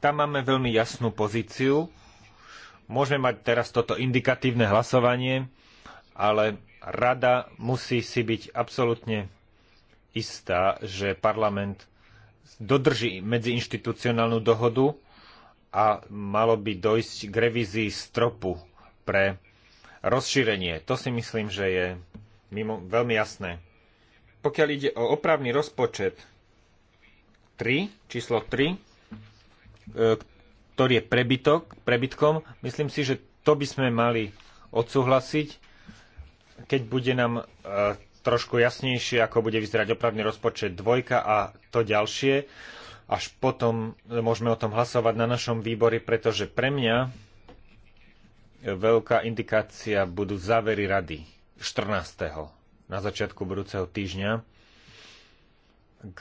tam máme veľmi jasnú pozíciu. Môžeme mať teraz toto indikatívne hlasovanie, ale rada musí si byť absolútne istá, že parlament dodrží medziinštitucionálnu dohodu a malo by dojsť k revízii stropu pre rozšírenie. To si myslím, že je mimo, veľmi jasné. Pokiaľ ide o opravný rozpočet 3, číslo 3, ktorý je prebytok, prebytkom. Myslím si, že to by sme mali odsúhlasiť, keď bude nám e, trošku jasnejšie, ako bude vyzerať opravný rozpočet dvojka a to ďalšie. Až potom môžeme o tom hlasovať na našom výbore, pretože pre mňa veľká indikácia budú závery rady 14. na začiatku budúceho týždňa k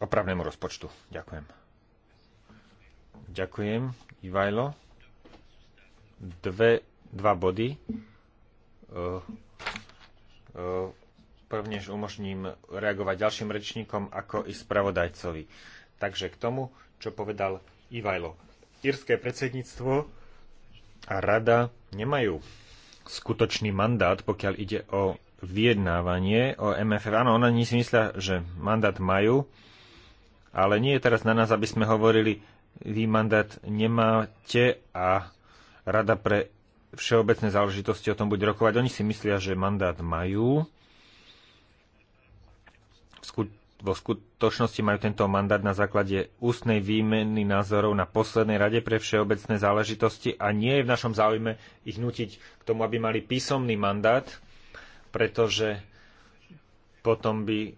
opravnému rozpočtu. Ďakujem. Ďakujem, Ivajlo. Dve, dva body. E, e, prvnež umožním reagovať ďalším rečníkom ako i spravodajcovi. Takže k tomu, čo povedal Ivajlo. Írske predsedníctvo a rada nemajú skutočný mandát, pokiaľ ide o vyjednávanie o MFF. Áno, ona si myslia, že mandát majú, ale nie je teraz na nás, aby sme hovorili, vy mandát nemáte a Rada pre všeobecné záležitosti o tom bude rokovať. Oni si myslia, že mandát majú. Vo skutočnosti majú tento mandát na základe ústnej výmeny názorov na poslednej rade pre všeobecné záležitosti a nie je v našom záujme ich nutiť k tomu, aby mali písomný mandát, pretože potom by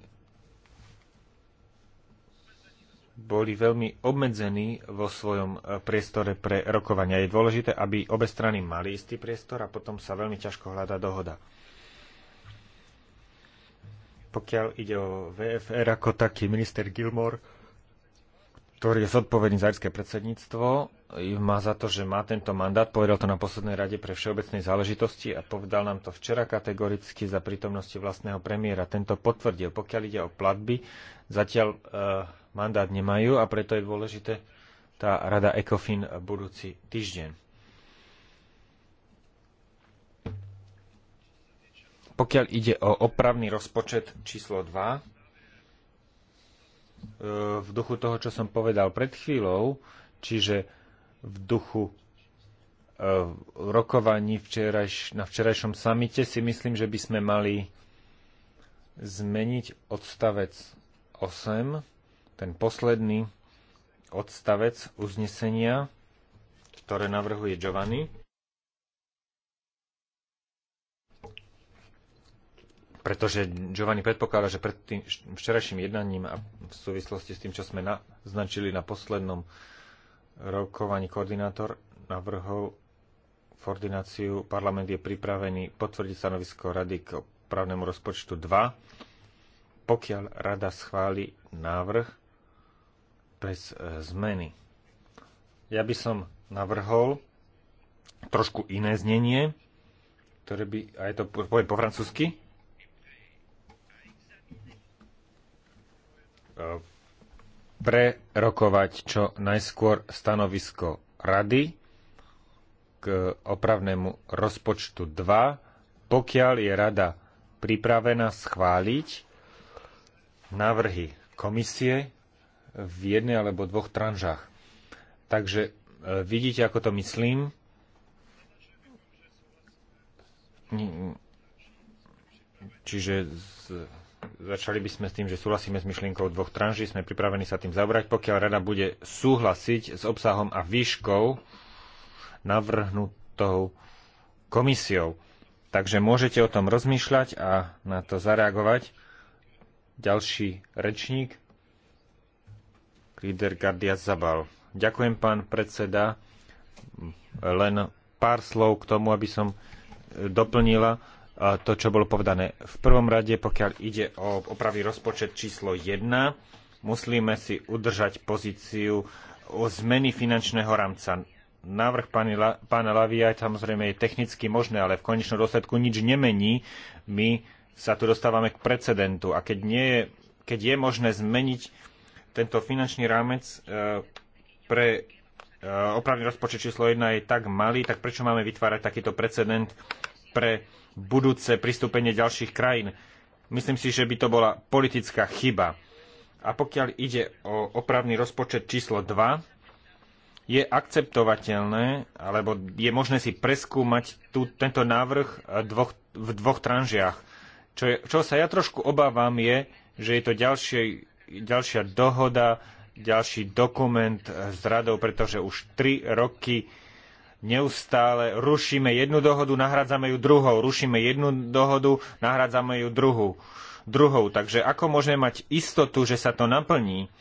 boli veľmi obmedzení vo svojom e, priestore pre rokovania. Je dôležité, aby obe strany mali istý priestor a potom sa veľmi ťažko hľadá dohoda. Pokiaľ ide o VFR ako taký, minister Gilmore, ktorý je zodpovedný za irské predsedníctvo, má za to, že má tento mandát, povedal to na poslednej rade pre všeobecnej záležitosti a povedal nám to včera kategoricky za prítomnosti vlastného premiéra. Tento potvrdil, pokiaľ ide o platby, zatiaľ uh, mandát nemajú a preto je dôležité tá rada ECOFIN budúci týždeň. Pokiaľ ide o opravný rozpočet číslo 2, e, v duchu toho, čo som povedal pred chvíľou, čiže v duchu e, rokovaní včerajš, na včerajšom samite si myslím, že by sme mali zmeniť odstavec 8 ten posledný odstavec uznesenia, ktoré navrhuje Giovanni. Pretože Giovanni predpokladá, že pred tým včerajším jednaním a v súvislosti s tým, čo sme naznačili na poslednom rokovaní koordinátor navrhol koordináciu. Parlament je pripravený potvrdiť stanovisko Rady k právnemu rozpočtu 2, pokiaľ Rada schváli návrh bez e, zmeny. Ja by som navrhol trošku iné znenie, ktoré by, a je to poviem po francúzsky, e, prerokovať čo najskôr stanovisko rady k opravnému rozpočtu 2, pokiaľ je rada pripravená schváliť návrhy komisie v jednej alebo dvoch tranžách. Takže e, vidíte, ako to myslím. Čiže z, začali by sme s tým, že súhlasíme s myšlienkou dvoch tranží, sme pripravení sa tým zabrať, pokiaľ rada bude súhlasiť s obsahom a výškou navrhnutou komisiou. Takže môžete o tom rozmýšľať a na to zareagovať. Ďalší rečník. Líder Gardia Zabal. Ďakujem, pán predseda. Len pár slov k tomu, aby som e, doplnila e, to, čo bolo povedané. V prvom rade, pokiaľ ide o opravy rozpočet číslo 1, musíme si udržať pozíciu o zmeny finančného rámca. Návrh pána Lavia samozrejme je technicky možné, ale v konečnom dôsledku nič nemení. My sa tu dostávame k precedentu a keď, nie keď je možné zmeniť tento finančný rámec e, pre e, opravný rozpočet číslo 1 je tak malý, tak prečo máme vytvárať takýto precedent pre budúce pristúpenie ďalších krajín? Myslím si, že by to bola politická chyba. A pokiaľ ide o opravný rozpočet číslo 2, je akceptovateľné, alebo je možné si preskúmať tú, tento návrh e, dvoch, v dvoch tranžiach. Čo, je, čo sa ja trošku obávam je, že je to ďalšie ďalšia dohoda, ďalší dokument s radou, pretože už tri roky neustále rušíme jednu dohodu, nahradzame ju druhou, rušíme jednu dohodu, nahradzame ju druhú, druhou. Takže ako môžeme mať istotu, že sa to naplní?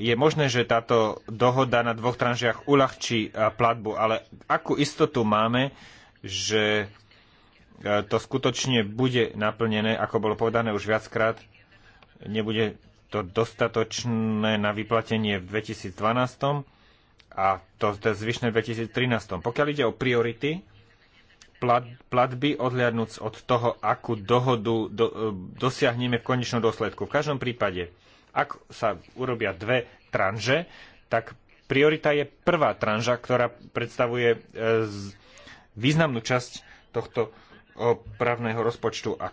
Je možné, že táto dohoda na dvoch tranžiach uľahčí e, platbu, ale akú istotu máme, že e, to skutočne bude naplnené, ako bolo povedané už viackrát, nebude to dostatočné na vyplatenie v 2012 a to zvyšné v 2013. Pokiaľ ide o priority, plat, platby odhľadnúc od toho, akú dohodu do, e, dosiahneme v konečnom dôsledku. V každom prípade, ak sa urobia dve tranže, tak priorita je prvá tranža, ktorá predstavuje e, významnú časť tohto právneho rozpočtu. A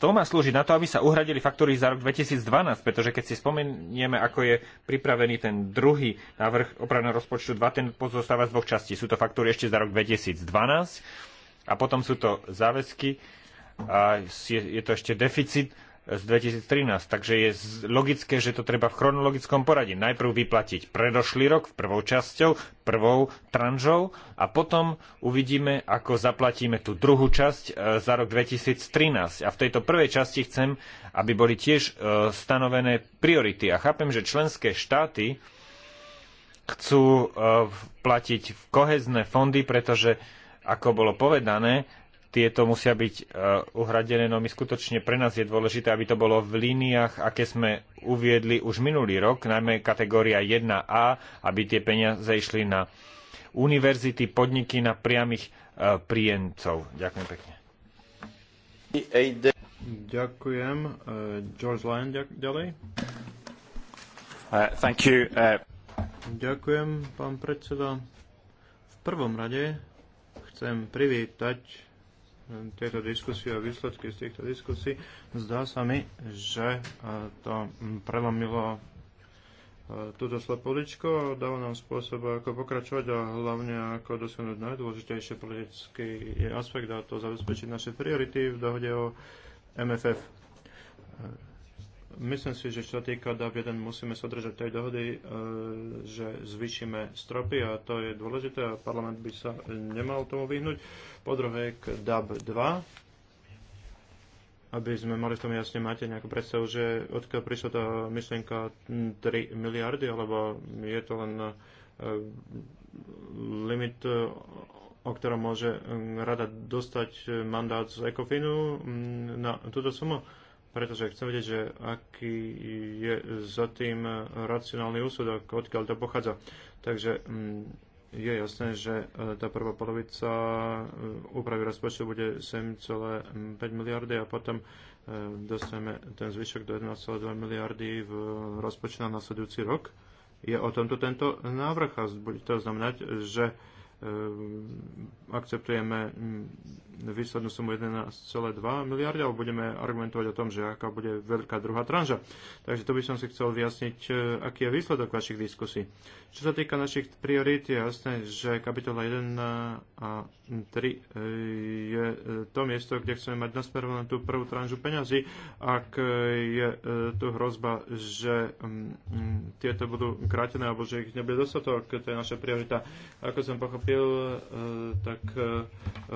to má slúžiť na to, aby sa uhradili faktúry za rok 2012, pretože keď si spomenieme, ako je pripravený ten druhý návrh opravného rozpočtu 2, ten pozostáva z dvoch častí. Sú to faktúry ešte za rok 2012 a potom sú to záväzky a je, je to ešte deficit z 2013, takže je logické, že to treba v chronologickom poradí. Najprv vyplatiť predošlý rok prvou časťou, prvou tranžou a potom uvidíme, ako zaplatíme tú druhú časť e, za rok 2013. A v tejto prvej časti chcem, aby boli tiež e, stanovené priority. A chápem, že členské štáty chcú e, platiť kohezné fondy, pretože, ako bolo povedané, tieto musia byť e, uhradené, no my skutočne pre nás je dôležité, aby to bolo v líniách, aké sme uviedli už minulý rok, najmä kategória 1A, aby tie peniaze išli na univerzity, podniky, na priamých e, príjemcov. Ďakujem pekne. Ďakujem. E, George Lyon ďalej. Uh, thank you. Uh... Ďakujem, pán predseda. V prvom rade chcem privítať tieto diskusie a výsledky z týchto diskusí, zdá sa mi, že e, to prelomilo e, túto slepoličko, dalo nám spôsob, ako pokračovať a hlavne ako dosiahnuť najdôležitejší politický aspekt a to zabezpečiť naše priority v dohode o MFF Myslím si, že čo sa týka DAB1, musíme sa držať tej dohody, e, že zvýšime stropy a to je dôležité a parlament by sa nemal tomu vyhnúť. Po druhé k DAB2, aby sme mali v tom jasne, máte nejakú predstavu, že odkiaľ prišla tá myšlienka 3 miliardy, alebo je to len e, limit, e, o ktorom môže rada dostať mandát z Ekofinu na túto sumu? pretože chcem vedieť, že aký je za tým racionálny úsudok, odkiaľ to pochádza. Takže mm, je jasné, že e, tá prvá polovica e, úpravy rozpočtu bude 7,5 miliardy a potom e, dostaneme ten zvyšok do 1,2 miliardy v rozpočtu na nasledujúci rok. Je o tomto tento návrh a bude to znamenať, že Ehm, akceptujeme mm, výslednú sumu 11,2 miliardy, alebo budeme argumentovať o tom, že aká bude veľká druhá tranža. Takže to by som si chcel vyjasniť, e, aký je výsledok vašich diskusí. Čo sa týka našich priorít, je jasné, že kapitola 1 a 3 e, je e, to miesto, kde chceme mať nasmerovanú tú prvú tranžu peňazí, ak je tu hrozba, že mm, mm, tieto budú krátené alebo že ich nebude dostatok, to je naša priorita. Ako som pochopil, vystúpil, e, tak e, e,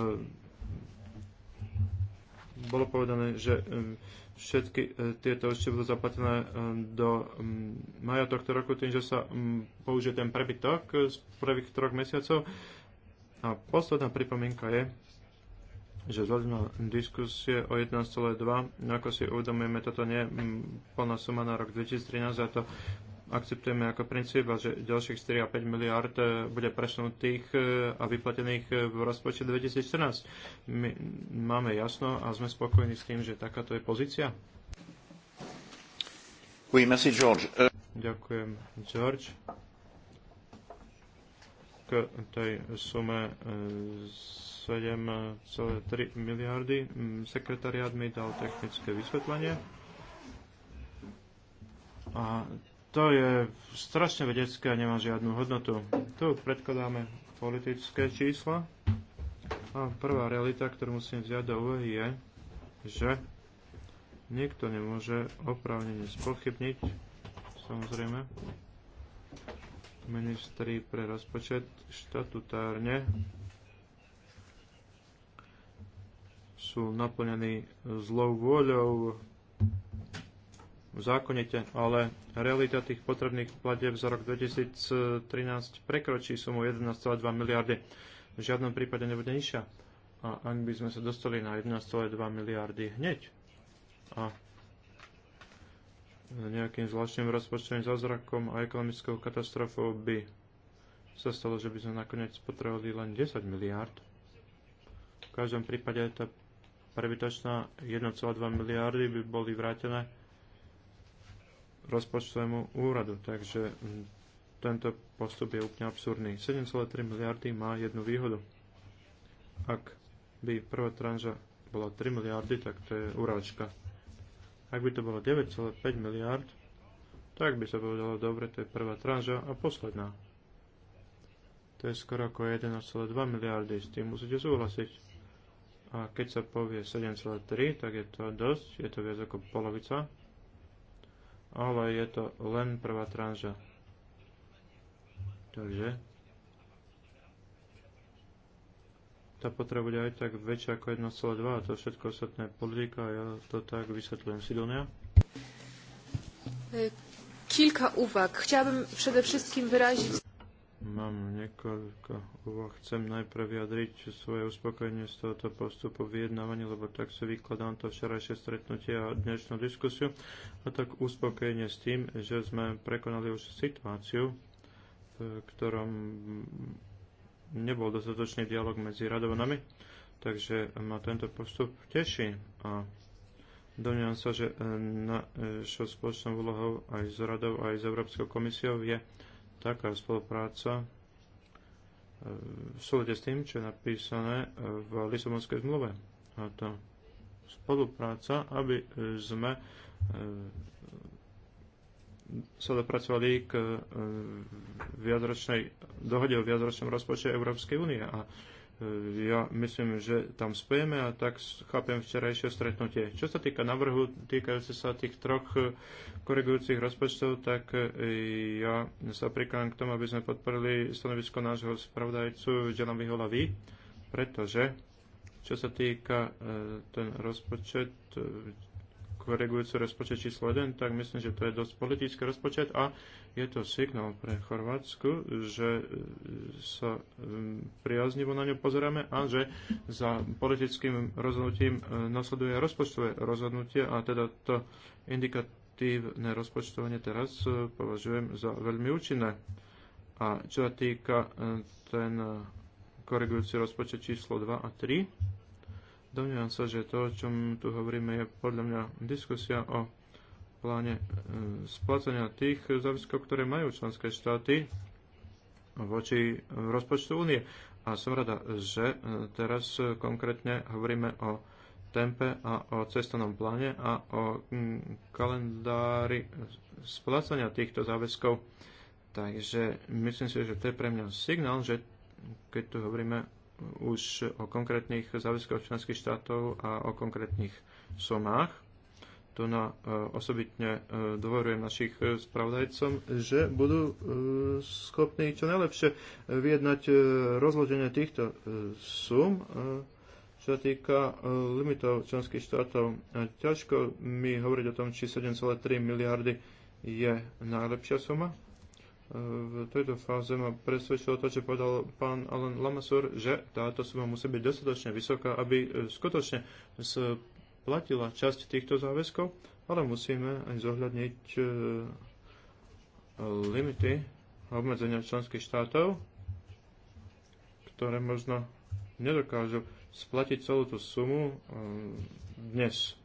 bolo povedané, že všetky tieto ešte budú zaplatené do maja tohto roku tým, že sa použije ten prebytok z prvých troch mesiacov. A posledná pripomienka je, že vzhľadom na diskusie o 11,2, ako si uvedomujeme, toto nie je plná suma na rok 2013 a to akceptujeme ako princíp a že ďalších 4 a 5 miliard e, bude presunutých e, a vyplatených e, v rozpočte 2014. My máme jasno a sme spokojní s tým, že takáto je pozícia. Oui, merci, George. Ďakujem, George. K tej sume 7,3 miliardy. Sekretariát mi dal technické vysvetlenie. A to je strašne vedecké a nemá žiadnu hodnotu. Tu predkladáme politické čísla. A prvá realita, ktorú musím vziať do úvahy, je, že nikto nemôže oprávnene spochybniť, samozrejme, ministri pre rozpočet štatutárne sú naplnení zlou vôľou zákonite, ale realita tých potrebných platieb za rok 2013 prekročí sumu 11,2 miliardy. V žiadnom prípade nebude nižšia. A ak by sme sa dostali na 11,2 miliardy hneď a nejakým zvláštnym rozpočtovým zázrakom a ekonomickou katastrofou by sa stalo, že by sme nakoniec potrebovali len 10 miliard. V každom prípade tá prebytočná 1,2 miliardy by boli vrátené rozpočtovému úradu. Takže mm, tento postup je úplne absurdný. 7,3 miliardy má jednu výhodu. Ak by prvá tranža bola 3 miliardy, tak to je úračka. Ak by to bolo 9,5 miliard, tak by sa povedalo, dobre, to je prvá tranža a posledná. To je skoro ako 11,2 miliardy, s tým musíte súhlasiť. A keď sa povie 7,3, tak je to dosť, je to viac ako polovica, ale je to len prvá tranža. Takže tá potreba bude aj tak väčšia ako 1,2 a to všetko ostatné podlíka a ja to tak vysvetľujem. Sidonia? E, Kilka uwag. Chciałabym przede wszystkim wyrazić... Mám niekoľko úvah. Chcem najprv vyjadriť svoje uspokojenie z tohoto postupu vyjednávania, lebo tak si vykladám to včerajšie stretnutie a dnešnú diskusiu. A tak uspokojenie s tým, že sme prekonali už situáciu, v ktorom nebol dostatočný dialog medzi radovanami. Takže ma tento postup teší a domnievam sa, že našou spoločnou úlohou aj z radou, aj z Európskou komisiou je taká spolupráca e, v súlade s tým, čo je napísané v Lisabonskej zmluve. A to spolupráca, aby sme e, sa dopracovali k e, viadročnej dohode o viadročnom rozpočte Európskej únie. A E, ja myslím, že tam spojeme a tak chápem včerajšie stretnutie. Čo sa týka navrhu týkajúce sa tých troch e, korigujúcich rozpočtov, tak e, ja sa prikladám k tomu, aby sme podporili stanovisko nášho spravodajcu Žena Vyholavy, pretože čo sa týka ten rozpočet, korigujúci rozpočet číslo 1, tak myslím, že to je dosť politický rozpočet a je to signál pre Chorvátsku, že e, sa priaznivo na ňu pozeráme a že za politickým rozhodnutím e, nasleduje rozpočtové rozhodnutie a teda to indikatívne rozpočtovanie teraz e, považujem za veľmi účinné. A čo sa týka ten korigujúci rozpočet číslo 2 a 3, Domnievam sa, že to, o čom tu hovoríme, je podľa mňa diskusia o pláne e, splácania tých záväzkov, ktoré majú členské štáty voči rozpočtu únie. A som rada, že e, teraz konkrétne hovoríme o tempe a o cestovnom pláne a o kalendári splácania týchto záväzkov. Takže myslím si, že to je pre mňa signál, že keď tu hovoríme už o konkrétnych záväzkoch členských štátov a o konkrétnych somách. To na e, osobitne e, dôverujem našich e, spravodajcom, že budú schopní čo najlepšie vyjednať rozloženie týchto sum, čo sa týka limitov členských štátov. Ťažko mi hovoriť o tom, či 7,3 miliardy je najlepšia suma v tejto fáze ma presvedčilo to, čo povedal pán Alan Lamasur, že táto suma musí byť dostatočne vysoká, aby e, skutočne splatila časť týchto záväzkov, ale musíme aj zohľadniť e, limity a obmedzenia členských štátov, ktoré možno nedokážu splatiť celú tú sumu e, dnes.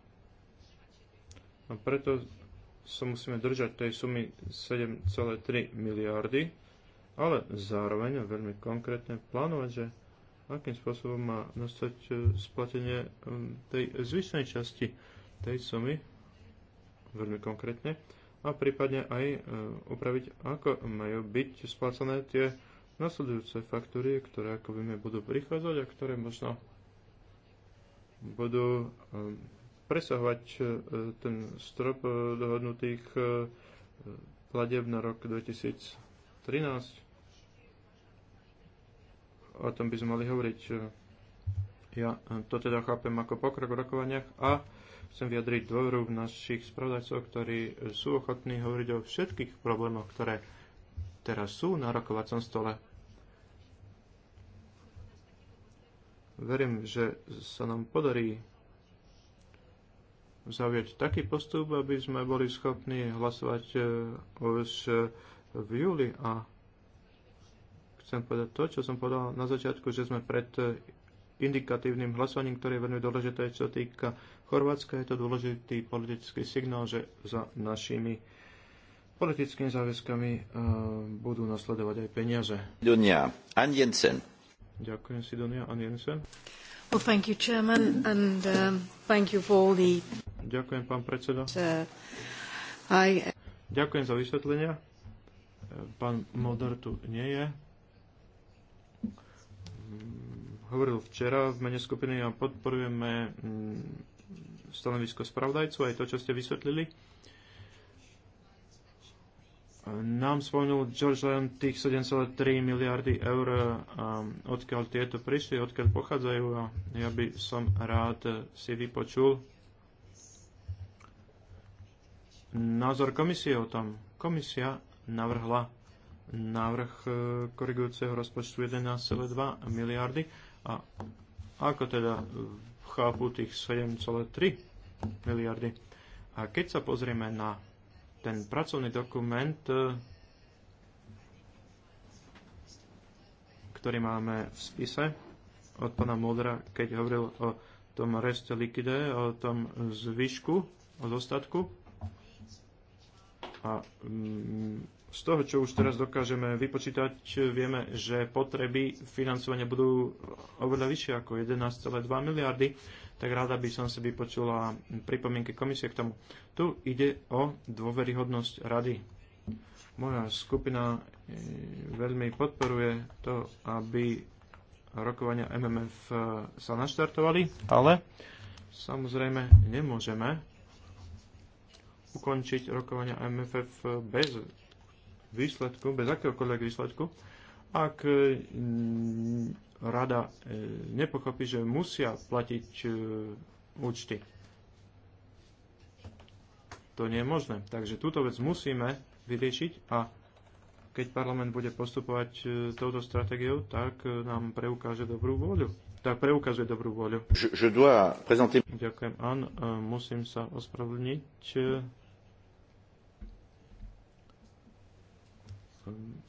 A preto sa musíme držať tej sumy 7,3 miliardy, ale zároveň veľmi konkrétne plánovať, že akým spôsobom má nastať e, splatenie e, tej zvyšnej časti tej sumy, veľmi konkrétne, a prípadne aj e, upraviť, ako majú byť splácané tie nasledujúce faktúry, ktoré ako vieme budú prichádzať a ktoré možno budú presahovať e, ten strop e, dohodnutých e, pladeb na rok 2013. O tom by sme mali hovoriť. Ja to teda chápem ako pokrok v rokovaniach a chcem vyjadriť dôveru v našich spravodajcov, ktorí sú ochotní hovoriť o všetkých problémoch, ktoré teraz sú na rokovacom stole. Verím, že sa nám podarí zaviať taký postup, aby sme boli schopní hlasovať už e, e, v júli a chcem povedať to, čo som povedal na začiatku, že sme pred e, indikatívnym hlasovaním, ktoré je veľmi dôležité, čo týka Chorvátska, je to dôležitý politický signál, že za našimi politickými záväzkami uh, budú nasledovať aj peniaze. Dunia, Ann Jensen. Ďakujem si, Dunia, Ann Jensen. Well, thank you, Chairman, and um, thank you for all the Ďakujem, pán predseda. Ďakujem za vysvetlenia. Pán Modar tu nie je. Hovoril včera v mene skupiny a podporujeme mm, stanovisko spravodajcu aj to, čo ste vysvetlili. Nám spomenul George Lennon tých 7,3 miliardy eur, odkiaľ tieto prišli, odkiaľ pochádzajú a ja by som rád si vypočul názor komisie o tom. Komisia navrhla návrh e, korigujúceho rozpočtu 11,2 miliardy a ako teda e, chápu tých 7,3 miliardy. A keď sa pozrieme na ten pracovný dokument, e, ktorý máme v spise od pána Modra, keď hovoril o tom reste likide, o tom zvyšku, o zostatku, a mm, z toho, čo už teraz dokážeme vypočítať, vieme, že potreby financovania budú oveľa vyššie ako 11,2 miliardy, tak rada by som si vypočula pripomienky komisie k tomu. Tu ide o dôveryhodnosť rady. Moja skupina e, veľmi podporuje to, aby rokovania MMF sa naštartovali, ale samozrejme nemôžeme ukončiť rokovania MFF bez výsledku, bez akéhokoľvek výsledku, ak e, rada e, nepochopí, že musia platiť e, účty. To nie je možné. Takže túto vec musíme vyriešiť a keď parlament bude postupovať touto stratégiou, tak nám preukáže dobrú vôľu. Tak preukazuje dobrú vôľu. Je, je dois présenter... Ďakujem, Ann. Musím sa ospravedlniť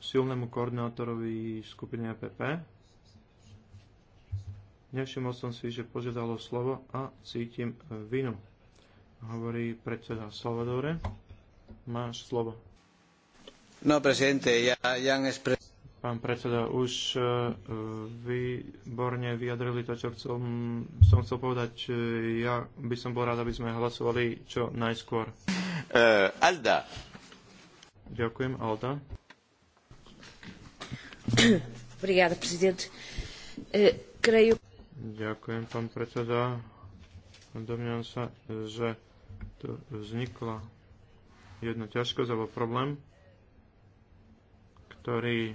silnému koordinátorovi skupiny APP. E Nevšimol som si, že požiadalo slovo a cítim vinu. Hovorí predseda Salvadore. Máš slovo. No, presidente, ja, ja expre... Pán predseda, už eh, výborne vyjadrili to, čo chcel, som chcel povedať. Ja by som bol rád, aby sme hlasovali čo najskôr. Uh, Alda. Ďakujem, Alda. Obrigada, eh, Ďakujem, pán predseda. Domňam sa, že tu vznikla jedna ťažkosť alebo problém, ktorý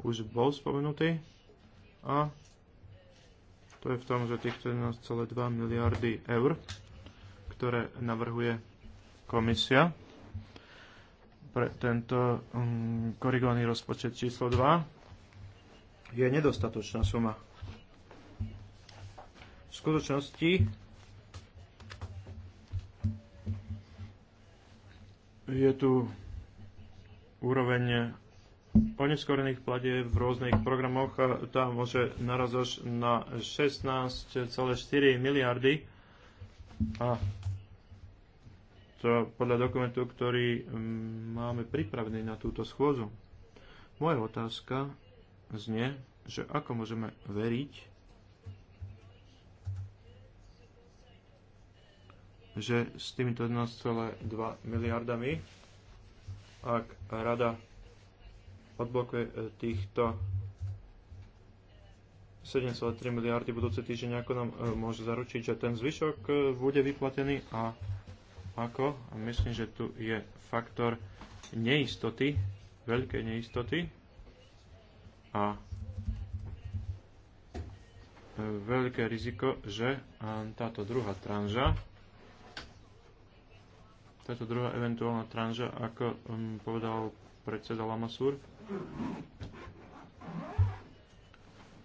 už bol spomenutý a to je v tom, že tých 11,2 miliardy eur, ktoré navrhuje komisia, pre tento mm, korigovaný rozpočet číslo 2 je nedostatočná suma. V skutočnosti je tu úroveň oneskorených platieb v rôznych programoch. Tá môže naraz až na 16,4 miliardy. A to podľa dokumentu, ktorý mm, máme pripravený na túto schôzu. Moja otázka znie, že ako môžeme veriť, že s týmito 1,2 miliardami, ak rada odblokuje e, týchto 7,3 miliardy budúci týždeň, ako nám e, môže zaručiť, že ten zvyšok e, bude vyplatený a ako. A myslím, že tu je faktor neistoty, veľkej neistoty a e, veľké riziko, že e, táto druhá tranža táto druhá eventuálna tranža, ako um, povedal predseda Lamasur,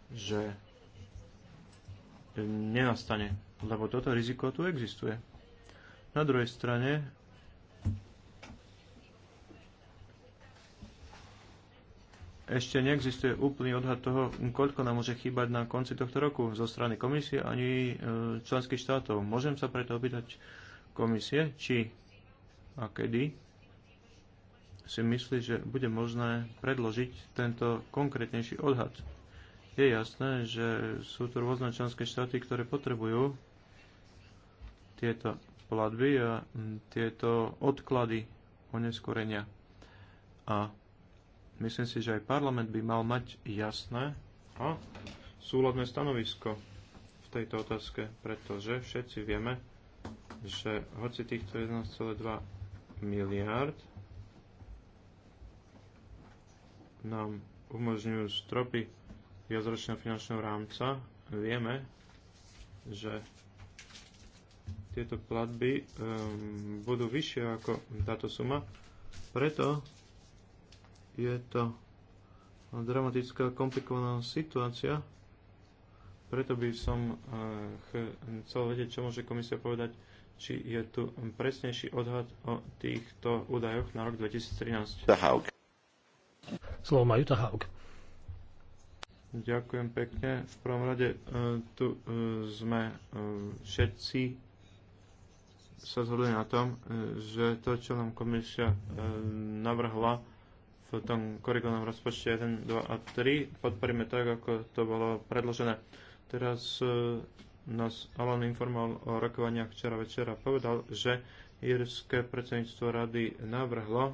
že e, nenastane, lebo toto riziko tu existuje. Na druhej strane ešte neexistuje úplný odhad toho, koľko nám môže chýbať na konci tohto roku zo strany komisie ani e, členských štátov. Môžem sa preto opýtať komisie, či a kedy si myslí, že bude možné predložiť tento konkrétnejší odhad. Je jasné, že sú tu rôzne členské štáty, ktoré potrebujú tieto platby a mm, tieto odklady oneskorenia. A myslím si, že aj parlament by mal mať jasné a súladné stanovisko v tejto otázke, pretože všetci vieme, že hoci týchto 11,2 miliárd nám umožňujú stropy viacročného finančného rámca, vieme, že tieto platby um, budú vyššie ako táto suma. Preto je to dramatická, komplikovaná situácia. Preto by som uh, chcel vedieť, čo môže komisia povedať, či je tu presnejší odhad o týchto údajoch na rok 2013. Slovo má Jutta Haug. Ďakujem pekne. V prvom rade eh, tu eh, sme všetci sa zhoduje na tom, e, že to, čo nám komisia e, navrhla v tom korigovanom rozpočte 1, 2 a 3, podporíme tak, ako to bolo predložené. Teraz e, nás Alan informoval o rokovaniach včera večera. Povedal, že írske predsedníctvo rady navrhlo,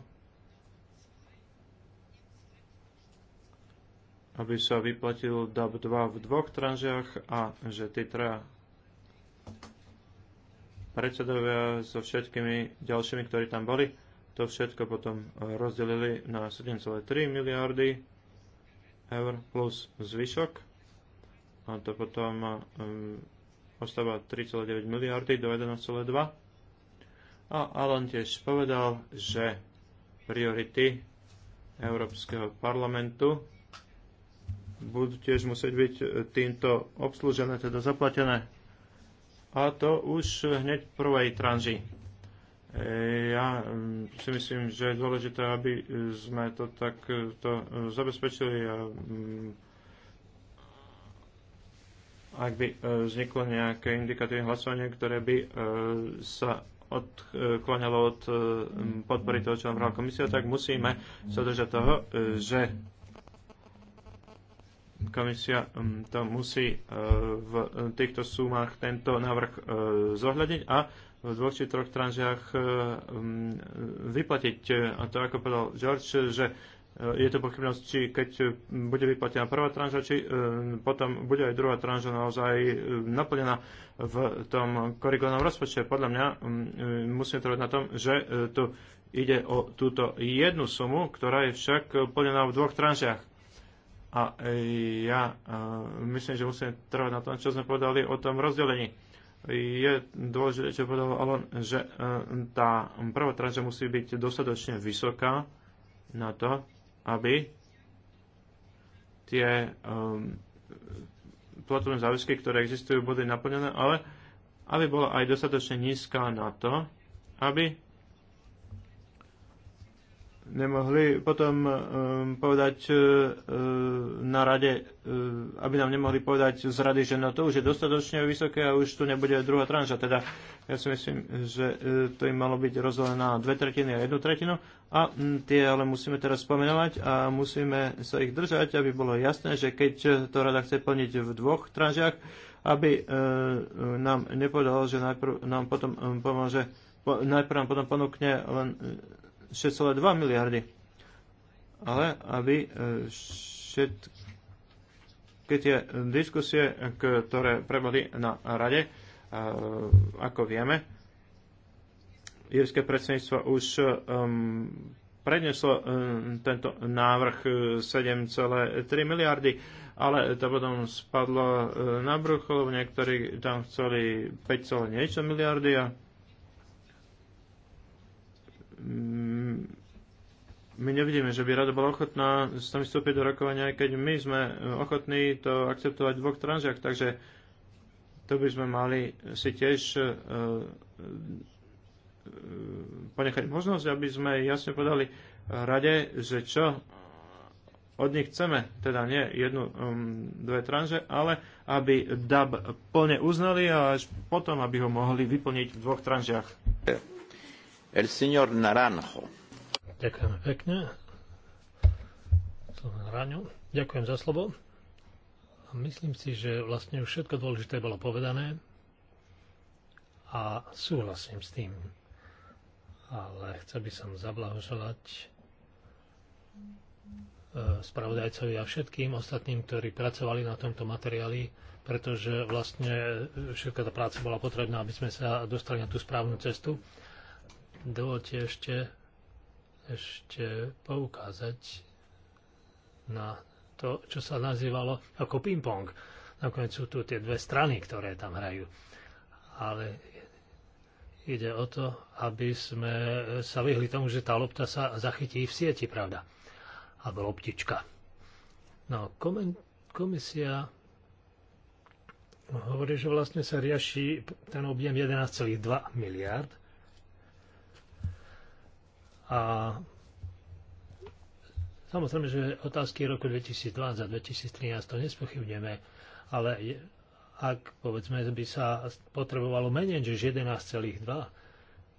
aby sa vyplatil DAB 2 v dvoch tranžiach a že tie traja predsedovia so všetkými ďalšími, ktorí tam boli, to všetko potom rozdelili na 7,3 miliardy eur plus zvyšok. A to potom um, ostáva 3,9 miliardy do 11,2. A Alan tiež povedal, že priority Európskeho parlamentu budú tiež musieť byť e, týmto obslužené, teda zaplatené a to už hneď v prvej tranži. E, ja mm, si myslím, že je dôležité, aby sme to takto e, e, zabezpečili a mm, ak by vzniklo nejaké indikatívne hlasovanie, ktoré by sa odkláňalo od podpory toho, čo nám komisia, tak musíme sa držať toho, že komisia hm, to musí e, v týchto sumách tento návrh e, zohľadiť a v dvoch či troch tranžiach e, hm, vyplatiť. A to, ako povedal George, že je to pochybnosť, či keď bude vyplatená prvá tranža, či potom bude aj druhá tranža naozaj naplnená v tom korigovanom rozpočte. Podľa mňa hm, musíme trvať na tom, že tu ide o túto jednu sumu, ktorá je však plnená v dvoch tranžiach. A e, ja e, myslím, že musíme trvať na tom, čo sme povedali o tom rozdelení. Je dôležité, čo povedal Alon, že e, tá prvá tranža musí byť dostatočne vysoká na to, aby tie um, platobné záväzky, ktoré existujú, boli naplnené, ale aby bola aj dostatočne nízka na to, aby nemohli potom um, povedať uh, na rade, uh, aby nám nemohli povedať z rady, že no to už je dostatočne vysoké a už tu nebude druhá tranža. Teda ja si myslím, že uh, to im malo byť rozdelené na dve tretiny a jednu tretinu a um, tie ale musíme teraz spomenovať a musíme sa ich držať, aby bolo jasné, že keď to rada chce plniť v dvoch tranžiach, aby uh, nám nepovedalo, že najprv nám potom um, pomôže, po, najprv nám potom ponúkne len uh, 6,2 miliardy. Ale aby e, všetky tie diskusie, ktoré prebali na rade, e, ako vieme, jirské predsedníctvo už um, predneslo um, tento návrh 7,3 miliardy, ale to potom spadlo na bruchu, niektorí tam chceli 5, niečo miliardy a Mm, my nevidíme, že by rada bola ochotná s nami vstúpiť do rokovania, aj keď my sme e, ochotní to akceptovať v dvoch tranžiach, takže to by sme mali si tiež e, e, ponechať možnosť, aby sme jasne podali rade, že čo od nich chceme, teda nie jednu, um, dve tranže, ale aby DAB plne uznali a až potom, aby ho mohli vyplniť v dvoch tranžiach. El señor Naranjo. Ďakujem pekne. Raňu. Ďakujem za slovo. myslím si, že vlastne už všetko dôležité bolo povedané a súhlasím s tým. Ale chcel by som zablahoželať e, spravodajcovi a všetkým ostatným, ktorí pracovali na tomto materiáli, pretože vlastne všetka tá práca bola potrebná, aby sme sa dostali na tú správnu cestu. Dovolte ešte, ešte poukázať na to, čo sa nazývalo ako ping-pong. Nakoniec sú tu tie dve strany, ktoré tam hrajú. Ale ide o to, aby sme sa vyhli tomu, že tá lopta sa zachytí v sieti, pravda? Alebo loptička. No, komisia hovorí, že vlastne sa rieši ten objem 11,2 miliard a samozrejme, že otázky roku 2012 a 2013 to nespochybneme, ale ak povedzme by sa potrebovalo menej než 11,2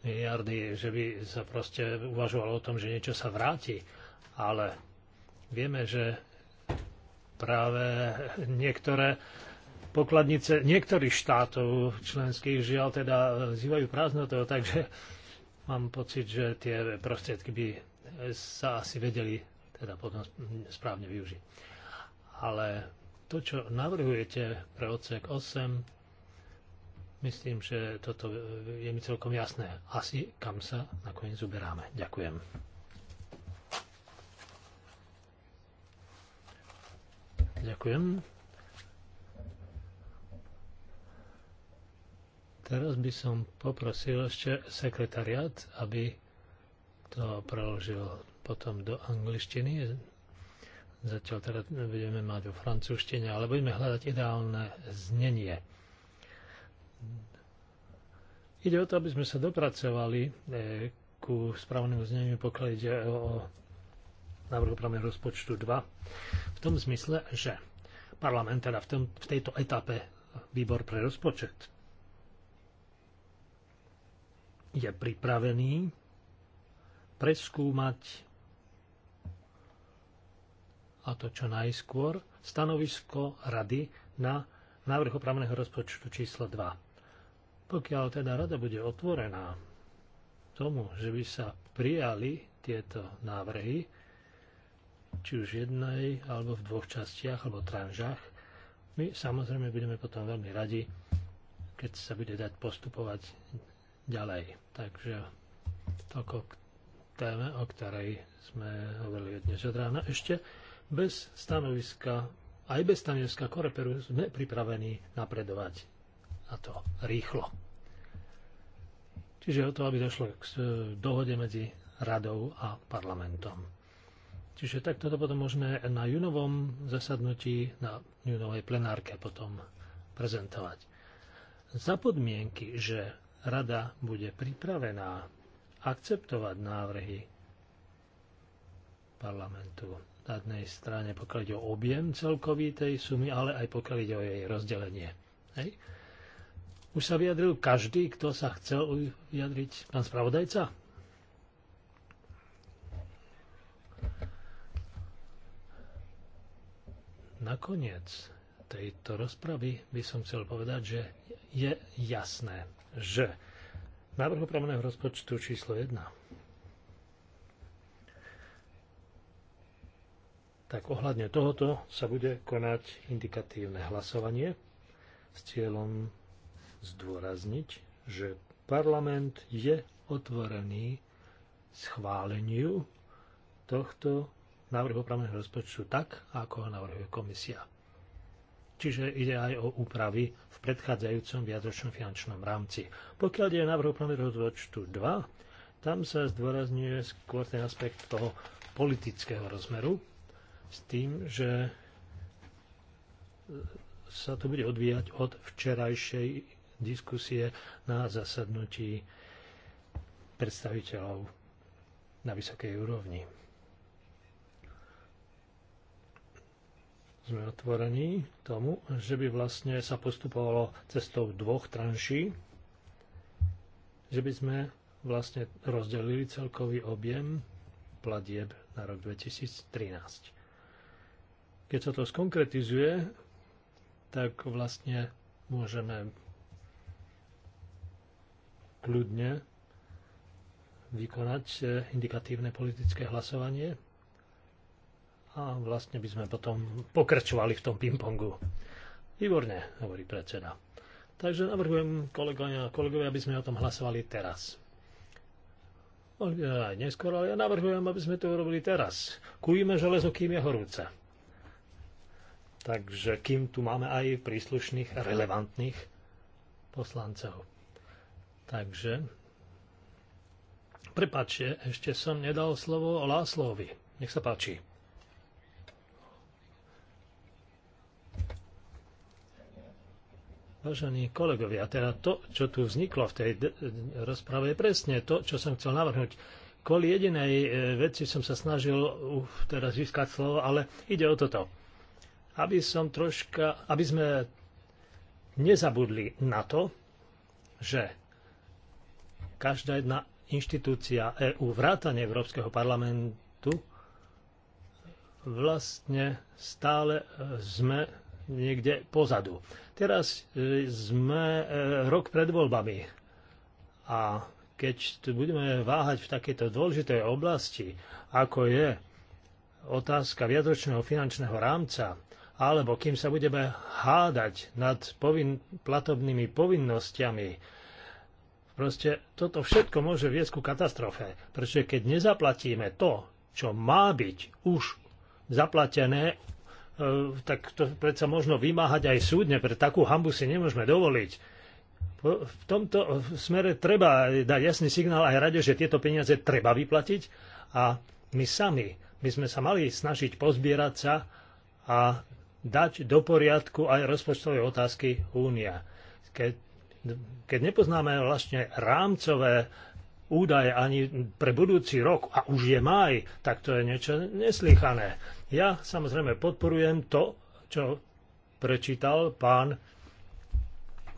miliardy, že by sa proste uvažovalo o tom, že niečo sa vráti, ale vieme, že práve niektoré pokladnice niektorých štátov členských žiaľ teda zývajú prázdnotou, takže Mám pocit, že tie prostriedky by sa asi vedeli teda potom správne využiť. Ale to, čo navrhujete pre odsek 8, myslím, že toto je mi celkom jasné. Asi kam sa nakoniec uberáme. Ďakujem. Ďakujem. Teraz by som poprosil ešte sekretariat, aby to preložil potom do angličtiny. Zatiaľ teda budeme mať vo francúzštine, ale budeme hľadať ideálne znenie. Ide o to, aby sme sa dopracovali eh, ku správnemu zneniu, pokiaľ ide o návrh opravného rozpočtu 2, v tom zmysle, že parlament teda v, tom, v tejto etape výbor pre rozpočet je pripravený preskúmať a to čo najskôr stanovisko rady na návrh opravného rozpočtu číslo 2. Pokiaľ teda rada bude otvorená tomu, že by sa prijali tieto návrhy, či už v jednej alebo v dvoch častiach alebo tranžách, my samozrejme budeme potom veľmi radi, keď sa bude dať postupovať ďalej. Takže toko k téme, o ktorej sme hovorili dnes od rána. Ešte bez stanoviska, aj bez stanoviska Koreperu sme pripravení napredovať a to rýchlo. Čiže o to, aby došlo k dohode medzi radou a parlamentom. Čiže takto to potom môžeme na junovom zasadnutí, na junovej plenárke potom prezentovať. Za podmienky, že rada bude pripravená akceptovať návrhy parlamentu na jednej strane, pokiaľ ide o objem celkový tej sumy, ale aj pokiaľ ide o jej rozdelenie. Hej. Už sa vyjadril každý, kto sa chcel vyjadriť, pán spravodajca? Nakoniec tejto rozpravy by som chcel povedať, že je jasné, že návrh opravného rozpočtu číslo 1 tak ohľadne tohoto sa bude konať indikatívne hlasovanie s cieľom zdôrazniť, že parlament je otvorený schváleniu tohto návrhu opravného rozpočtu tak, ako ho navrhuje komisia čiže ide aj o úpravy v predchádzajúcom viacročnom finančnom rámci. Pokiaľ je návrh plného rozpočtu 2, tam sa zdôrazňuje skôr ten aspekt toho politického rozmeru s tým, že sa to bude odvíjať od včerajšej diskusie na zasadnutí predstaviteľov na vysokej úrovni. sme otvorení tomu, že by vlastne sa postupovalo cestou dvoch tranší, že by sme vlastne rozdelili celkový objem platieb na rok 2013. Keď sa to skonkretizuje, tak vlastne môžeme kľudne vykonať eh, indikatívne politické hlasovanie a vlastne by sme potom pokračovali v tom pingpongu. Výborne, hovorí predseda. Takže navrhujem kolegovia, kolegovia, aby sme o tom hlasovali teraz. Mohli aj neskôr, ale ja navrhujem, aby sme to urobili teraz. Kujíme železo, kým je horúce. Takže kým tu máme aj príslušných, relevantných poslancov. Takže, prepáčte, ešte som nedal slovo Láslovi. Nech sa páči. Vážení kolegovia, teda to, čo tu vzniklo v tej rozprave, je presne to, čo som chcel navrhnúť. Kvôli jedinej e, veci som sa snažil uh, teraz získať slovo, ale ide o toto. Aby, som troška, aby sme nezabudli na to, že každá jedna inštitúcia EÚ, EU, vrátane Európskeho parlamentu, vlastne stále e, sme niekde pozadu. Teraz e, sme e, rok pred voľbami a keď tu budeme váhať v takejto dôležitej oblasti, ako je otázka viacročného finančného rámca, alebo kým sa budeme hádať nad povin- platobnými povinnosťami, proste toto všetko môže viesť ku katastrofe. Pretože keď nezaplatíme to, čo má byť už zaplatené Eh, tak to predsa možno vymáhať aj súdne, pre takú hambu si nemôžeme dovoliť. V tomto eh, smere treba dať jasný signál aj rade, že tieto peniaze treba vyplatiť a my sami by sme sa mali snažiť pozbierať sa a dať do poriadku aj rozpočtové otázky únia. Keď, keď nepoznáme vlastne rámcové údaje ani pre budúci rok a už je maj, tak to je niečo neslychané. Ja samozrejme podporujem to, čo prečítal pán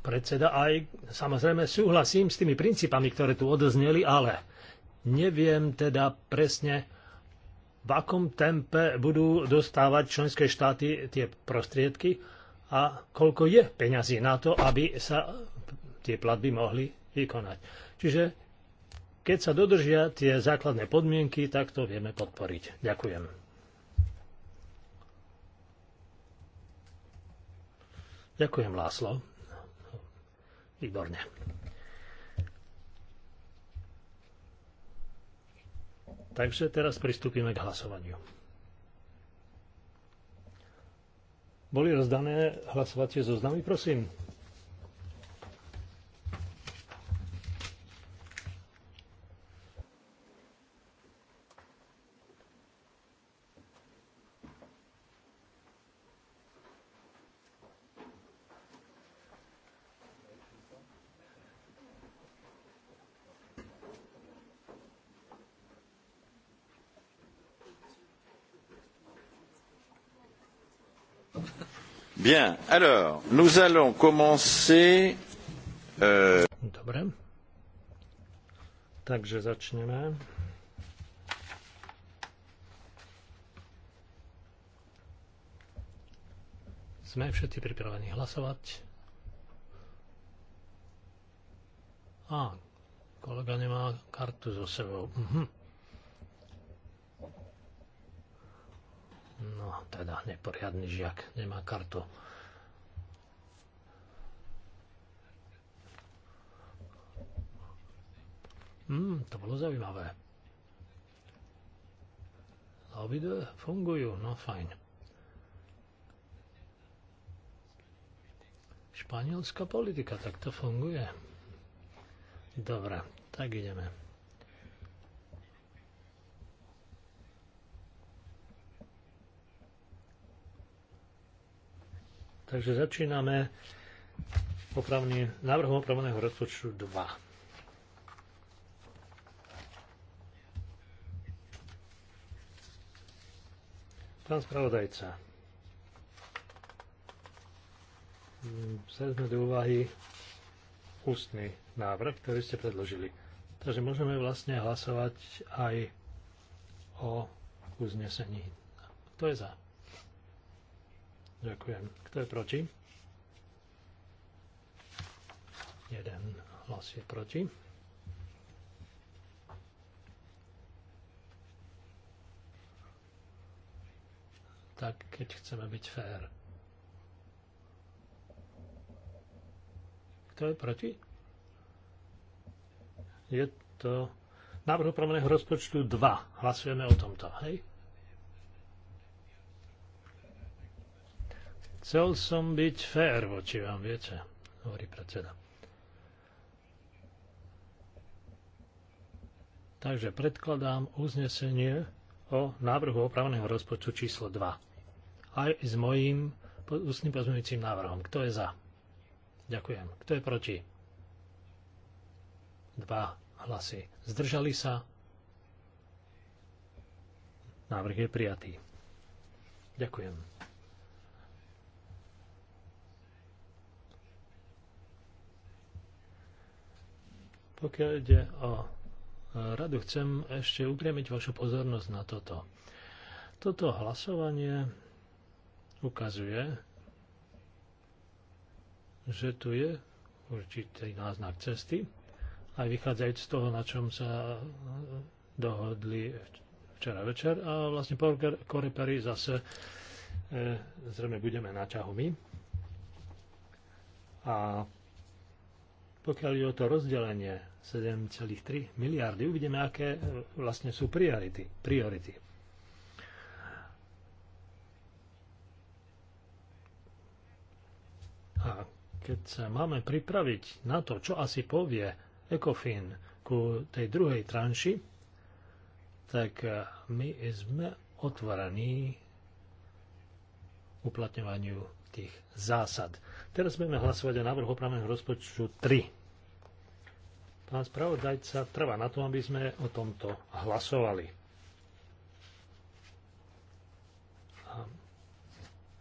predseda aj samozrejme súhlasím s tými princípami, ktoré tu odozneli, ale neviem teda presne, v akom tempe budú dostávať členské štáty tie prostriedky a koľko je peňazí na to, aby sa tie platby mohli vykonať. Čiže keď sa dodržia tie základné podmienky, tak to vieme podporiť. Ďakujem. Ďakujem, Láslo. Výborne. Takže teraz pristúpime k hlasovaniu. Boli rozdané hlasovacie zoznamy, prosím. Bien, alors, nous allons commencer. Euh... Dobre. Takže začneme. Sme všetci pripravení hlasovať. A, kolega nemá kartu so sebou. Mhm. No, teda neporiadny žiak nemá kartu. Hmm, to bolo zaujímavé. Obidve fungujú, no fajn. Španielská politika, tak to funguje. Dobre, tak ideme. Takže začíname opravný, návrhom opravného rozpočtu 2. Pán spravodajca, vzali sme do úvahy ústny návrh, ktorý ste predložili. Takže môžeme vlastne hlasovať aj o uznesení. Kto je za? Ďakujem. Kto je proti? Jeden hlas je proti. Tak, keď chceme byť fér. Kto je proti? Je to návrh promeného rozpočtu 2. Hlasujeme o tomto, hej? Chcel som byť fér voči vám, viete, hovorí predseda. Takže predkladám uznesenie o návrhu opravného rozpočtu číslo 2. Aj s mojím ústnym pozmeňujúcim návrhom. Kto je za? Ďakujem. Kto je proti? Dva hlasy. Zdržali sa? Návrh je prijatý. Ďakujem. Pokiaľ ide o e, radu, chcem ešte upriamiť vašu pozornosť na toto. Toto hlasovanie ukazuje, že tu je určitý náznak cesty, aj vychádzajúc z toho, na čom sa e, dohodli včera večer a vlastne po Korepery zase e, zrejme budeme na ťahu my. A pokiaľ je o to rozdelenie 7,3 miliardy, uvidíme, aké e, vlastne sú priority. priority. A keď sa máme pripraviť na to, čo asi povie ECOFIN ku tej druhej tranši, tak e, my sme otvorení uplatňovaniu tých zásad. Teraz budeme hlasovať o návrhu opravného rozpočtu 3. Pán spravodajca trvá na tom, aby sme o tomto hlasovali.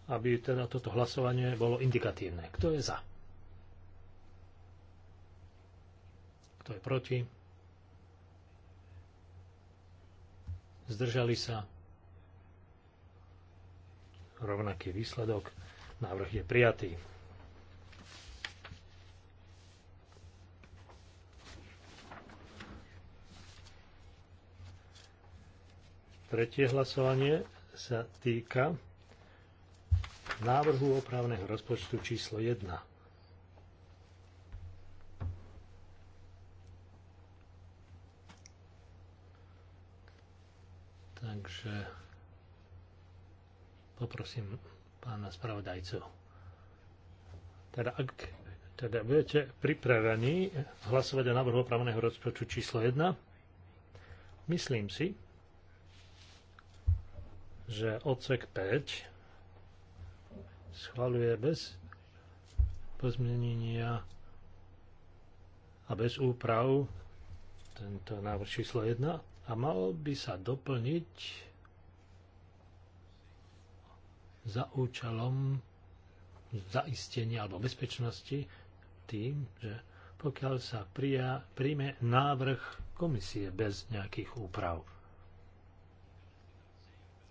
Aby teda toto hlasovanie bolo indikatívne. Kto je za? Kto je proti? Zdržali sa? rovnaký výsledok. Návrh je prijatý. Tretie hlasovanie sa týka návrhu opravného rozpočtu číslo 1. Takže Poprosím pána spravodajcu. Teda ak teda budete pripravení hlasovať o návrhu opravného rozpočtu číslo 1, myslím si, že odsek 5 schvaluje bez pozmenenia a bez úprav tento návrh číslo 1 a mal by sa doplniť za účelom zaistenia alebo bezpečnosti tým, že pokiaľ sa prija, príjme návrh komisie bez nejakých úprav.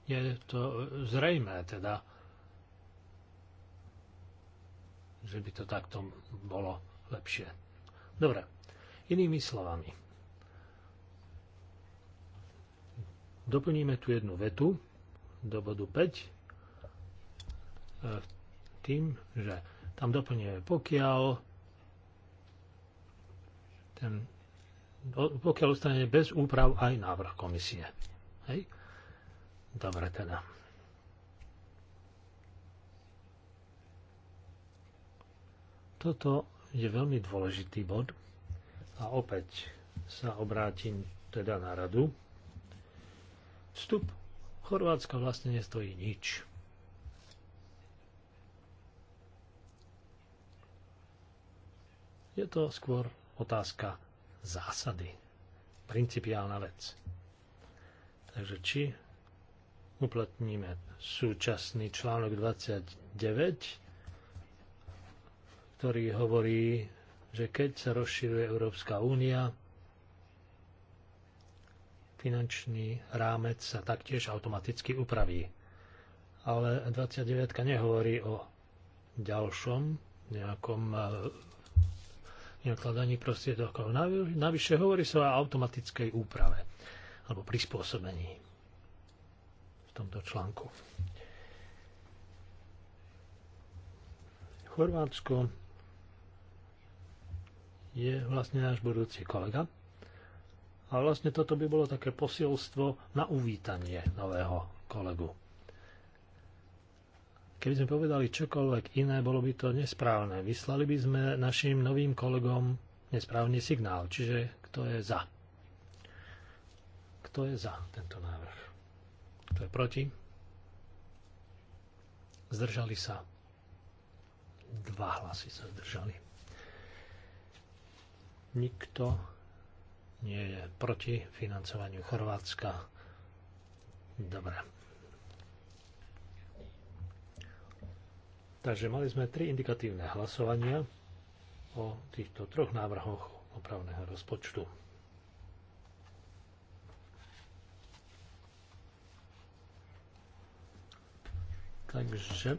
Je to zrejme teda, že by to takto bolo lepšie. Dobre, inými slovami. Doplníme tu jednu vetu do bodu 5 tým, že tam doplňuje pokiaľ ten, pokiaľ ostane bez úprav aj návrh komisie. Hej? Dobre teda. Toto je veľmi dôležitý bod a opäť sa obrátim teda na radu. Vstup Chorvátska vlastne nestojí nič. Je to skôr otázka zásady. Principiálna vec. Takže či uplatníme súčasný článok 29, ktorý hovorí, že keď sa rozširuje Európska únia, finančný rámec sa taktiež automaticky upraví. Ale 29 nehovorí o ďalšom nejakom vynakladaní prostriedokov. Navyše hovorí sa o automatickej úprave alebo prispôsobení v tomto článku. Chorvátsko je vlastne náš budúci kolega. A vlastne toto by bolo také posilstvo na uvítanie nového kolegu. Keby sme povedali čokoľvek iné, bolo by to nesprávne. Vyslali by sme našim novým kolegom nesprávny signál. Čiže kto je za? Kto je za tento návrh? Kto je proti? Zdržali sa. Dva hlasy sa zdržali. Nikto nie je proti financovaniu Chorvátska. Dobre. Takže mali sme tri indikatívne hlasovania o týchto troch návrhoch opravného rozpočtu. Takže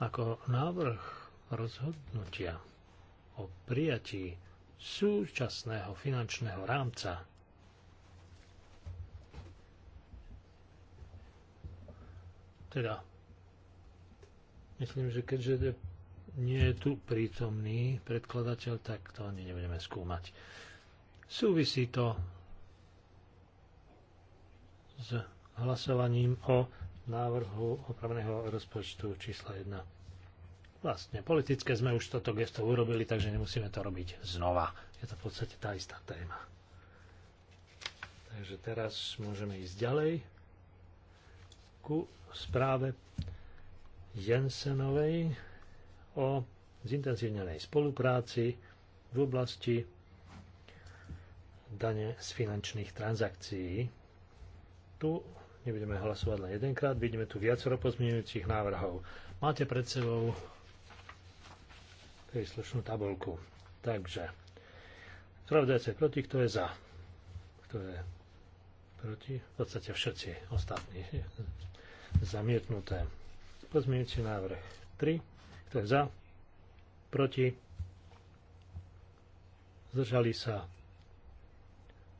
ako návrh rozhodnutia o prijatí súčasného finančného rámca Teda, myslím, že keďže nie je tu prítomný predkladateľ, tak to ani nebudeme skúmať. Súvisí to s hlasovaním o návrhu opravného rozpočtu čísla 1. Vlastne politické sme už toto gesto urobili, takže nemusíme to robiť znova. Je to v podstate tá istá téma. Takže teraz môžeme ísť ďalej ku správe Jensenovej o zintenzívnenej spolupráci v oblasti dane z finančných transakcií. Tu nebudeme hlasovať len jedenkrát, vidíme tu viacero pozmeňujúcich návrhov. Máte pred sebou príslušnú tabulku. Takže, spravodajce proti, kto je za? Kto je proti? V podstate všetci ostatní zamietnuté. Pozmienujúci návrh 3. Kto je za? Proti? Zdržali sa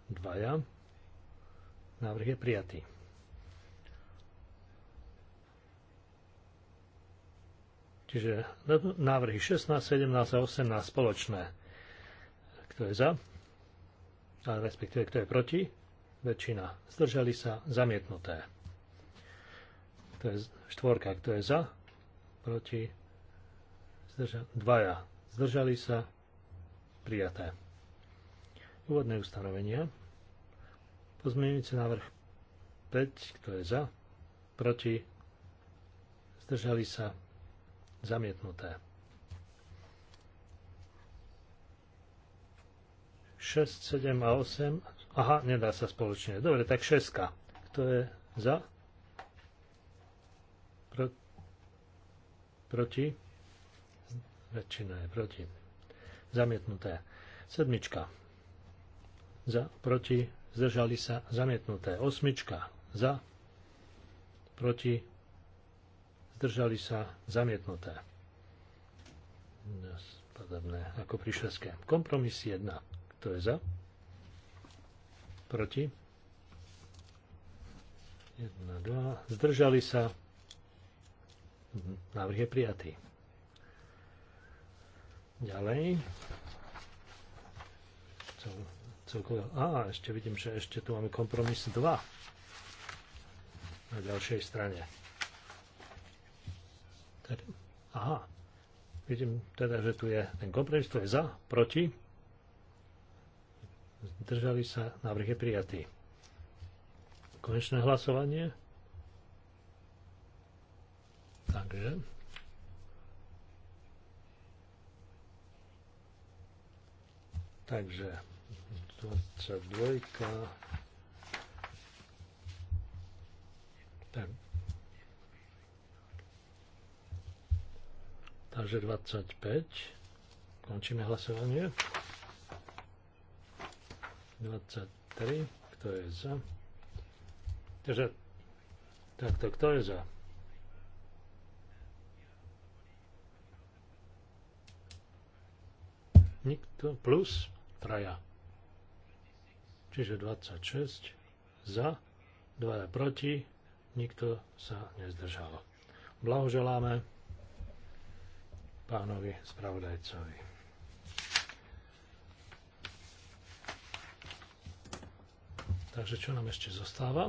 dvaja. Návrh je prijatý. Čiže návrhy 16, 17 a 18 spoločné. Kto je za? A respektíve kto je proti? Väčšina. Zdržali sa zamietnuté. Kto je štvorka, kto je za? Proti? Zdrža, dvaja. Zdržali sa? Prijaté. Úvodné ustanovenia. Pozmeňujúci návrh 5, kto je za? Proti? Zdržali sa? Zamietnuté. 6, 7 a 8. Aha, nedá sa spoločne. Dobre, tak 6. Kto je za? Pro, proti. Väčšina je proti. Zamietnuté. Sedmička. Za, proti. Zdržali sa. Zamietnuté. Osmička. Za. Proti. Zdržali sa. Zamietnuté. Podobné ako pri šeske. Kompromis 1. Kto je za? Proti. 1, 2. Zdržali sa. Mhm. Návrh je prijatý. Ďalej. Cel, A, ešte vidím, že ešte tu máme kompromis 2 na ďalšej strane. aha, vidím teda, že tu je ten kompromis, to je za, proti. Zdržali sa, návrh je prijatý. Konečné hlasovanie. Takže Takže 22. Tak. Takže 25. Končíme hlasovanie. 23. Kto je za? Takže, takto, kto je za? Nikto plus traja. Čiže 26 za, 2 proti, nikto sa nezdržal. Blahoželáme pánovi spravodajcovi. Takže čo nám ešte zostáva?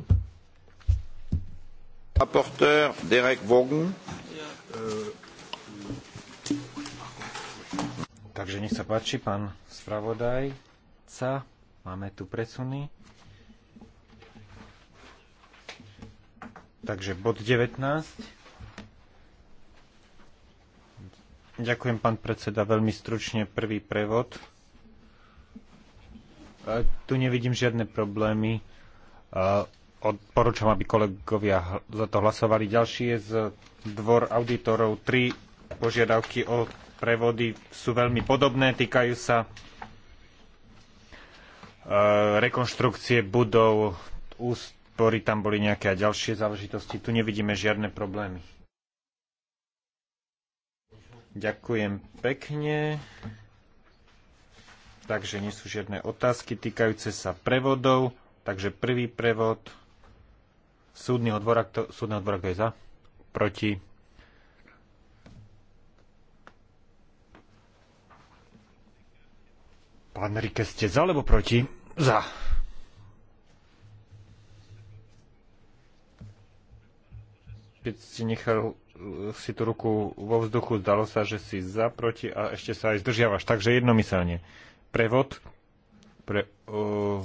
Rapporteur Derek Vaughan. Yeah. Uh, Takže nech sa páči, pán spravodajca. Máme tu presuny. Takže bod 19. Ďakujem, pán predseda, veľmi stručne prvý prevod. Tu nevidím žiadne problémy odporúčam, aby kolegovia za to hlasovali. Ďalší je z dvor auditorov tri požiadavky o prevody sú veľmi podobné, týkajú sa e, rekonštrukcie budov, úspory tam boli nejaké a ďalšie záležitosti. Tu nevidíme žiadne problémy. Ďakujem pekne. Takže nie sú žiadne otázky týkajúce sa prevodov. Takže prvý prevod Súdny odbor, súdny odbor, kto je za? Proti? Pán Rike, ste za alebo proti? Za. Keď si nechal uh, si tú ruku vo vzduchu, zdalo sa, že si za, proti a ešte sa aj zdržiavaš. Takže jednomyselne. Prevod pre uh,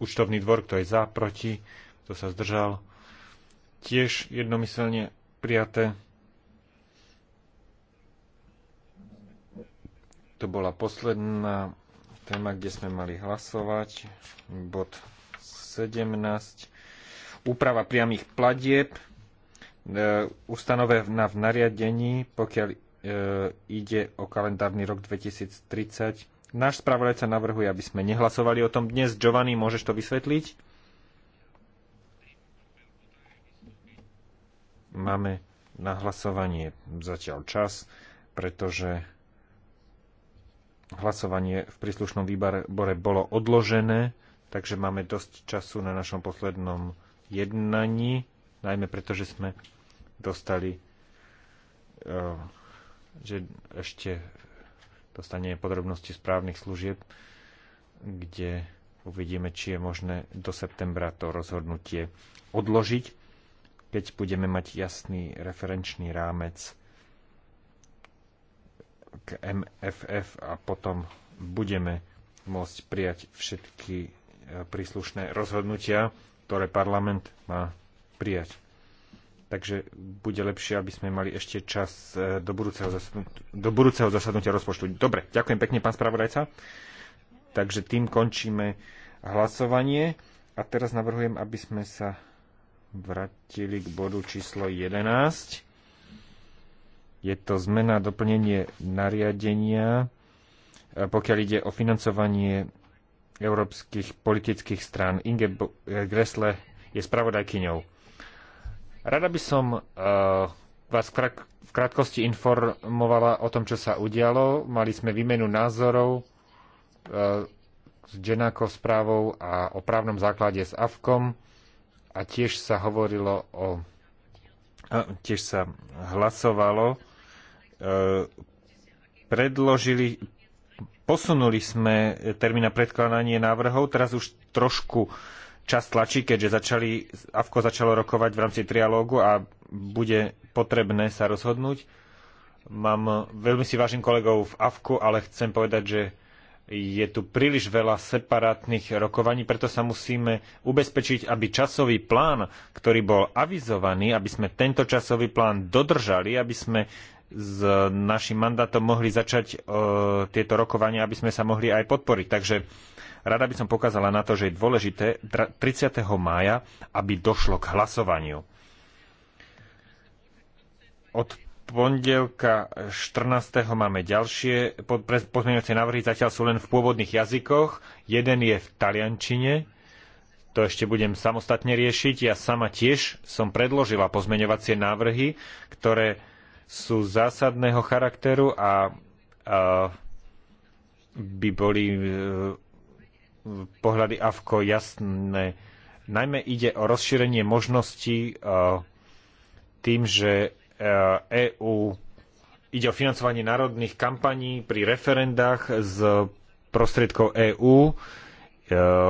účtovný dvor, kto je za, proti, kto sa zdržal. Tiež jednomyselne prijaté. To bola posledná téma, kde sme mali hlasovať. Bod 17. Úprava priamých platieb. E, ustanovená v nariadení, pokiaľ e, ide o kalendárny rok 2030. Náš spravodajca navrhuje, aby sme nehlasovali o tom dnes. Giovanni, môžeš to vysvetliť? Máme na hlasovanie zatiaľ čas, pretože hlasovanie v príslušnom výbore bolo odložené, takže máme dosť času na našom poslednom jednaní, najmä preto, že sme dostali, eh, že ešte dostane podrobnosti správnych služieb, kde uvidíme, či je možné do septembra to rozhodnutie odložiť, keď budeme mať jasný referenčný rámec k MFF a potom budeme môcť prijať všetky e, príslušné rozhodnutia, ktoré parlament má prijať. Takže bude lepšie, aby sme mali ešte čas e, do budúceho, zasadnutia, do budúceho zasadnutia rozpočtu. Dobre, ďakujem pekne, pán spravodajca. Takže tým končíme hlasovanie. A teraz navrhujem, aby sme sa vrátili k bodu číslo 11. Je to zmena, doplnenie nariadenia, e, pokiaľ ide o financovanie európskych politických strán. Inge e, Gressle je spravodajkyňou. Rada by som uh, vás v krátkosti informovala o tom, čo sa udialo. Mali sme výmenu názorov uh, s Dženákov správou a o právnom základe s AVKom a tiež sa hovorilo o... Uh, tiež sa hlasovalo E, predložili, posunuli sme termín na predkladanie návrhov, teraz už trošku čas tlačí, keďže začali, AVKO začalo rokovať v rámci trialógu a bude potrebné sa rozhodnúť. Mám, veľmi si vážim kolegov v Afku, ale chcem povedať, že je tu príliš veľa separátnych rokovaní, preto sa musíme ubezpečiť, aby časový plán, ktorý bol avizovaný, aby sme tento časový plán dodržali, aby sme s našim mandátom mohli začať e, tieto rokovania, aby sme sa mohli aj podporiť. Takže rada by som pokázala na to, že je dôležité 30. mája, aby došlo k hlasovaniu. Od pondelka 14. máme ďalšie pozmeňujúce návrhy, zatiaľ sú len v pôvodných jazykoch. Jeden je v taliančine, to ešte budem samostatne riešiť. Ja sama tiež som predložila pozmeňovacie návrhy, ktoré sú zásadného charakteru a, by boli e, pohľady AVKO jasné. Najmä ide o rozšírenie možností e, tým, že EÚ e ide o financovanie národných kampaní pri referendách z prostriedkov EÚ,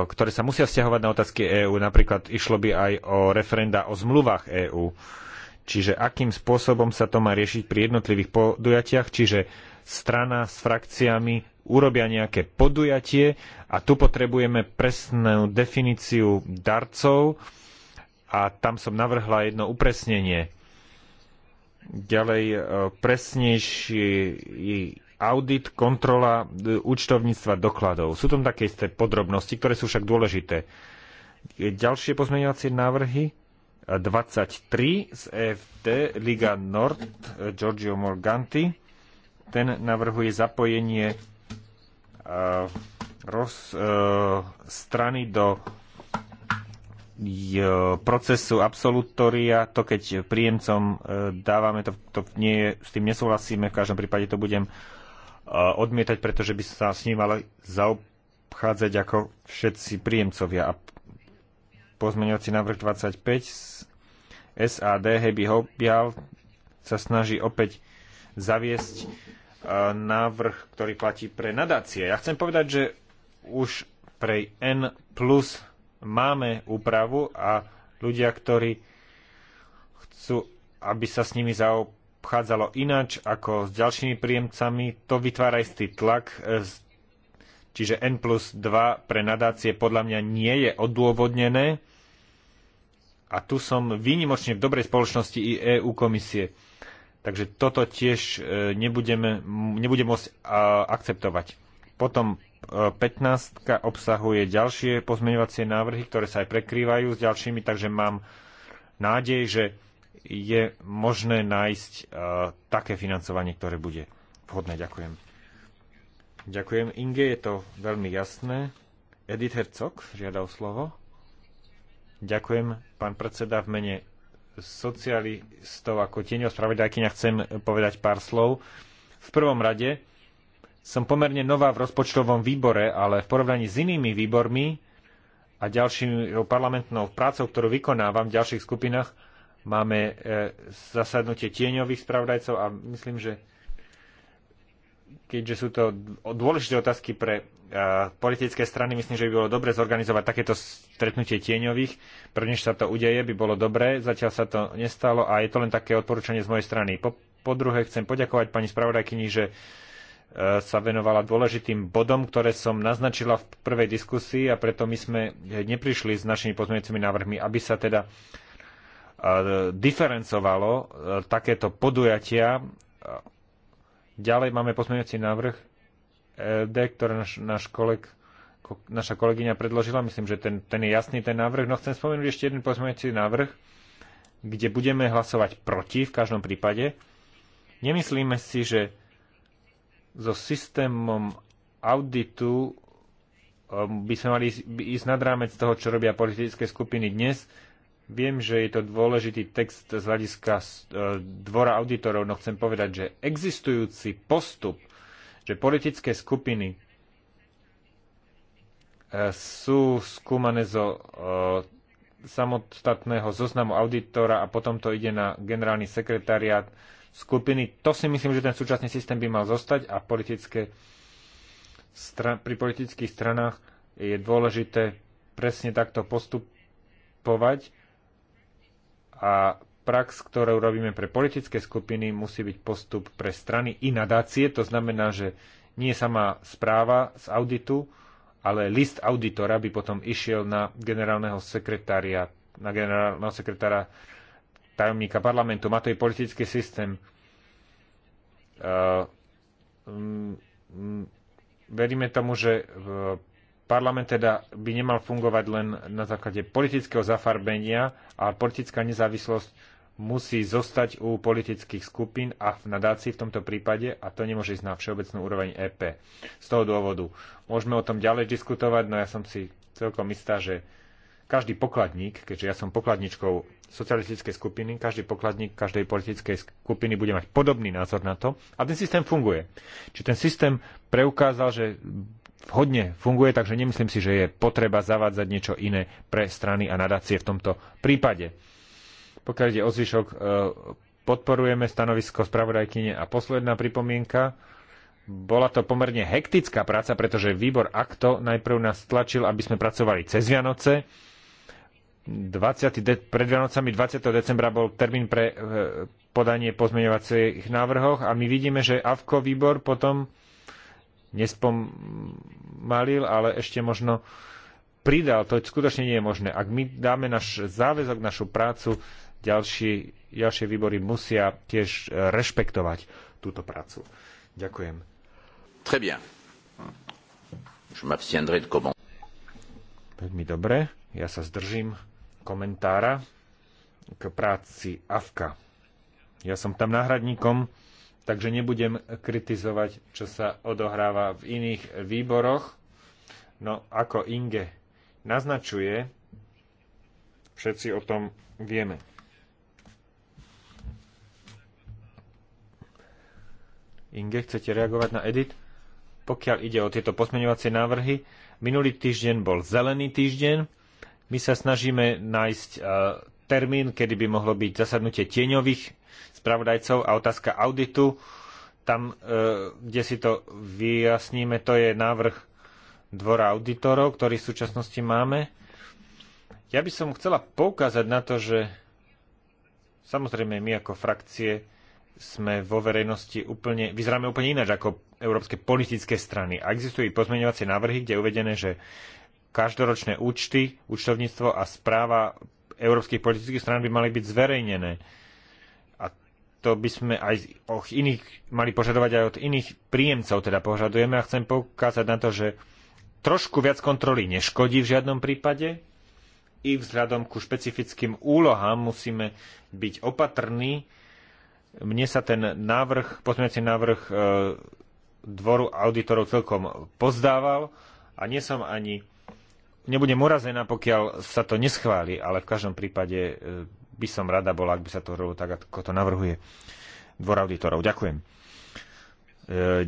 ktoré sa musia vzťahovať na otázky EÚ. Napríklad išlo by aj o referenda o zmluvách EÚ. Čiže akým spôsobom sa to má riešiť pri jednotlivých podujatiach, čiže strana s frakciami urobia nejaké podujatie a tu potrebujeme presnú definíciu darcov a tam som navrhla jedno upresnenie. Ďalej e, presnejší audit, kontrola e, účtovníctva dokladov. Sú tam také isté podrobnosti, ktoré sú však dôležité. Ďalšie pozmeňovacie návrhy? 23 z EFD Liga Nord Giorgio Morganti. Ten navrhuje zapojenie uh, roz, uh, strany do uh, procesu absolutória. To keď príjemcom e, dávame, to, to nie, s tým nesúhlasíme, v každom prípade to budem odmietať, pretože by sa s ním mali zaobchádzať ako všetci príjemcovia. A Pozmeňovací návrh 25 SAD Heby Hopial sa snaží opäť zaviesť e, návrh, ktorý platí pre nadácie. Ja chcem povedať, že už pre N plus máme úpravu a ľudia, ktorí chcú, aby sa s nimi zaobchádzalo ináč ako s ďalšími príjemcami, to vytvára istý tlak e, Čiže N plus 2 pre nadácie podľa mňa nie je odôvodnené. A tu som výnimočne v dobrej spoločnosti i EU komisie. Takže toto tiež e, nebudeme, nebudem môcť akceptovať. Potom 15 e, obsahuje ďalšie pozmeňovacie návrhy, ktoré sa aj prekrývajú s ďalšími, takže mám nádej, že je možné nájsť e, také financovanie, ktoré bude vhodné. Ďakujem. Ďakujem Inge, je to veľmi jasné. Edith Hercog žiada o slovo. Ďakujem, pán predseda, v mene socialistov ako tieňov spravodajkyňa chcem povedať pár slov. V prvom rade som pomerne nová v rozpočtovom výbore, ale v porovnaní s inými výbormi a ďalšou parlamentnou prácou, ktorú vykonávam v ďalších skupinách, máme e, zasadnutie tieňových spravodajcov a myslím, že keďže sú to dôležité otázky pre uh, politické strany, myslím, že by bolo dobre zorganizovať takéto stretnutie tieňových. Prvnež sa to udeje, by bolo dobré, zatiaľ sa to nestalo a je to len také odporúčanie z mojej strany. Po, po druhé, chcem poďakovať pani spravodajkyni, že e, sa venovala dôležitým bodom, ktoré som naznačila v prvej diskusii a preto my sme neprišli s našimi pozmeňujúcimi návrhmi, aby sa teda e, diferencovalo takéto podujatia Ďalej máme pozmeňujúci návrh e D, ktorý naš, naš koleg, naša kolegyňa predložila. Myslím, že ten, ten je jasný, ten návrh. No chcem spomenúť ešte jeden pozmeňujúci návrh, kde budeme hlasovať proti v každom prípade. Nemyslíme si, že so systémom auditu e, by sme mali ísť nad rámec toho, čo robia politické skupiny dnes. Viem, že je to dôležitý text z hľadiska e, dvora auditorov, no chcem povedať, že existujúci postup, že politické skupiny e, sú skúmané zo e, samostatného zoznamu auditora a potom to ide na generálny sekretariat skupiny. To si myslím, že ten súčasný systém by mal zostať a politické pri politických stranách je dôležité presne takto postupovať a prax, ktorú robíme pre politické skupiny, musí byť postup pre strany i nadácie. To znamená, že nie sama správa z auditu, ale list auditora by potom išiel na generálneho sekretária, na generálneho sekretára tajomníka parlamentu. Má to aj politický systém. Uh, um, veríme tomu, že Parlament teda by nemal fungovať len na základe politického zafarbenia a politická nezávislosť musí zostať u politických skupín a v nadácii v tomto prípade a to nemôže ísť na všeobecnú úroveň EP. Z toho dôvodu môžeme o tom ďalej diskutovať, no ja som si celkom istá, že každý pokladník, keďže ja som pokladničkou socialistickej skupiny, každý pokladník každej politickej skupiny bude mať podobný názor na to a ten systém funguje. Či ten systém preukázal, že vhodne funguje, takže nemyslím si, že je potreba zavádzať niečo iné pre strany a nadácie v tomto prípade. Pokiaľ ide o zvyšok, e, podporujeme stanovisko spravodajkyne a posledná pripomienka. Bola to pomerne hektická práca, pretože výbor AKTO najprv nás tlačil, aby sme pracovali cez Vianoce. 20. De- pred Vianocami 20. decembra bol termín pre e, podanie pozmeňovacích návrhoch a my vidíme, že AVKO výbor potom nespomalil, ale ešte možno pridal. To skutočne nie je možné. Ak my dáme náš záväzok, našu prácu, ďalší, ďalšie výbory musia tiež e, rešpektovať túto prácu. Ďakujem. Très bien. Je m'abstiendrai de comment. Veľmi dobre. Ja sa zdržím komentára k práci Avka. Ja som tam náhradníkom takže nebudem kritizovať, čo sa odohráva v iných výboroch. No ako Inge naznačuje, všetci o tom vieme. Inge, chcete reagovať na edit? Pokiaľ ide o tieto posmeňovacie návrhy, minulý týždeň bol zelený týždeň. My sa snažíme nájsť eh, termín, kedy by mohlo byť zasadnutie tieňových spravodajcov a otázka auditu. Tam, e, kde si to vyjasníme, to je návrh dvora auditorov, ktorý v súčasnosti máme. Ja by som chcela poukázať na to, že samozrejme my ako frakcie sme vo verejnosti úplne, vyzeráme úplne ináč ako európske politické strany. A existujú i pozmeňovacie návrhy, kde je uvedené, že každoročné účty, účtovníctvo a správa európskych politických strán by mali byť zverejnené to by sme aj od iných mali požadovať aj od iných príjemcov, teda požadujeme a chcem poukázať na to, že trošku viac kontroly neškodí v žiadnom prípade i vzhľadom ku špecifickým úlohám musíme byť opatrní. Mne sa ten návrh, pozmeňací návrh e, dvoru auditorov celkom pozdával a nie som ani nebudem urazená, pokiaľ sa to neschváli, ale v každom prípade e, by som rada bola, ak by sa to robilo tak, ako to navrhuje dvor auditorov. Ďakujem. E,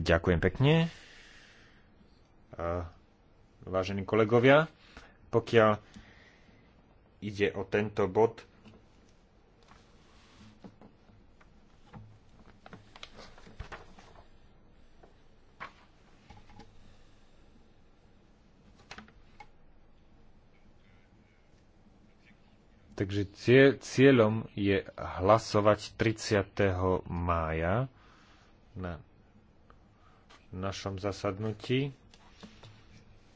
ďakujem pekne. E, vážení kolegovia, pokiaľ ide o tento bod, Takže cieľom je hlasovať 30. mája na našom zasadnutí,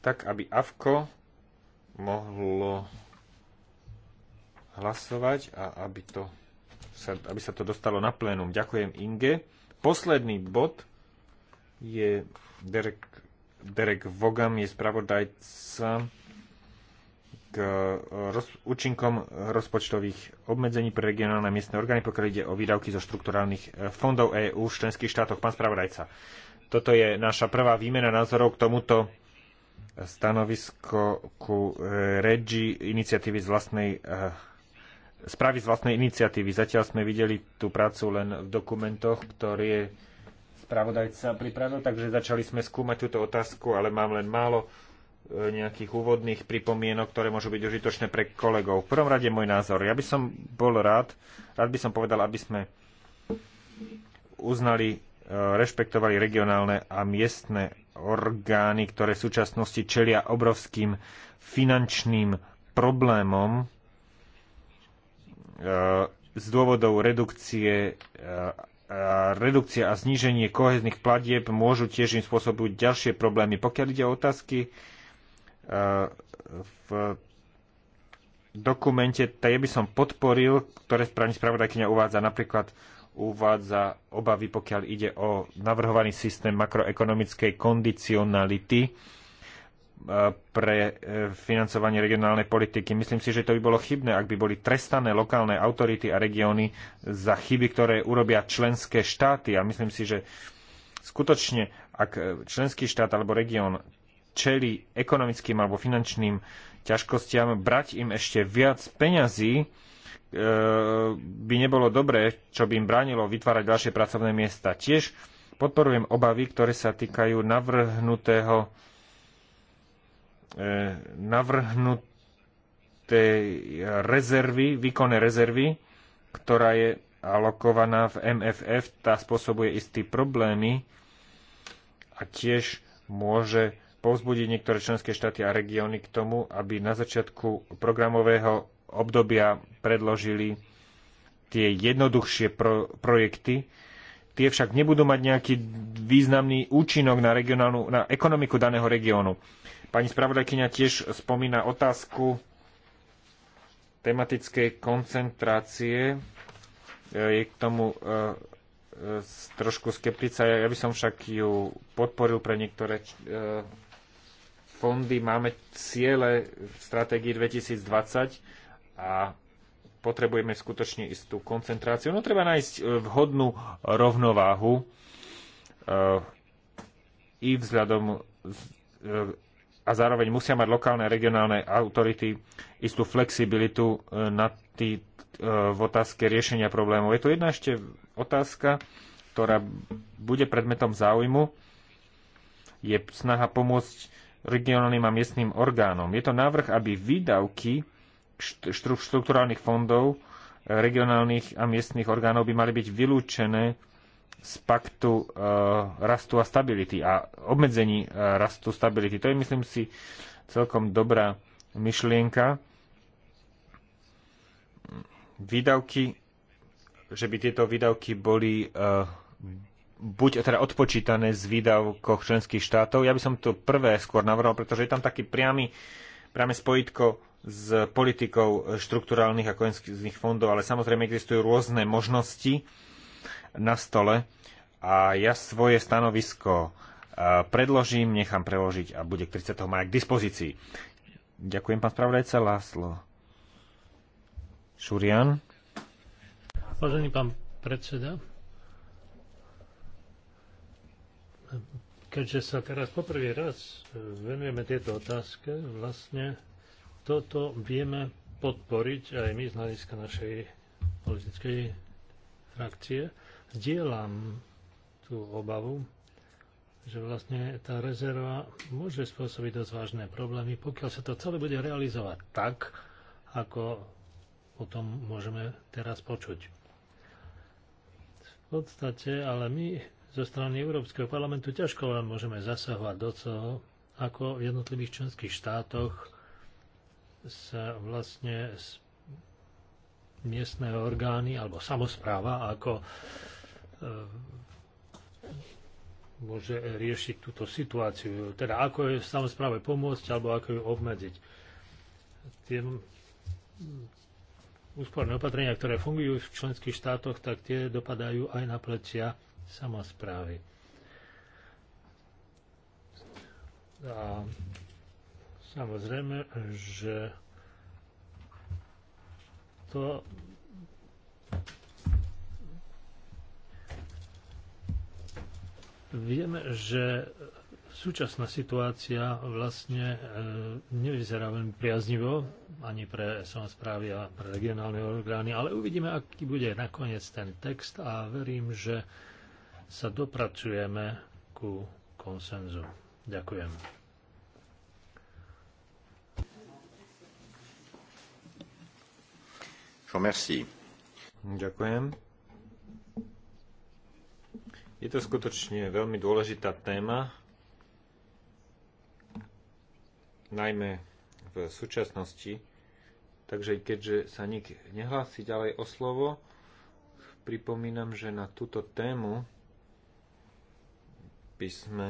tak aby AVKO mohlo hlasovať a aby, to, sa, aby sa to dostalo na plénum. Ďakujem Inge. Posledný bod je Derek, Derek Vogam je spravodajca k e, roz, účinkom rozpočtových obmedzení pre regionálne miestne orgány, pokiaľ ide o výdavky zo štrukturálnych e, fondov EÚ v členských štátoch. Pán spravodajca, toto je naša prvá výmena názorov k tomuto stanovisko ku e, REGI iniciatívy z vlastnej správy z vlastnej iniciatívy. Zatiaľ sme videli tú prácu len v dokumentoch, ktorý je spravodajca pripravil, takže začali sme skúmať túto otázku, ale mám len málo nejakých úvodných pripomienok, ktoré môžu byť užitočné pre kolegov. V prvom rade môj názor. Ja by som bol rád, rád by som povedal, aby sme uznali, e, rešpektovali regionálne a miestne orgány, ktoré v súčasnosti čelia obrovským finančným problémom e, z dôvodov redukcie e, a redukcia a zníženie kohezných platieb môžu tiež im spôsobiť ďalšie problémy. Pokiaľ ide o otázky, v dokumente, ja by som podporil, ktoré správne spravodajkyňa uvádza napríklad uvádza obavy, pokiaľ ide o navrhovaný systém makroekonomickej kondicionality e, pre e, financovanie regionálnej politiky. Myslím si, že to by bolo chybné, ak by boli trestané lokálne autority a regióny za chyby, ktoré urobia členské štáty. A myslím si, že skutočne, ak členský štát alebo región čeli ekonomickým alebo finančným ťažkostiam, brať im ešte viac peňazí, e, by nebolo dobré, čo by im bránilo vytvárať ďalšie pracovné miesta. Tiež podporujem obavy, ktoré sa týkajú navrhnutého e, navrhnuté rezervy, výkonné rezervy, ktorá je alokovaná v MFF, tá spôsobuje isté problémy a tiež môže povzbudiť niektoré členské štáty a regióny k tomu, aby na začiatku programového obdobia predložili tie jednoduchšie pro, projekty. Tie však nebudú mať nejaký významný účinok na, regionálnu, na ekonomiku daného regiónu. Pani spravodajkyňa tiež spomína otázku tematickej koncentrácie. Je k tomu e, e, trošku skeptica. Ja by som však ju podporil pre niektoré e, fondy, máme ciele v stratégii 2020 a potrebujeme skutočne istú koncentráciu. No treba nájsť e, vhodnú rovnováhu e, i vzhľadom e, a zároveň musia mať lokálne a regionálne autority istú flexibilitu na tý, v otázke riešenia problémov. Je tu jedna ešte otázka, ktorá bude predmetom záujmu. Je snaha pomôcť regionálnym a miestnym orgánom. Je to návrh, aby výdavky štruktúrálnych štrukturálnych fondov eh, regionálnych a miestnych orgánov by mali byť vylúčené z paktu eh, rastu a stability a obmedzení eh, rastu stability. To je, myslím si, celkom dobrá myšlienka. Výdavky, že by tieto výdavky boli buď teda odpočítané z výdavkoch členských štátov. Ja by som to prvé skôr navrhol, pretože je tam taký priamy, priame spojitko s politikou štrukturálnych a kojenských fondov, ale samozrejme existujú rôzne možnosti na stole a ja svoje stanovisko e, predložím, nechám preložiť a bude 30. maja k dispozícii. Ďakujem, pán spravodajca Láslo. Šurian. Vážený pán predseda, keďže sa teraz poprvý raz e, venujeme tieto otázke, vlastne toto vieme podporiť aj my z hľadiska našej politickej frakcie. Zdieľam tú obavu, že vlastne tá rezerva môže spôsobiť dosť vážne problémy, pokiaľ sa to celé bude realizovať tak, ako o tom môžeme teraz počuť. V podstate, ale my zo strany Európskeho parlamentu ťažko len môžeme zasahovať do toho, ako v jednotlivých členských štátoch sa vlastne miestne orgány alebo samozpráva ako e, môže riešiť túto situáciu. Teda ako je samozpráve pomôcť alebo ako ju obmedziť. Tie úsporné opatrenia, ktoré fungujú v členských štátoch, tak tie dopadajú aj na plecia samozprávy. A samozrejme, že to vieme, že súčasná situácia vlastne e, nevyzerá veľmi priaznivo ani pre samozprávy a pre regionálne orgány, ale uvidíme, aký bude nakoniec ten text a verím, že sa dopracujeme ku konsenzu. Ďakujem. Merci. Ďakujem. Je to skutočne veľmi dôležitá téma, najmä v súčasnosti. Takže keďže sa nik nehlási ďalej o slovo, pripomínam, že na túto tému by sme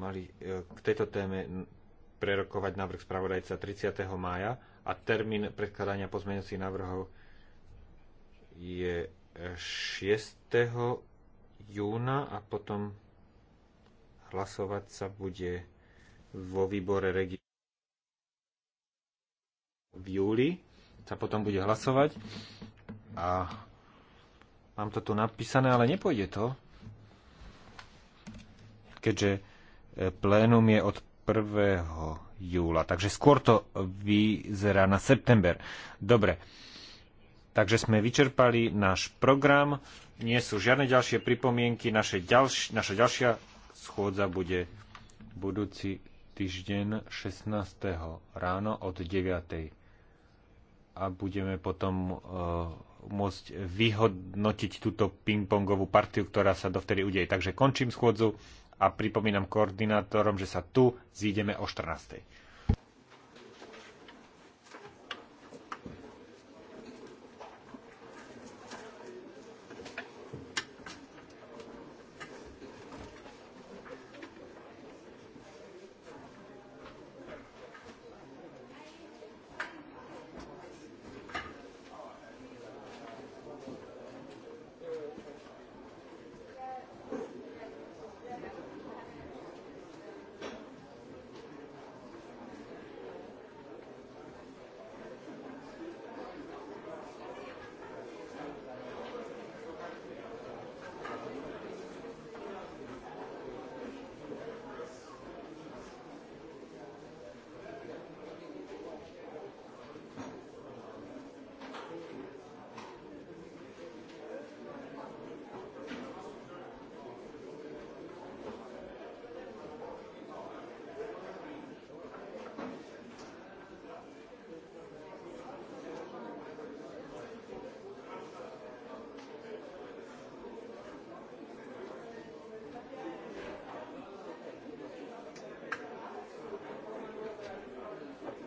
mali e, k tejto téme prerokovať návrh spravodajca 30. mája a termín predkladania pozmeňujúcich návrhov je 6. E, júna a potom hlasovať sa bude vo výbore regi v júli sa potom bude hlasovať a mám to tu napísané, ale nepôjde to keďže e, plénum je od 1. júla. Takže skôr to vyzerá na september. Dobre. Takže sme vyčerpali náš program. Nie sú žiadne ďalšie pripomienky. Naše ďalš- naša ďalšia schôdza bude budúci týždeň 16. ráno od 9. A budeme potom uh, môcť vyhodnotiť túto pingpongovú partiu, ktorá sa dovtedy udeje. Takže končím schôdzu a pripomínam koordinátorom, že sa tu zídeme o 14.